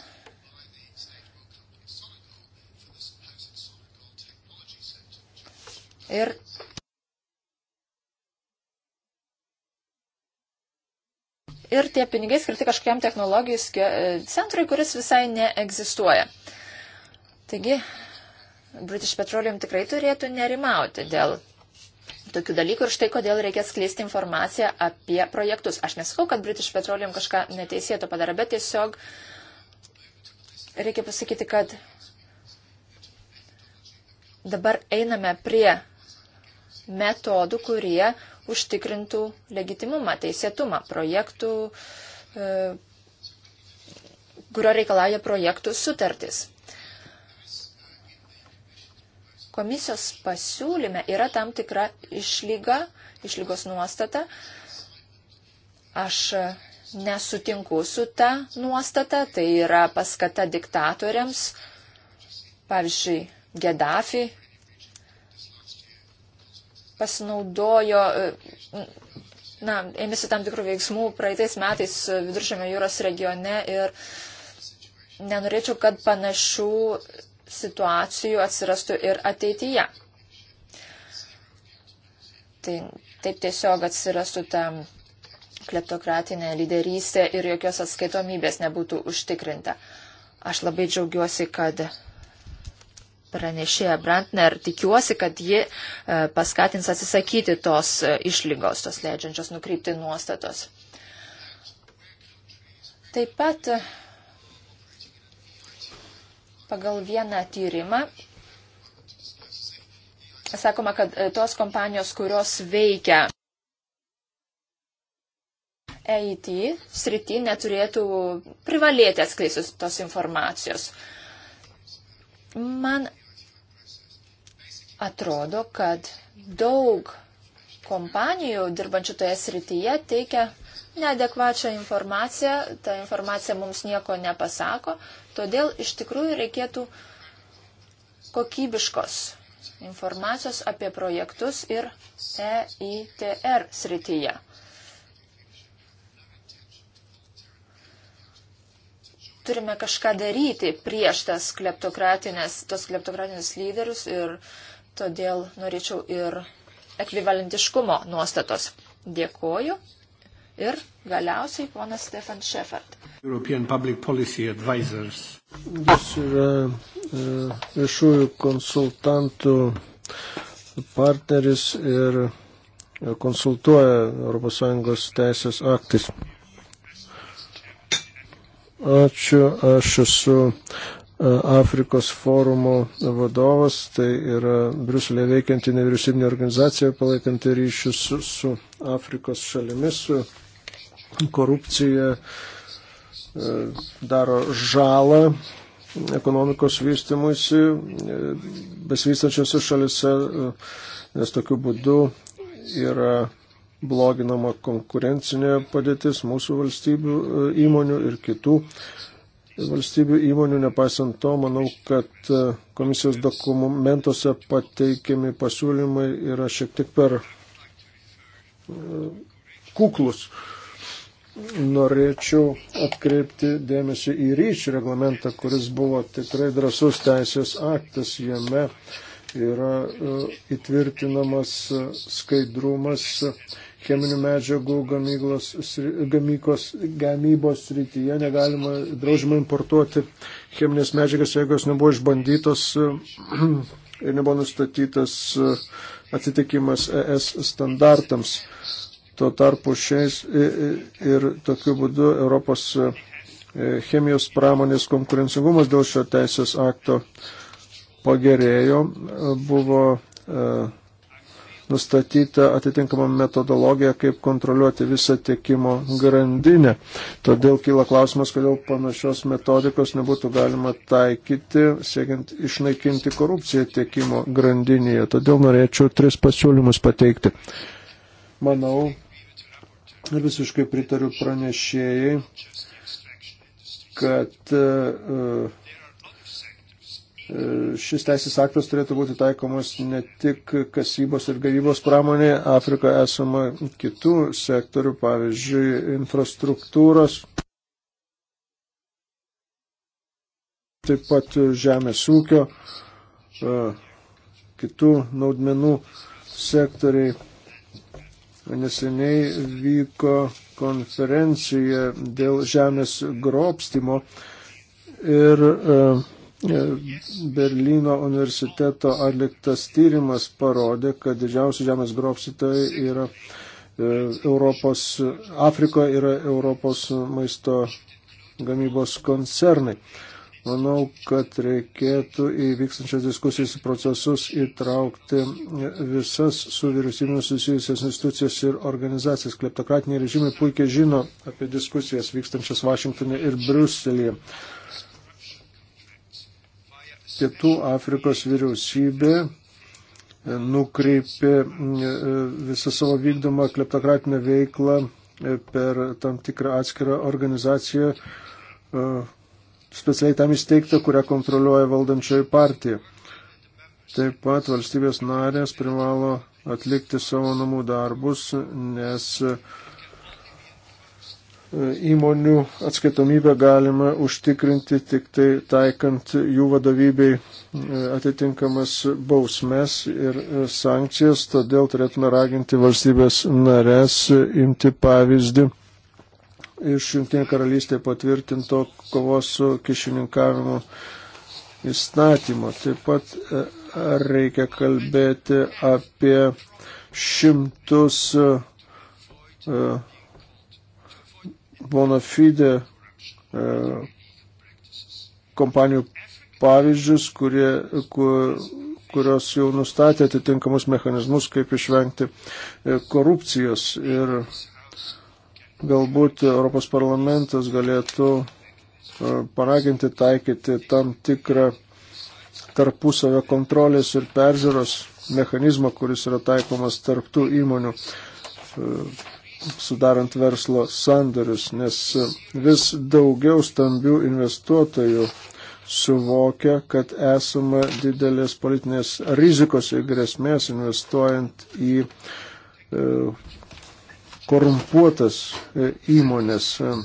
ir Ir tie pinigai skirti kažkokiam technologijų e, centrui, kuris visai neegzistuoja. Taigi, British Petroleum tikrai turėtų nerimauti dėl tokių dalykų ir štai kodėl reikia skleisti informaciją apie projektus. Aš nesakau, kad British Petroleum kažką neteisėto padarė, bet tiesiog reikia pasakyti, kad dabar einame prie metodų, kurie užtikrintų legitimumą, teisėtumą projektų, e, kurio reikalauja projektų sutartis. Komisijos pasiūlyme yra tam tikra išlyga, išlygos nuostata. Aš nesutinku su ta nuostata, tai yra paskata diktatoriams, pavyzdžiui, Gedafi pasinaudojo, na, ėmėsi tam tikrų veiksmų praeitais metais viduržėmio jūros regione ir nenorėčiau, kad panašių situacijų atsirastų ir ateityje. Tai taip tiesiog atsirastų ta kleptokratinė lyderystė ir jokios atskaitomybės nebūtų užtikrinta. Aš labai džiaugiuosi, kad pranešėja Brantner, tikiuosi, kad ji e, paskatins atsisakyti tos e, išlygos, tos leidžiančios nukrypti nuostatos. Taip pat pagal vieną tyrimą sakoma, kad e, tos kompanijos, kurios veikia EIT srity, neturėtų privalėti atskleisti tos informacijos. Man atrodo, kad daug kompanijų dirbančių toje srityje teikia neadekvačią informaciją, ta informacija mums nieko nepasako, Todėl iš tikrųjų reikėtų kokybiškos informacijos apie projektus ir EITR srityje. Turime kažką daryti prieš tas kleptokratinės, tos kleptokratinės lyderius ir todėl norėčiau ir ekvivalentiškumo nuostatos. Dėkoju. Ir galiausiai ponas Stefan Šefert. Jis yra e, viešųjų konsultantų partneris ir konsultuoja ES teisės aktais. Ačiū, aš esu e, Afrikos forumo vadovas, tai yra Bruselėje veikianti nevyriausybinė organizacija palaikanti ryšius su, su Afrikos šalimis, su korupcija e, daro žalą ekonomikos vystimuisi e, besivystančiose šalise, e, nes tokiu būdu yra bloginama konkurencinė padėtis mūsų valstybių įmonių ir kitų valstybių įmonių. Nepaisant to, manau, kad komisijos dokumentuose pateikiami pasiūlymai yra šiek tiek per kuklus. Uh, norėčiau atkreipti dėmesį į ryčių reglamentą, kuris buvo tikrai drasus teisės aktas jame. Yra e, įtvirtinamas e, skaidrumas cheminių medžiagų gamyklos, gamykos, gamybos srityje. Negalima draudžiama importuoti cheminės medžiagas, jeigu jos nebuvo išbandytos e, ir nebuvo nustatytas atitikimas ES standartams Tuo tarpu šiais ir tokiu būdu Europos e, chemijos pramonės konkurencingumas dėl šio teisės akto pagerėjo, buvo e, nustatyta atitinkama metodologija, kaip kontroliuoti visą tiekimo grandinę. Todėl kyla klausimas, kodėl panašios metodikos nebūtų galima taikyti, siekiant išnaikinti korupciją tiekimo grandinėje. Todėl norėčiau tris pasiūlymus pateikti. Manau, Ir visiškai pritariu pranešėjai, kad e, e, šis teisės aktas turėtų būti taikomas ne tik kasybos ir gavybos pramonėje, Afrikoje esama kitų sektorių, pavyzdžiui, infrastruktūros, taip pat žemės ūkio, e, kitų naudmenų sektoriai Neseniai vyko konferencija dėl žemės grobstimo ir e, e, Berlyno universiteto atliktas tyrimas parodė, kad didžiausi žemės grobstytojai yra e, Europos, Afrikoje yra Europos maisto gamybos koncernai. Manau, kad reikėtų į vykstančias diskusijas procesus įtraukti visas su vyriausybimu susijusias institucijas ir organizacijas. Kleptokratiniai režimai puikiai žino apie diskusijas vykstančias Vašingtonė ir Briuselėje. Pietų Afrikos vyriausybė nukreipė visą savo vykdomą kleptokratinę veiklą per tam tikrą atskirą organizaciją, specialiai tam įsteigta, kurią kontroliuoja valdančioji partija. Taip pat valstybės narės privalo atlikti savo namų darbus, nes e, įmonių atskaitomybę galima užtikrinti tik tai taikant jų vadovybei e, atitinkamas bausmes ir e, sankcijas, todėl turėtume raginti valstybės narės imti pavyzdį iš Junktinė karalystė patvirtinto kovos su kišininkavimu įstatymo. Taip pat e, reikia kalbėti apie šimtus e, e, bona fide kompanijų pavyzdžius, kurie, kur, kurios jau nustatė atitinkamus mechanizmus, kaip išvengti korupcijos ir Galbūt Europos parlamentas galėtų e, paraginti taikyti tam tikrą tarpusavio kontrolės ir peržiūros mechanizmą, kuris yra taikomas tarptų įmonių e, sudarant verslo sandarius, nes vis daugiau stambių investuotojų suvokia, kad esama didelės politinės rizikos ir grėsmės investuojant į e, korumpuotas e, įmonės. E,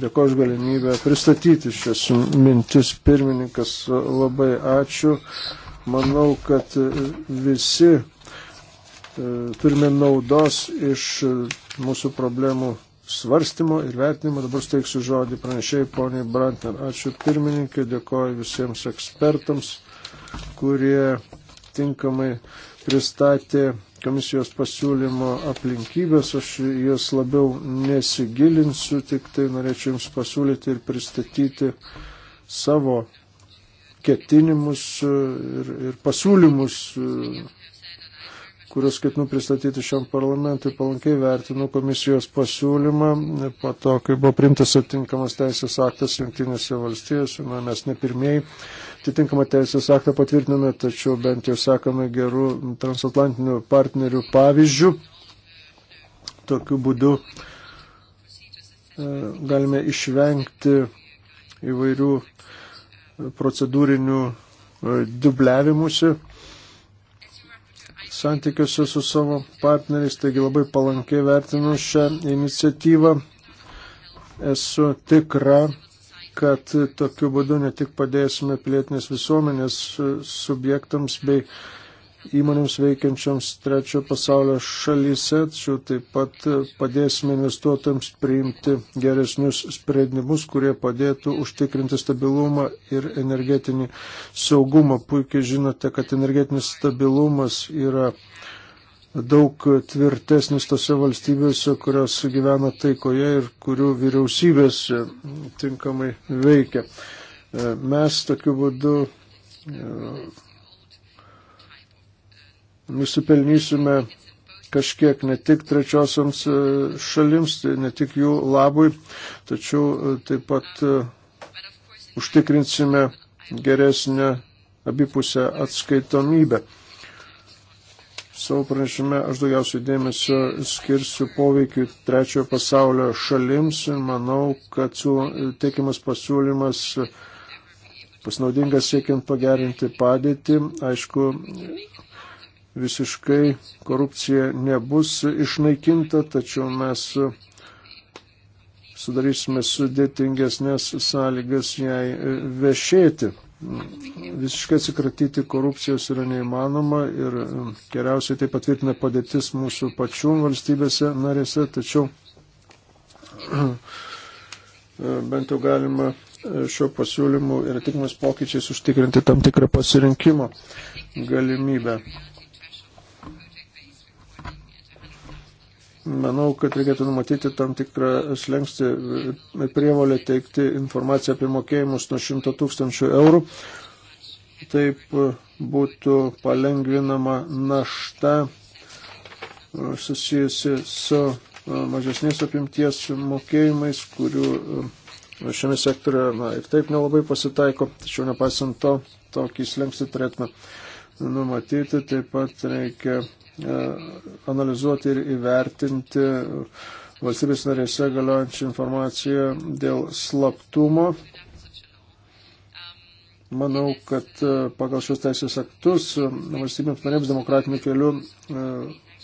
dėkoju už galimybę pristatyti šias mintis pirmininkas. E, labai ačiū. Manau, kad visi turime naudos iš mūsų problemų svarstymo ir vertinimo. Dabar steiksiu žodį pranešėjai poniai Brantner. Ačiū pirmininkai, dėkoju visiems ekspertams, kurie tinkamai pristatė komisijos pasiūlymo aplinkybės, aš jas labiau nesigilinsiu, tik tai norėčiau Jums pasiūlyti ir pristatyti savo ketinimus ir, ir pasiūlymus, kuriuos ketinu pristatyti šiam parlamentui. Palankiai vertinu komisijos pasiūlymą po to, kai buvo primtas atinkamas teisės aktas Junktinėse valstijose, na, mes ne pirmieji atitinkamą teisės aktą patvirtiname, tačiau bent jau sakome gerų transatlantinių partnerių pavyzdžių. Tokiu būdu e, galime išvengti įvairių procedūrinių e, dubliavimusi santykiuose su savo partneriais, taigi labai palankiai vertinu šią iniciatyvą. Esu tikra, kad tokiu būdu ne tik padėsime pilietinės visuomenės subjektams bei įmonėms veikiančioms trečio pasaulio šalyse, tačiau taip pat padėsime investuotojams priimti geresnius sprendimus, kurie padėtų užtikrinti stabilumą ir energetinį saugumą. Puikiai žinote, kad energetinis stabilumas yra daug tvirtesnis tose valstybėse, kurios gyvena taikoje ir kurių vyriausybės e, tinkamai veikia. E, mes tokiu būdu e, nusipelnysime kažkiek ne tik trečiosiams šalims, tai ne tik jų labui, tačiau taip pat užtikrinsime geresnę abipusę atskaitomybę. Savo pranešime aš daugiausiai dėmesio skirsiu poveikiu trečiojo pasaulio šalims ir manau, kad teikiamas pasiūlymas pasinaudingas siekiant pagerinti padėtį. Aišku, visiškai korupcija nebus išnaikinta, tačiau mes sudarysime sudėtingesnės sąlygas jai vešėti visiškai atsikratyti korupcijos yra neįmanoma ir e, geriausiai tai patvirtina padėtis mūsų pačių valstybėse narėse, tačiau e, bent jau galima e, šio pasiūlymu ir atitikmas pokyčiais užtikrinti tam tikrą pasirinkimo galimybę. Manau, kad reikėtų numatyti tam tikrą slengstį e, prievolę teikti informaciją apie mokėjimus nuo 100 tūkstančių eurų. Taip e, būtų palengvinama našta e, susijusi su mažesnės apimties mokėjimais, kurių šiame sektoriu na, ir taip nelabai pasitaiko, tačiau nepaisant to, tokį slengstį turėtume numatyti. Taip pat reikia E, analizuoti ir įvertinti valstybės narėse galiojančią informaciją dėl slaptumo. Manau, kad e, pagal šios teisės aktus e, valstybėms narėms demokratiniu keliu,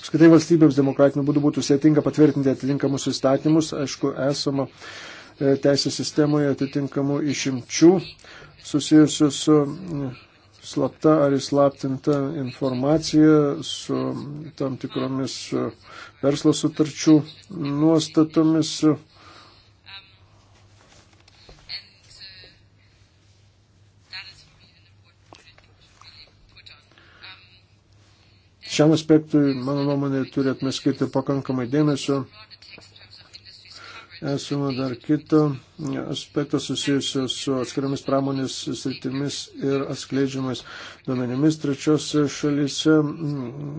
skaitai valstybėms demokratiniu būdu būtų sėtinga patvirtinti atitinkamus įstatymus, aišku, esama teisės sistemoje atitinkamų išimčių susijusių su slapta ar įslaptinta informacija su tam tikromis e, verslo sutarčių nuostatomis. Šiam aspektui, mano nuomonė, turėtume skirti pakankamai dėmesio, esame dar kito aspekto susijusio su atskiriamis pramonės sritimis ir atskleidžiamais duomenimis trečiose šalyse.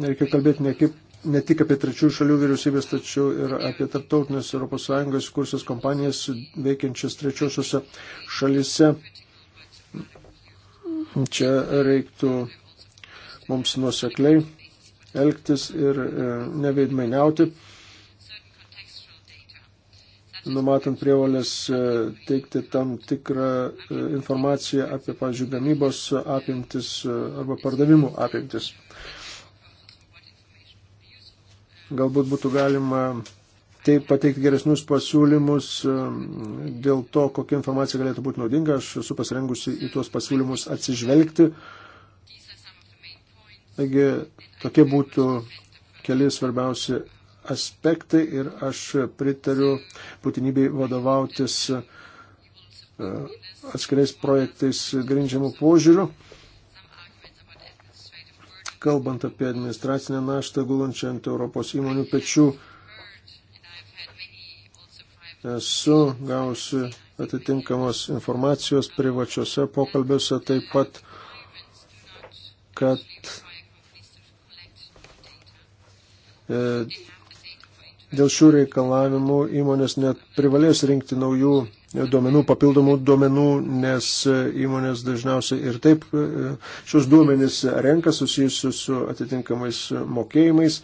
Reikia kalbėti ne, kaip, ne tik apie trečių šalių vyriausybės, tačiau ir apie tarptautinės ES kursios kompanijas veikiančias trečiosiuose šalyse. Čia reiktų mums nuosekliai elgtis ir e, neveidmainiauti numatant prievalės e, teikti tam tikrą e, informaciją apie, pavyzdžiui, gamybos apimtis e, arba pardavimų apimtis. Galbūt būtų galima taip pateikti geresnius pasiūlymus dėl to, kokia informacija galėtų būti naudinga. Aš esu pasirengusi į tuos pasiūlymus atsižvelgti. Taigi tokie būtų keli svarbiausi aspektai ir aš pritariu būtinybei vadovautis e, atskiriais projektais grindžiamų požiūrių. Kalbant apie administracinę naštą gulančią ant Europos įmonių pečių, esu gausi atitinkamos informacijos privačiose pokalbiuose taip pat, kad e, dėl šių reikalavimų įmonės net privalės rinkti naujų duomenų, papildomų duomenų, nes įmonės dažniausiai ir taip e, šios duomenys renka susijusius su atitinkamais mokėjimais,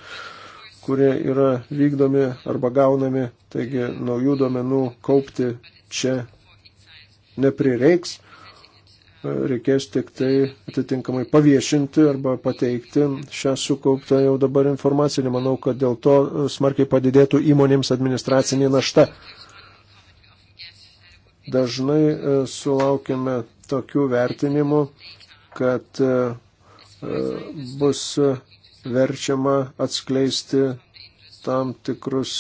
kurie yra vykdomi arba gaunami, taigi naujų duomenų kaupti čia neprireiks reikės tik tai atitinkamai paviešinti arba pateikti šią sukauptą jau dabar informaciją. Manau, kad dėl to smarkiai padidėtų įmonėms administracinė našta. Dažnai e, sulaukime tokių vertinimų, kad e, e, bus verčiama atskleisti tam tikrus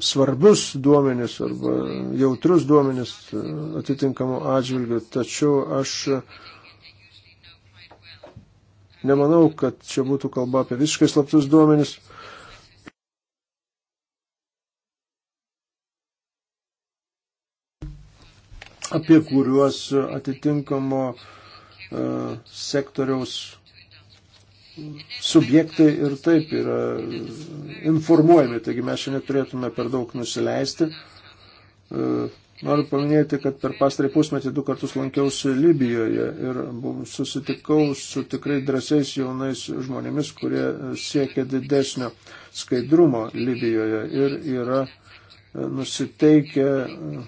svarbius duomenis arba jautrus duomenis atitinkamų atžvilgių, tačiau aš nemanau, kad čia būtų kalba apie visiškai slaptus duomenis. apie kuriuos atitinkamo uh, sektoriaus subjektai ir taip yra informuojami, taigi mes šiandien turėtume per daug nusileisti. E, noriu paminėti, kad per pastarį pusmetį du kartus lankiausi Libijoje ir susitikau su tikrai drąsiais jaunais žmonėmis, kurie siekia didesnio skaidrumo Libijoje ir yra e, nusiteikę e,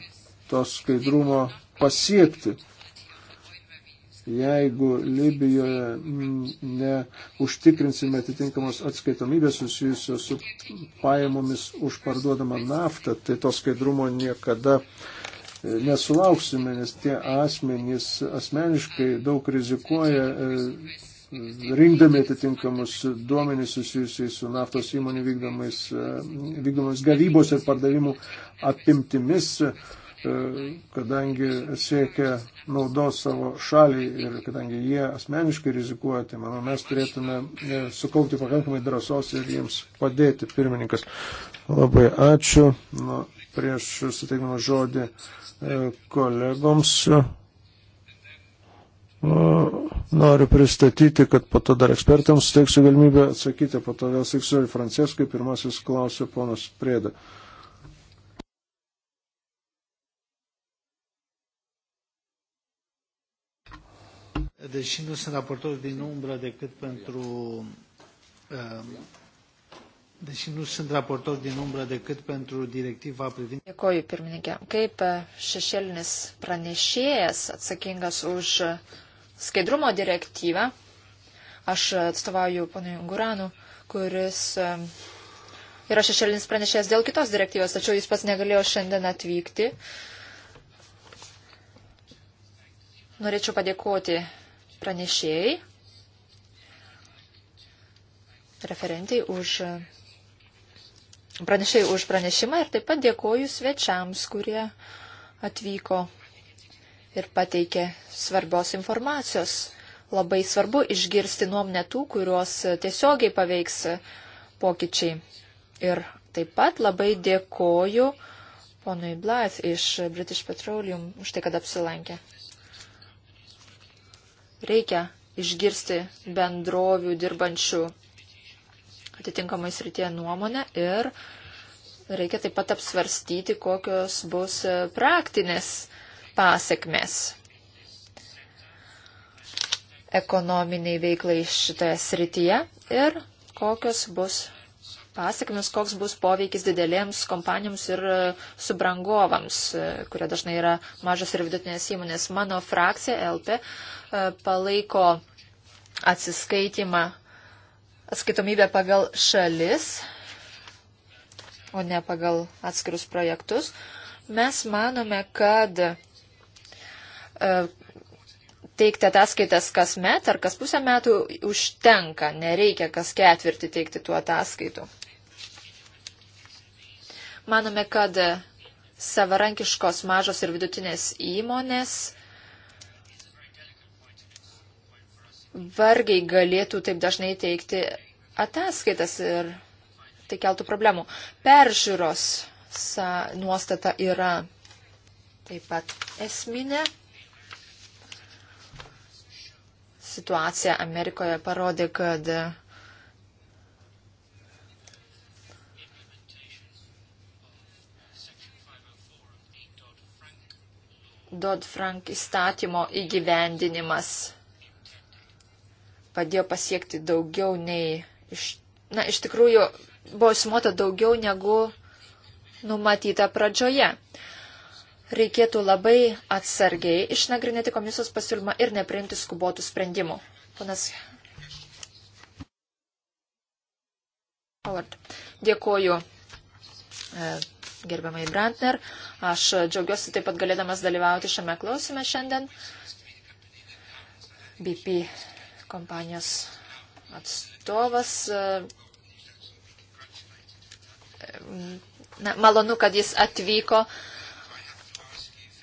to skaidrumo pasiekti jeigu Libijoje mm, neužtikrinsime atitinkamos atskaitomybės susijusios su pajamomis už parduodamą naftą, tai to skaidrumo niekada e, nesulauksime, nes tie asmenys asmeniškai daug rizikuoja e, rinkdami atitinkamus duomenys susijusiai su naftos įmonių vykdomais, e, vykdomais gavybos ir pardavimų apimtimis. E, kadangi siekia naudos savo šaliai ir kadangi jie asmeniškai rizikuoja, tai manau, mes turėtume e, sukaupti pakankamai drąsos ir jiems padėti. Pirmininkas, labai ačiū. Nu, prieš suteikimą žodį e, kolegoms. Noriu pristatyti, kad po to dar ekspertams suteiksiu galimybę atsakyti, po to vėl suteiksiu ir Franceskai, pirmasis klausė ponas Prėda. deși nu sunt raportor din umbră decât pentru um, deși nu sunt raportor din umbră decât pentru directiva privind. Dėkoju, pirmininkė. Kaip uh, šešėlinis pranešėjas atsakingas už uh, skaidrumo direktyvą, aš atstovauju ponui Guranu, kuris um, yra šešėlinis pranešėjas dėl kitos direktyvos, tačiau jis pats negalėjo šiandien atvykti. Norėčiau padėkoti pranešėjai, referentai už pranešėjai už pranešimą ir taip pat dėkoju svečiams, kurie atvyko ir pateikė svarbios informacijos. Labai svarbu išgirsti nuomonę tų, kuriuos tiesiogiai paveiks pokyčiai. Ir taip pat labai dėkoju ponui Blath iš British Petroleum už tai, kad apsilankė. Reikia išgirsti bendrovių dirbančių atitinkamai srityje nuomonę ir reikia taip pat apsvarstyti, kokios bus praktinės pasiekmes ekonominiai veiklai šitoje srityje ir kokios bus pasiekmes, koks bus poveikis didelėms kompanijoms ir e, subrangovams, e, kurie dažnai yra mažos ir vidutinės įmonės. Mano frakcija LP e, palaiko atsiskaitimą, atskaitomybę pagal šalis, o ne pagal atskirus projektus. Mes manome, kad teikti ataskaitas kas met ar kas pusę metų užtenka, nereikia kas ketvirtį teikti tų ataskaitų. Manome, kad savarankiškos mažos ir vidutinės įmonės vargiai galėtų taip dažnai teikti ataskaitas ir tai keltų problemų. Peržiūros nuostata yra taip pat esminė. Situacija Amerikoje parodė, kad Dodd-Frank įstatymo įgyvendinimas padėjo pasiekti daugiau nei iš. Na, iš tikrųjų, buvo sumota daugiau negu numatyta pradžioje. Reikėtų labai atsargiai išnagrinėti komisijos pasiūlymą ir nepriimti skubotų sprendimų. Ponas Howard, dėkoju e, gerbiamai Brantner. Aš džiaugiuosi taip pat galėdamas dalyvauti šiame klausime šiandien. BP kompanijos atstovas. Na, malonu, kad jis atvyko,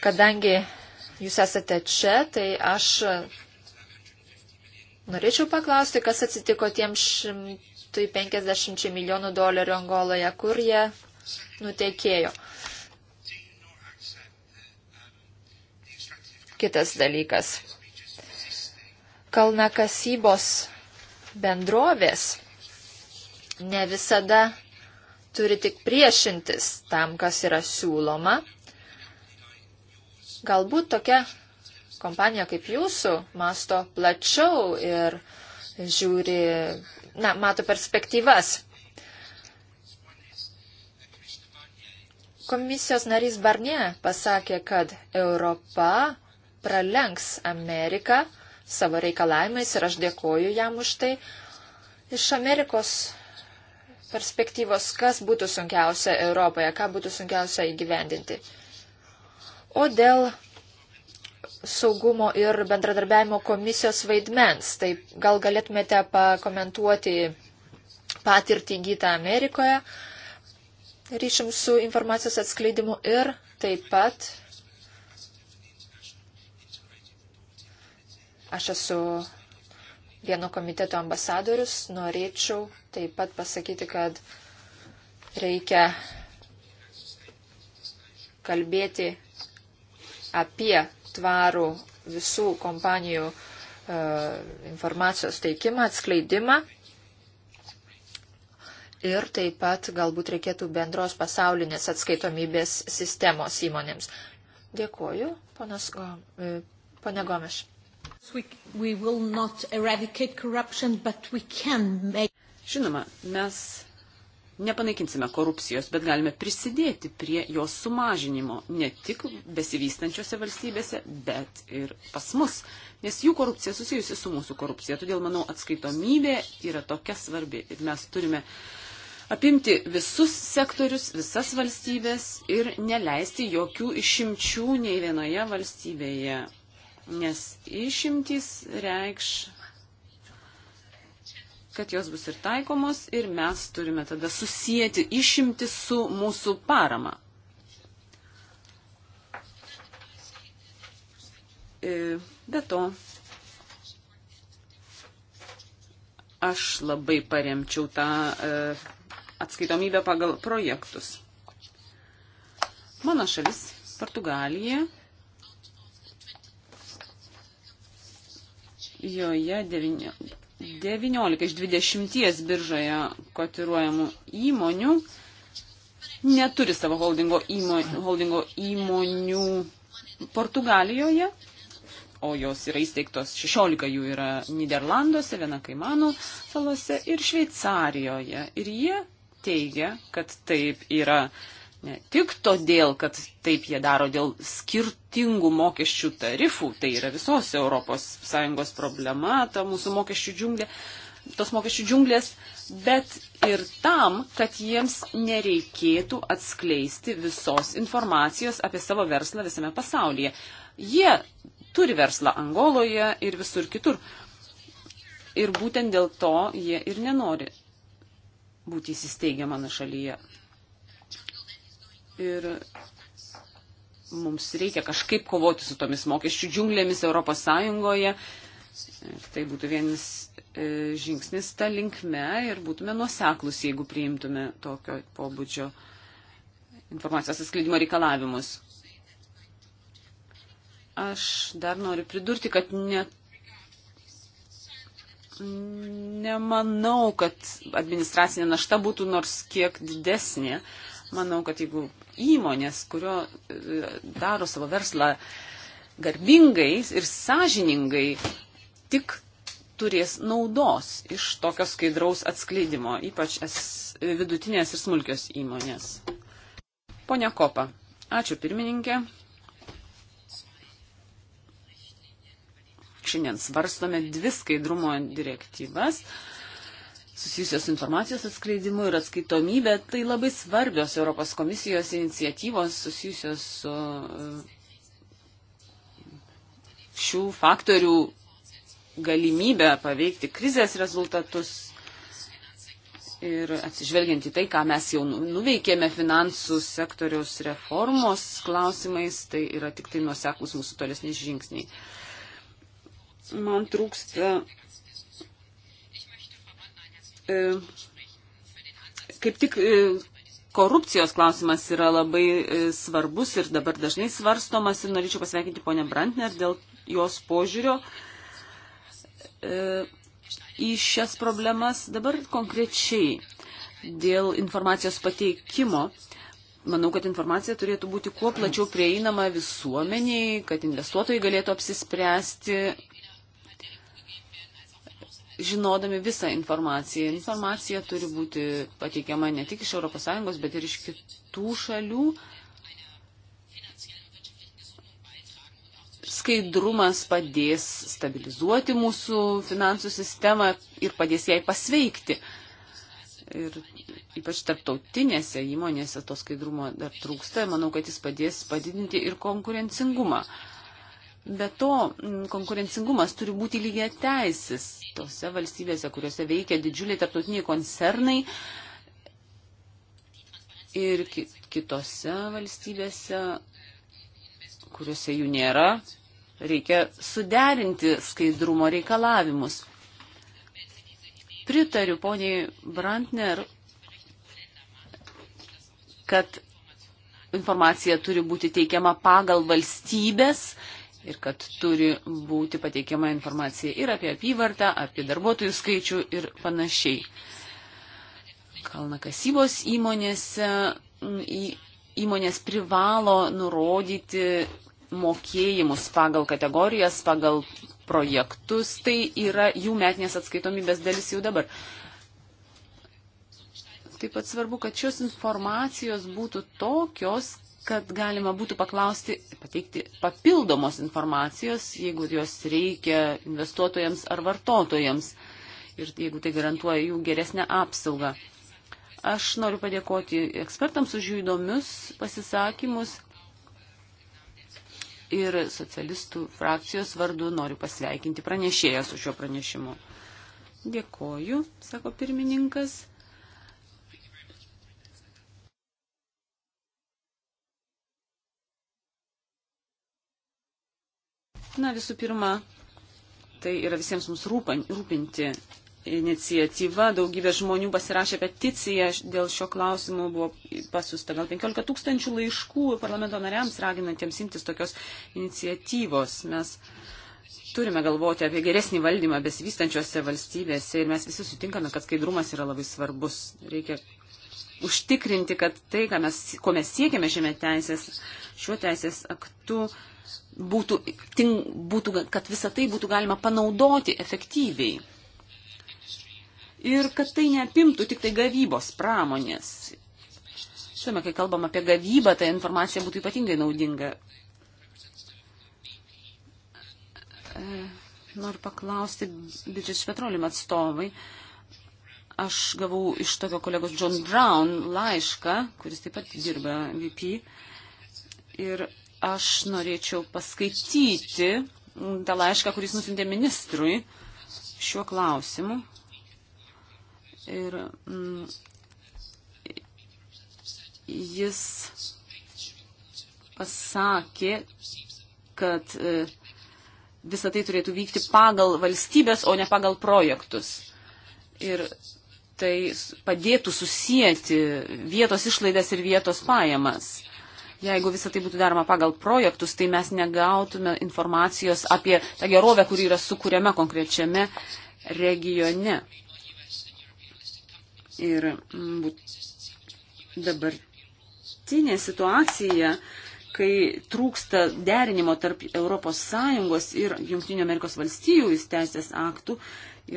kadangi jūs esate čia, tai aš norėčiau paklausti, kas atsitiko tiems šimtui 150 milijonų dolerių Angoloje, kur jie nutekėjo. Kitas dalykas. Kalnakasybos bendrovės ne visada turi tik priešintis tam, kas yra siūloma. Galbūt tokia kompanija kaip jūsų masto plačiau ir žiūri, na, mato perspektyvas. Komisijos narys Barnie pasakė, kad Europa pralenks Ameriką savo reikalavimais ir aš dėkoju jam už tai. Iš Amerikos perspektyvos, kas būtų sunkiausia Europoje, ką būtų sunkiausia įgyvendinti. O dėl saugumo ir bendradarbiavimo komisijos vaidmens, tai gal galėtumėte pakomentuoti patirtį įgytą Amerikoje. Uh, ryšium su informacijos atskleidimu ir taip pat aš esu vieno komiteto ambasadorius, norėčiau taip pat pasakyti, kad reikia kalbėti apie tvarų visų kompanijų e, informacijos teikimą, atskleidimą. Ir taip pat galbūt reikėtų bendros pasaulinės atskaitomybės sistemos įmonėms. Dėkuoju, ponas e, Pone Gomes. Make... Žinoma, mes nepanaikinsime korupcijos, bet galime prisidėti prie jos sumažinimo ne tik besivystančiose valstybėse, bet ir pas mus, nes jų korupcija susijusi su mūsų korupcija. Todėl, manau, atskaitomybė yra tokia svarbi ir mes turime uh, apimti visus sektorius, visas valstybės ir neleisti jokių išimčių nei vienoje valstybėje, nes išimtys reikš kad jos bus ir taikomos ir mes turime tada susijęti išimti su mūsų parama. E, be to, aš labai paremčiau tą e, atskaitomybę pagal projektus. Mano šalis, Portugalija, joje 19, 19 iš 20 biržoje kotiruojamų įmonių neturi savo holdingo, įmonių, holdingo įmonių Portugalijoje, o jos yra įsteigtos 16 jų yra Niderlanduose, viena Kaimanų salose ir Šveicarijoje. Ir jie teigia, kad taip yra ne tik todėl, kad taip jie daro dėl skirtingų mokesčių tarifų, tai yra visos ES problema, ta mūsų mokesčių džiunglė, tos mokesčių džiunglės, bet ir tam, kad jiems nereikėtų atskleisti visos informacijos apie savo verslą visame pasaulyje. Jie turi verslą Angoloje ir visur kitur. Ir būtent dėl to jie ir nenori būti įsisteigę mano šalyje. Ir mums reikia kažkaip kovoti su tomis mokesčių džiunglėmis Europos Sąjungoje. Ir tai būtų vienas e, žingsnis tą linkme ir būtume nuoseklus, jeigu priimtume tokio pobūdžio informacijos atskleidimo reikalavimus. Aš dar noriu pridurti, kad net nemanau, kad administracinė našta būtų nors kiek didesnė. Manau, kad jeigu įmonės, kurio e, daro savo verslą garbingai ir sąžiningai, tik turės naudos iš tokio skaidraus atskleidimo, ypač vidutinės ir smulkios įmonės. Pone Kopa, ačiū pirmininkė. Šiandien svarstome dvi skaidrumo direktyvas susijusios su informacijos atskleidimu ir atskaitomybė. Tai labai svarbios Europos komisijos iniciatyvos susijusios su e, šių faktorių galimybę paveikti krizės rezultatus Ir atsižvelgiant į tai, ką mes jau nu-, nuveikėme finansų sektoriaus reformos klausimais, tai yra tik tai nuoseklus mūsų tolesni žingsniai man trūksta e, kaip tik e, korupcijos klausimas yra labai e, svarbus ir dabar dažnai svarstomas ir norėčiau pasveikinti ponę Brantner dėl jos požiūrio į šias problemas. Dabar konkrečiai dėl informacijos pateikimo. Manau, kad informacija turėtų būti kuo plačiau prieinama visuomeniai, kad investuotojai galėtų apsispręsti, žinodami visą informaciją. Informacija turi būti pateikiama ne tik iš ES, bet ir iš kitų šalių. Skaidrumas padės stabilizuoti mūsų finansų sistemą ir padės jai pasveikti. Ir ypač tarptautinėse įmonėse to skaidrumo dar trūksta. Manau, kad jis padės padidinti ir konkurencingumą. Uh, Be to, mm, konkurencingumas turi būti lygiai teisis tose valstybėse, kuriuose veikia didžiuliai tarptautiniai koncernai ir kitose valstybėse, kuriuose jų nėra, reikia suderinti skaidrumo reikalavimus. Pritariu poniai Brantner, kad informacija turi būti teikiama pagal valstybės ir kad turi būti pateikiama informacija ir apie apyvartą, apie darbuotojų skaičių ir panašiai. Kalnakasybos įmonėse įmonės privalo nurodyti mokėjimus pagal kategorijas, pagal projektus. Tai yra jų metinės atskaitomybės dalis jau dabar. Taip pat svarbu, kad šios informacijos būtų tokios, kad galima būtų paklausti, pateikti papildomos informacijos, jeigu jos reikia investuotojams ar vartotojams ir jeigu tai garantuoja jų geresnę apsaugą. Aš noriu padėkoti ekspertams už jų įdomius pasisakymus ir socialistų frakcijos vardu noriu pasveikinti pranešėją su šiuo pranešimu. Dėkoju, sako pirmininkas. Na, visų pirma, tai yra visiems mums rūpinti iniciatyva. Daugybė žmonių pasirašė peticiją dėl šio klausimo, buvo pasiusta gal 15 tūkstančių laiškų parlamento nariams raginantiems imtis tokios iniciatyvos. Mes turime galvoti apie geresnį valdymą besivystančiose valstybėse ir mes visi sutinkame, kad skaidrumas yra labai svarbus. Reikia užtikrinti, kad tai, mes, ko mes siekiame šiame teisės, šiuo teisės aktu, būtų, ting, būtų, kad visą tai būtų galima panaudoti efektyviai. Ir kad tai neapimtų tik tai gavybos pramonės. Žinoma, kai kalbam apie gavybą, ta informacija būtų ypatingai naudinga. E, noriu paklausti biudžetų petrolim atstovai. Aš gavau iš tokio kolegos John Brown laišką, kuris taip pat dirba VP. Ir Aš norėčiau paskaityti tą laišką, kuris nusintė ministrui šiuo klausimu. Ir mm, jis pasakė, kad e, visą tai turėtų vykti pagal valstybės, o ne pagal projektus. Ir tai padėtų susijęti vietos išlaidas ir vietos pajamas. Jeigu visą tai būtų daroma pagal projektus, tai mes negautume informacijos apie tą gerovę, kuri yra sukūriama konkrečiame regione. Ir mm, dabartinė situacija, kai trūksta derinimo tarp ES ir JAV teisės aktų,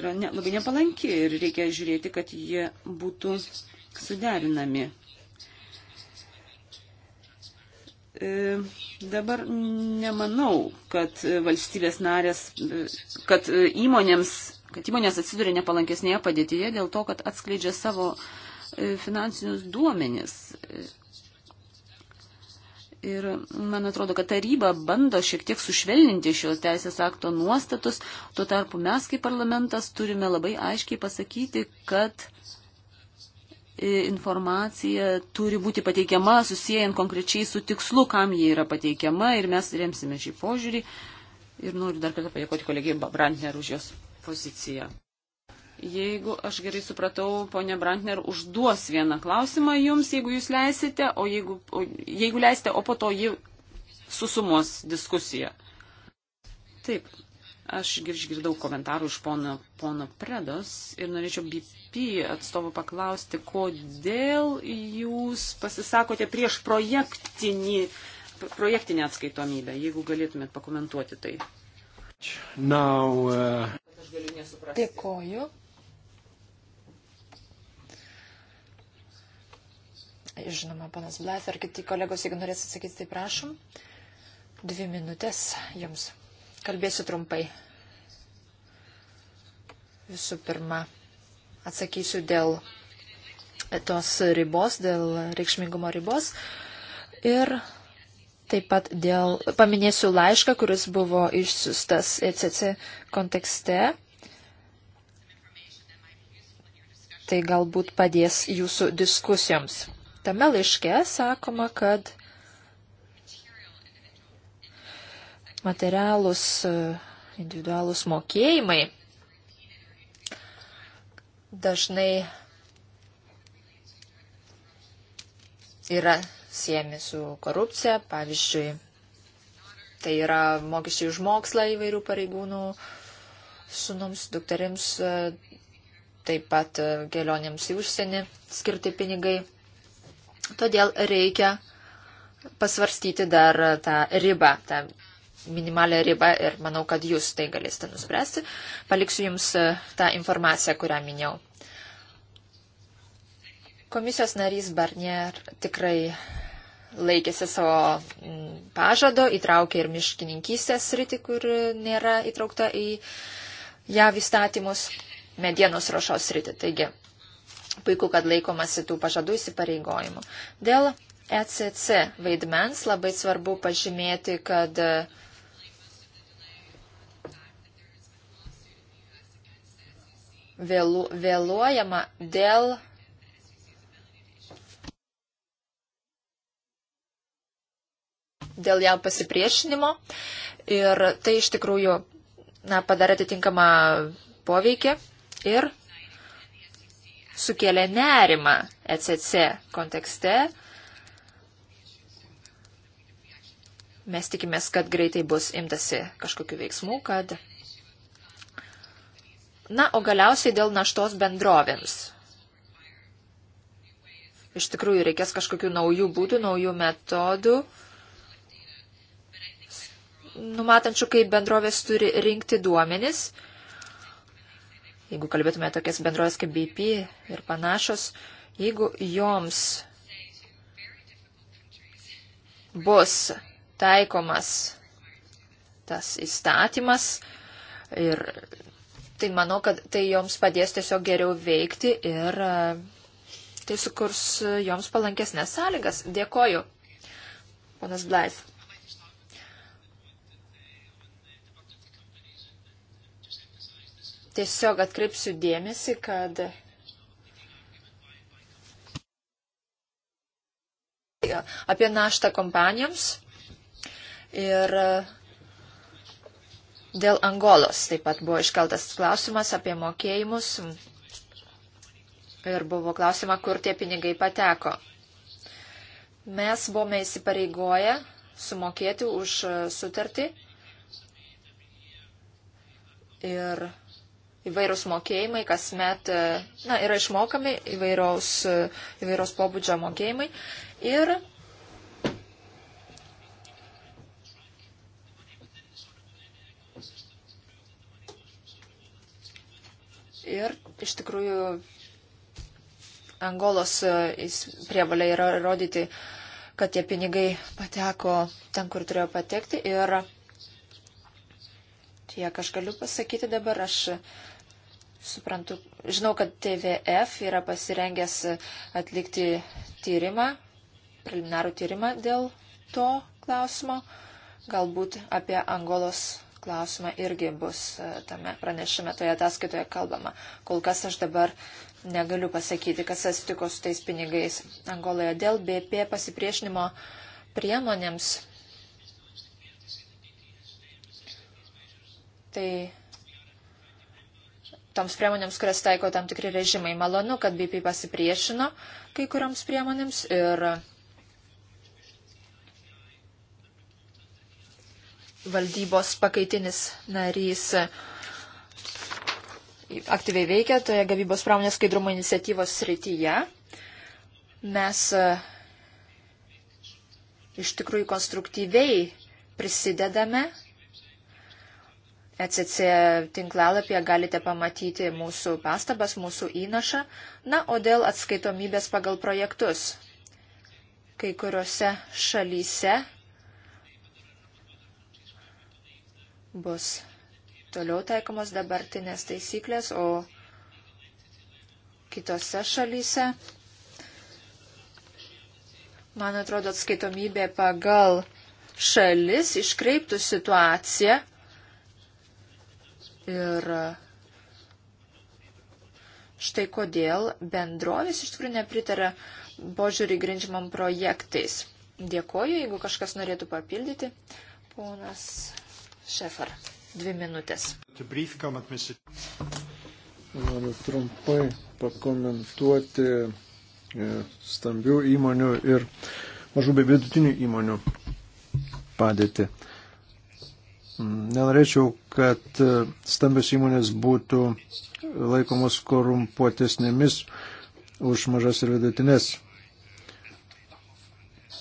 yra ne, labai nepalanki ir reikia žiūrėti, kad jie būtų suderinami. E, dabar nemanau, kad valstybės narės, kad įmonėms, kad įmonės atsiduria nepalankesnėje padėtyje dėl to, kad atskleidžia savo e, finansinius duomenis. Ir man atrodo, kad taryba bando šiek tiek sušvelninti šios teisės akto nuostatus, tuo tarpu mes kaip parlamentas turime labai aiškiai pasakyti, kad informacija turi būti pateikiama susijęjant konkrečiai su tikslu, kam ji yra pateikiama ir mes remsime šį požiūrį. Ir noriu dar kartą padėkoti kolegijai Brantner už jos poziciją. Jeigu aš gerai supratau, ponė Brantner užduos vieną klausimą jums, jeigu jūs leisite, o jeigu, o, jeigu leisite, o po to ji susumos diskusiją. Taip, Aš išgirdau komentarų iš pono, pono Predos ir norėčiau BP atstovų paklausti, kodėl jūs pasisakote prieš projektinį, projektinę atskaitomybę, jeigu galėtumėt pakomentuoti tai. Now, uh... Dėkoju. Žinoma, panas Blas ar kiti kolegos, jeigu norės atsakyti, tai prašom. Dvi minutės jums. Kalbėsiu trumpai. Visų pirma, atsakysiu dėl tos ribos, dėl reikšmingumo ribos. Ir taip pat dėl, paminėsiu laišką, kuris buvo išsiustas ECC kontekste. Tai galbūt padės jūsų diskusijoms. Tame laiške sakoma, kad materialūs e, individualūs mokėjimai dažnai yra siejami su korupcija, pavyzdžiui, tai yra mokesčiai už mokslą įvairių pareigūnų sunums, dukterims, e, taip pat e, kelionėms į užsienį skirti pinigai. Todėl reikia pasvarstyti dar tą ribą, tą minimalę ribą ir manau, kad jūs tai galėsite nuspręsti. Paliksiu jums e, tą informaciją, kurią minėjau. Komisijos narys Barnier tikrai laikėsi savo pažado, įtraukė ir miškininkystės sritį, kur nėra įtraukta į JAV įstatymus, medienos rošos sritį. Taigi, puiku, kad laikomasi tų pažadų įsipareigojimų. Dėl ECC vaidmens labai svarbu pažymėti, kad vėlu, vėluojama dėl. dėl jam pasipriešinimo ir tai iš tikrųjų na, padarė atitinkamą poveikį ir sukėlė nerimą ECC kontekste. Mes tikimės, kad greitai bus imtasi kažkokiu veiksmu, kad Na, o galiausiai dėl naštos bendrovėms. Iš tikrųjų, reikės kažkokių naujų būdų, naujų metodų, numatančių, kaip bendrovės turi rinkti duomenis. Jeigu kalbėtume tokias bendrovės kaip BP ir panašios, jeigu joms bus taikomas tas įstatymas ir tai manau, kad tai joms padės tiesiog geriau veikti ir e, tai sukurs joms palankesnės sąlygas. Dėkoju, ponas Blais. Tiesiog atkreipsiu dėmesį, kad apie naštą kompanijoms ir uh, Dėl Angolos taip pat buvo iškeltas klausimas apie mokėjimus ir buvo klausima, kur tie pinigai pateko. Mes buvome įsipareigoję sumokėti už sutartį ir įvairūs mokėjimai kasmet na, yra išmokami įvairaus, įvairaus pobūdžio mokėjimai ir Ir iš tikrųjų Angolos e, prievalė yra rodyti, kad tie pinigai pateko ten, kur turėjo patekti. Ir tiek aš galiu pasakyti dabar, aš suprantu, žinau, kad TVF yra pasirengęs atlikti tyrimą, preliminarų tyrimą dėl to klausimo, galbūt apie Angolos klausimą irgi bus e, tame pranešime toje ataskaitoje kalbama. Kol kas aš dabar negaliu pasakyti, kas atsitiko su tais pinigais Angoloje dėl BP pasipriešinimo priemonėms. Tai toms priemonėms, kurias taiko tam tikri režimai. Malonu, kad BP pasipriešino kai kurioms priemonėms ir valdybos pakaitinis narys aktyviai veikia toje gavybos pramonės skaidrumo iniciatyvos srityje. Mes e, iš tikrųjų konstruktyviai prisidedame. ECC tinklalapyje galite pamatyti mūsų pastabas, mūsų įnašą. Na, o dėl atskaitomybės pagal projektus. Kai kuriuose šalyse bus toliau taikomos dabartinės taisyklės, o kitose šalyse, man atrodo, atskaitomybė pagal šalis iškreiptų situaciją ir štai kodėl bendrovės iš tikrųjų nepritarė požiūrį grindžiamam projektais. Dėkoju, jeigu kažkas norėtų papildyti. Ponas Šefar, dvi minutės. Noriu trumpai pakomentuoti e, stambių įmonių ir mažų bei vidutinių įmonių padėtį. Mm, nenorėčiau, kad e, stambios įmonės būtų laikomos korumpuotesnėmis už mažas ir vidutinės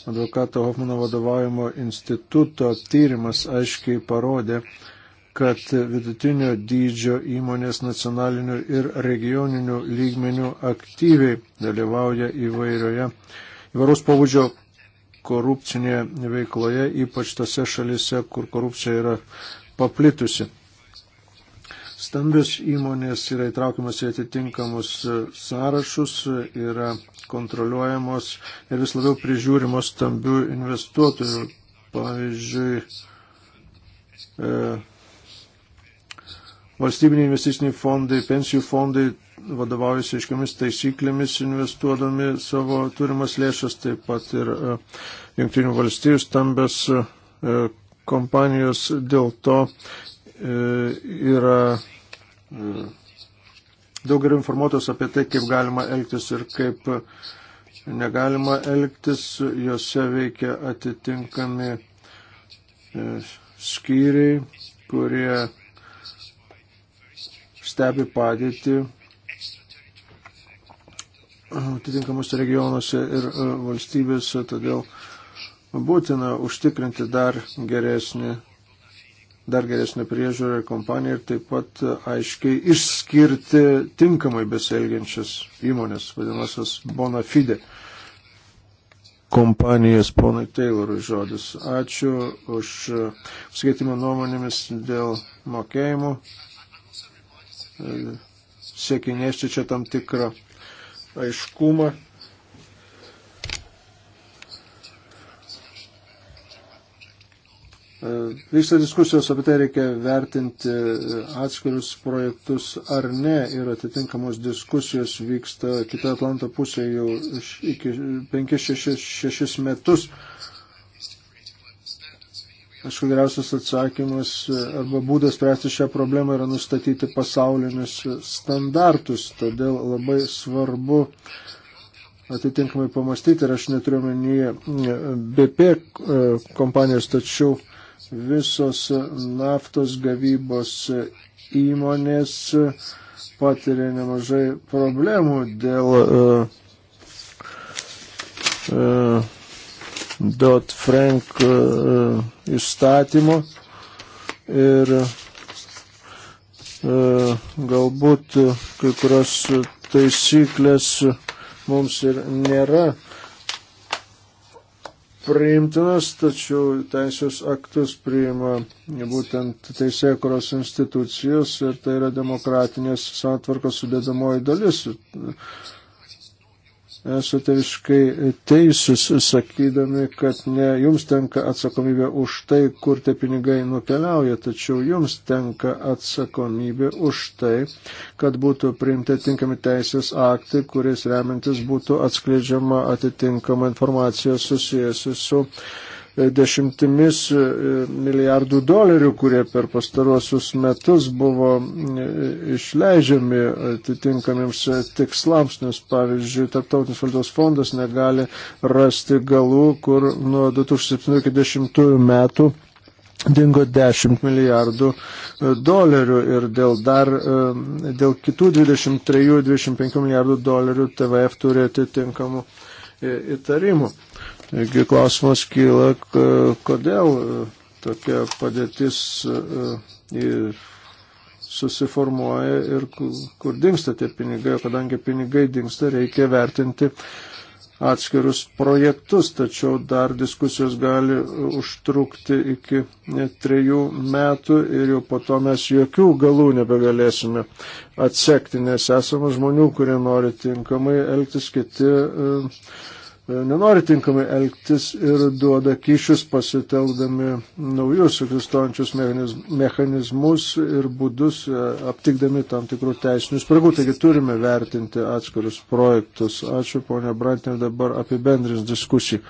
advokato Hoffmano vadovaujamo instituto tyrimas aiškiai parodė, kad vidutinio dydžio įmonės nacionaliniu ir regioniniu lygmeniu aktyviai dalyvauja įvairioje, įvairaus pavudžio korupcinėje veikloje, ypač tose šalise, kur korupcija yra paplitusi. Stambios įmonės yra įtraukiamas į atitinkamus sąrašus, yra kontroliuojamos ir vis labiau prižiūrimos stambių investuotojų. Pavyzdžiui, e, valstybiniai investiciniai fondai, pensijų fondai vadovaujasi aiškiamis taisyklėmis investuodami savo turimas lėšas, taip pat ir e, jungtinių valstybių stambės e, kompanijos dėl to E, yra e, daug geriau informuotos apie tai, kaip galima elgtis ir kaip negalima elgtis, juose veikia atitinkami e, skyriai, kurie stebi padėtį atitinkamuose regionuose ir valstybėse, todėl būtina užtikrinti dar geresnį dar geresnę priežiūrą ir kompaniją ir taip pat aiškiai išskirti tinkamai besielgiančias įmonės, vadinamasias bona fide kompanijas. Ponai Taylorui žodis. Ačiū už skaitimą nuomonėmis dėl mokėjimų. Siekinėšti čia tam tikrą aiškumą E, vyksta diskusijos apie tai, reikia vertinti e, atskirius projektus ar ne ir atitinkamos diskusijos vyksta kitoje Atlanto pusėje jau iki 5-6 metus. Aišku, geriausias atsakymas e, arba būdas spręsti šią problemą yra nustatyti pasaulinius standartus, todėl labai svarbu atitinkamai pamastyti ir aš neturiu menyje BP kompanijos, tačiau visos naftos gavybos įmonės patiria nemažai problemų dėl uh, e, uh, e, Dot Frank uh, e, įstatymo ir uh, galbūt kai kurios taisyklės mums ir nėra priimtinas, tačiau teisės aktus priima būtent teisėkuros institucijos ir tai yra demokratinės santvarkos sudėdamoji dalis. Ir esate visiškai teisūs, sakydami, kad ne jums tenka atsakomybė už tai, kur tie pinigai nukeliauja, tačiau jums tenka atsakomybė už tai, kad būtų priimti atitinkami teisės aktai, kuriais remiantis būtų atskleidžiama atitinkama informacija susijusi su. su dešimtimis e, milijardų dolerių, kurie per pastaruosius metus buvo e, išleidžiami atitinkamiems tikslams, nes pavyzdžiui, Tarptautinis valdos fondas negali rasti galų, kur nuo 2017 metų dingo 10 milijardų e, dolerių ir dėl, dar, dėl kitų 23-25 milijardų dolerių TVF turi atitinkamų įtarimų. Taigi klausimas kyla, kodėl e, tokia padėtis e, e, susiformuoja ir kur dinksta tie pinigai, o kadangi pinigai dinksta, reikia vertinti atskirus projektus, tačiau dar diskusijos gali užtrukti iki trejų metų ir jau po to mes jokių galų nebegalėsime atsekti, nes esame žmonių, kurie nori tinkamai elgtis, kiti E, nenori tinkamai elgtis ir duoda kišius pasitelkdami naujus egzistuojančius mechanizmus ir būdus, e, aptikdami tam tikrų teisinių spragų. Taigi turime vertinti atskirius projektus. Ačiū, ponia Brantinė, dabar apibendrins diskusiją.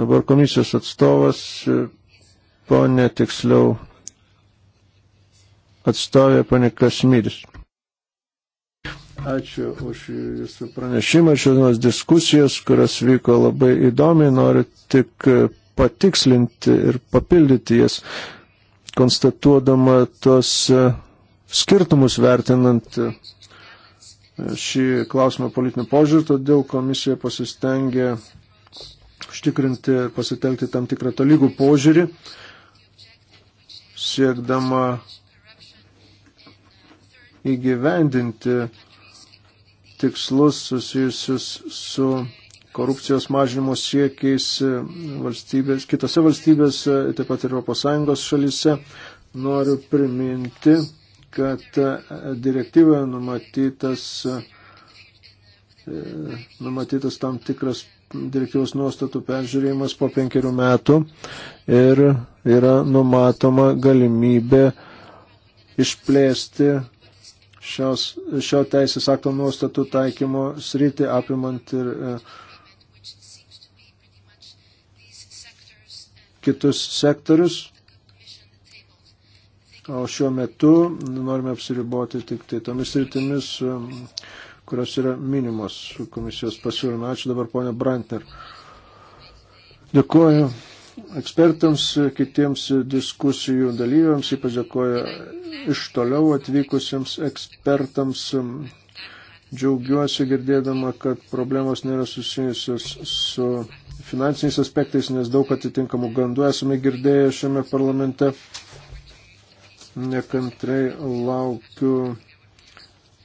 Dabar komisijos atstovas, ponė tiksliau, atstovė ponė Kasmyris. Ačiū už jūsų pranešimą, šiandienos diskusijos, kurios vyko labai įdomiai, noriu tik patikslinti ir papildyti jas, konstatuodama tos skirtumus vertinant šį klausimą politinių požiūrį, todėl komisija pasistengė užtikrinti ir pasitelkti tam tikrą tolygų požiūrį, siekdama įgyvendinti tikslus susijusius su korupcijos mažinimo siekiais valstybės, kitose valstybėse, taip pat ir ES šalyse. Noriu priminti, kad direktyvoje numatytas, e, numatytas tam tikras direktyvos nuostatų peržiūrėjimas po penkerių metų ir yra numatoma galimybė išplėsti šios, šio teisės akto nuostatų taikymo sritį apimant ir e, kitus sektorius. O šiuo metu norime apsiriboti tik tai tomis sritimis, e, kurios yra minimos komisijos pasiūlyme. Ačiū dabar ponia Brantner. Dėkuoju ekspertams, kitiems diskusijų dalyviams, ypač dėkoju iš toliau atvykusiems ekspertams. Džiaugiuosi girdėdama, kad problemos nėra susijusios su finansiniais aspektais, nes daug atitinkamų gandų esame girdėję šiame parlamente. Nekantrai laukiu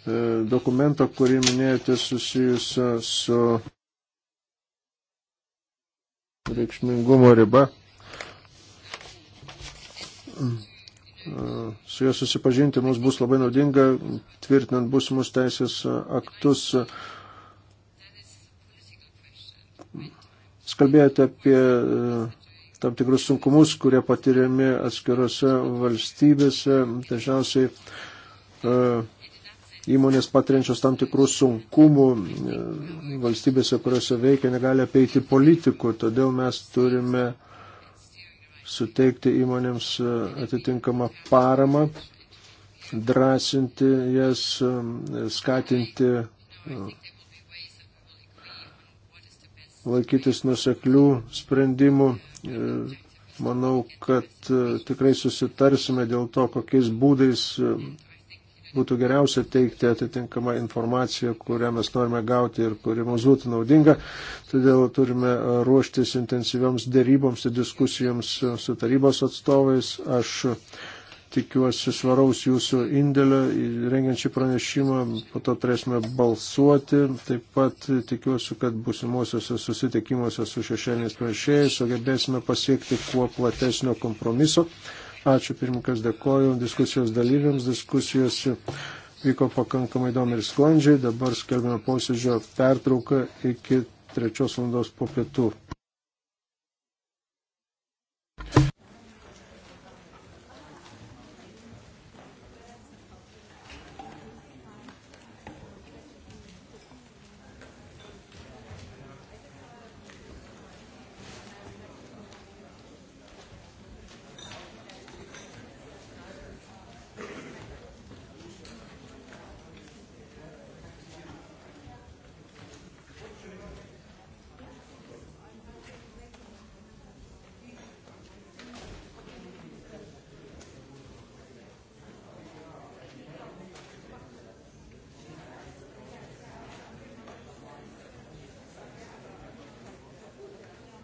E, dokumento, kurį minėjote susijusio su reikšmingumo riba. E, su juo susipažinti mums bus labai naudinga, tvirtinant būsimus teisės aktus. Skalbėjote apie e, tam tikrus sunkumus, kurie patiriami atskirose valstybėse. Dažniausiai įmonės patiriančios tam tikrų sunkumų e, valstybėse, kuriuose veikia, negali apeiti politikų, todėl mes turime suteikti įmonėms e, atitinkamą paramą, drąsinti jas, e, skatinti laikytis nuseklių sprendimų. Manau, kad tikrai susitarsime dėl to, kokiais būdais būtų geriausia teikti atitinkamą informaciją, kurią mes norime gauti ir kuri mums būtų naudinga. Todėl turime ruoštis intensyvioms dėryboms ir diskusijoms su tarybos atstovais. Aš tikiuosi svaraus jūsų indėlio rengiant šį pranešimą, po to turėsime balsuoti. Taip pat tikiuosi, kad busimuosiuose susitikimuose su šešėliniais pranešėjais sugebėsime pasiekti kuo platesnio kompromiso. Ačiū pirmininkas, dėkoju diskusijos dalyviams. Diskusijos vyko pakankamai įdomi ir sklandžiai. Dabar skelbime posėdžio pertrauką iki trečios valandos po pietų.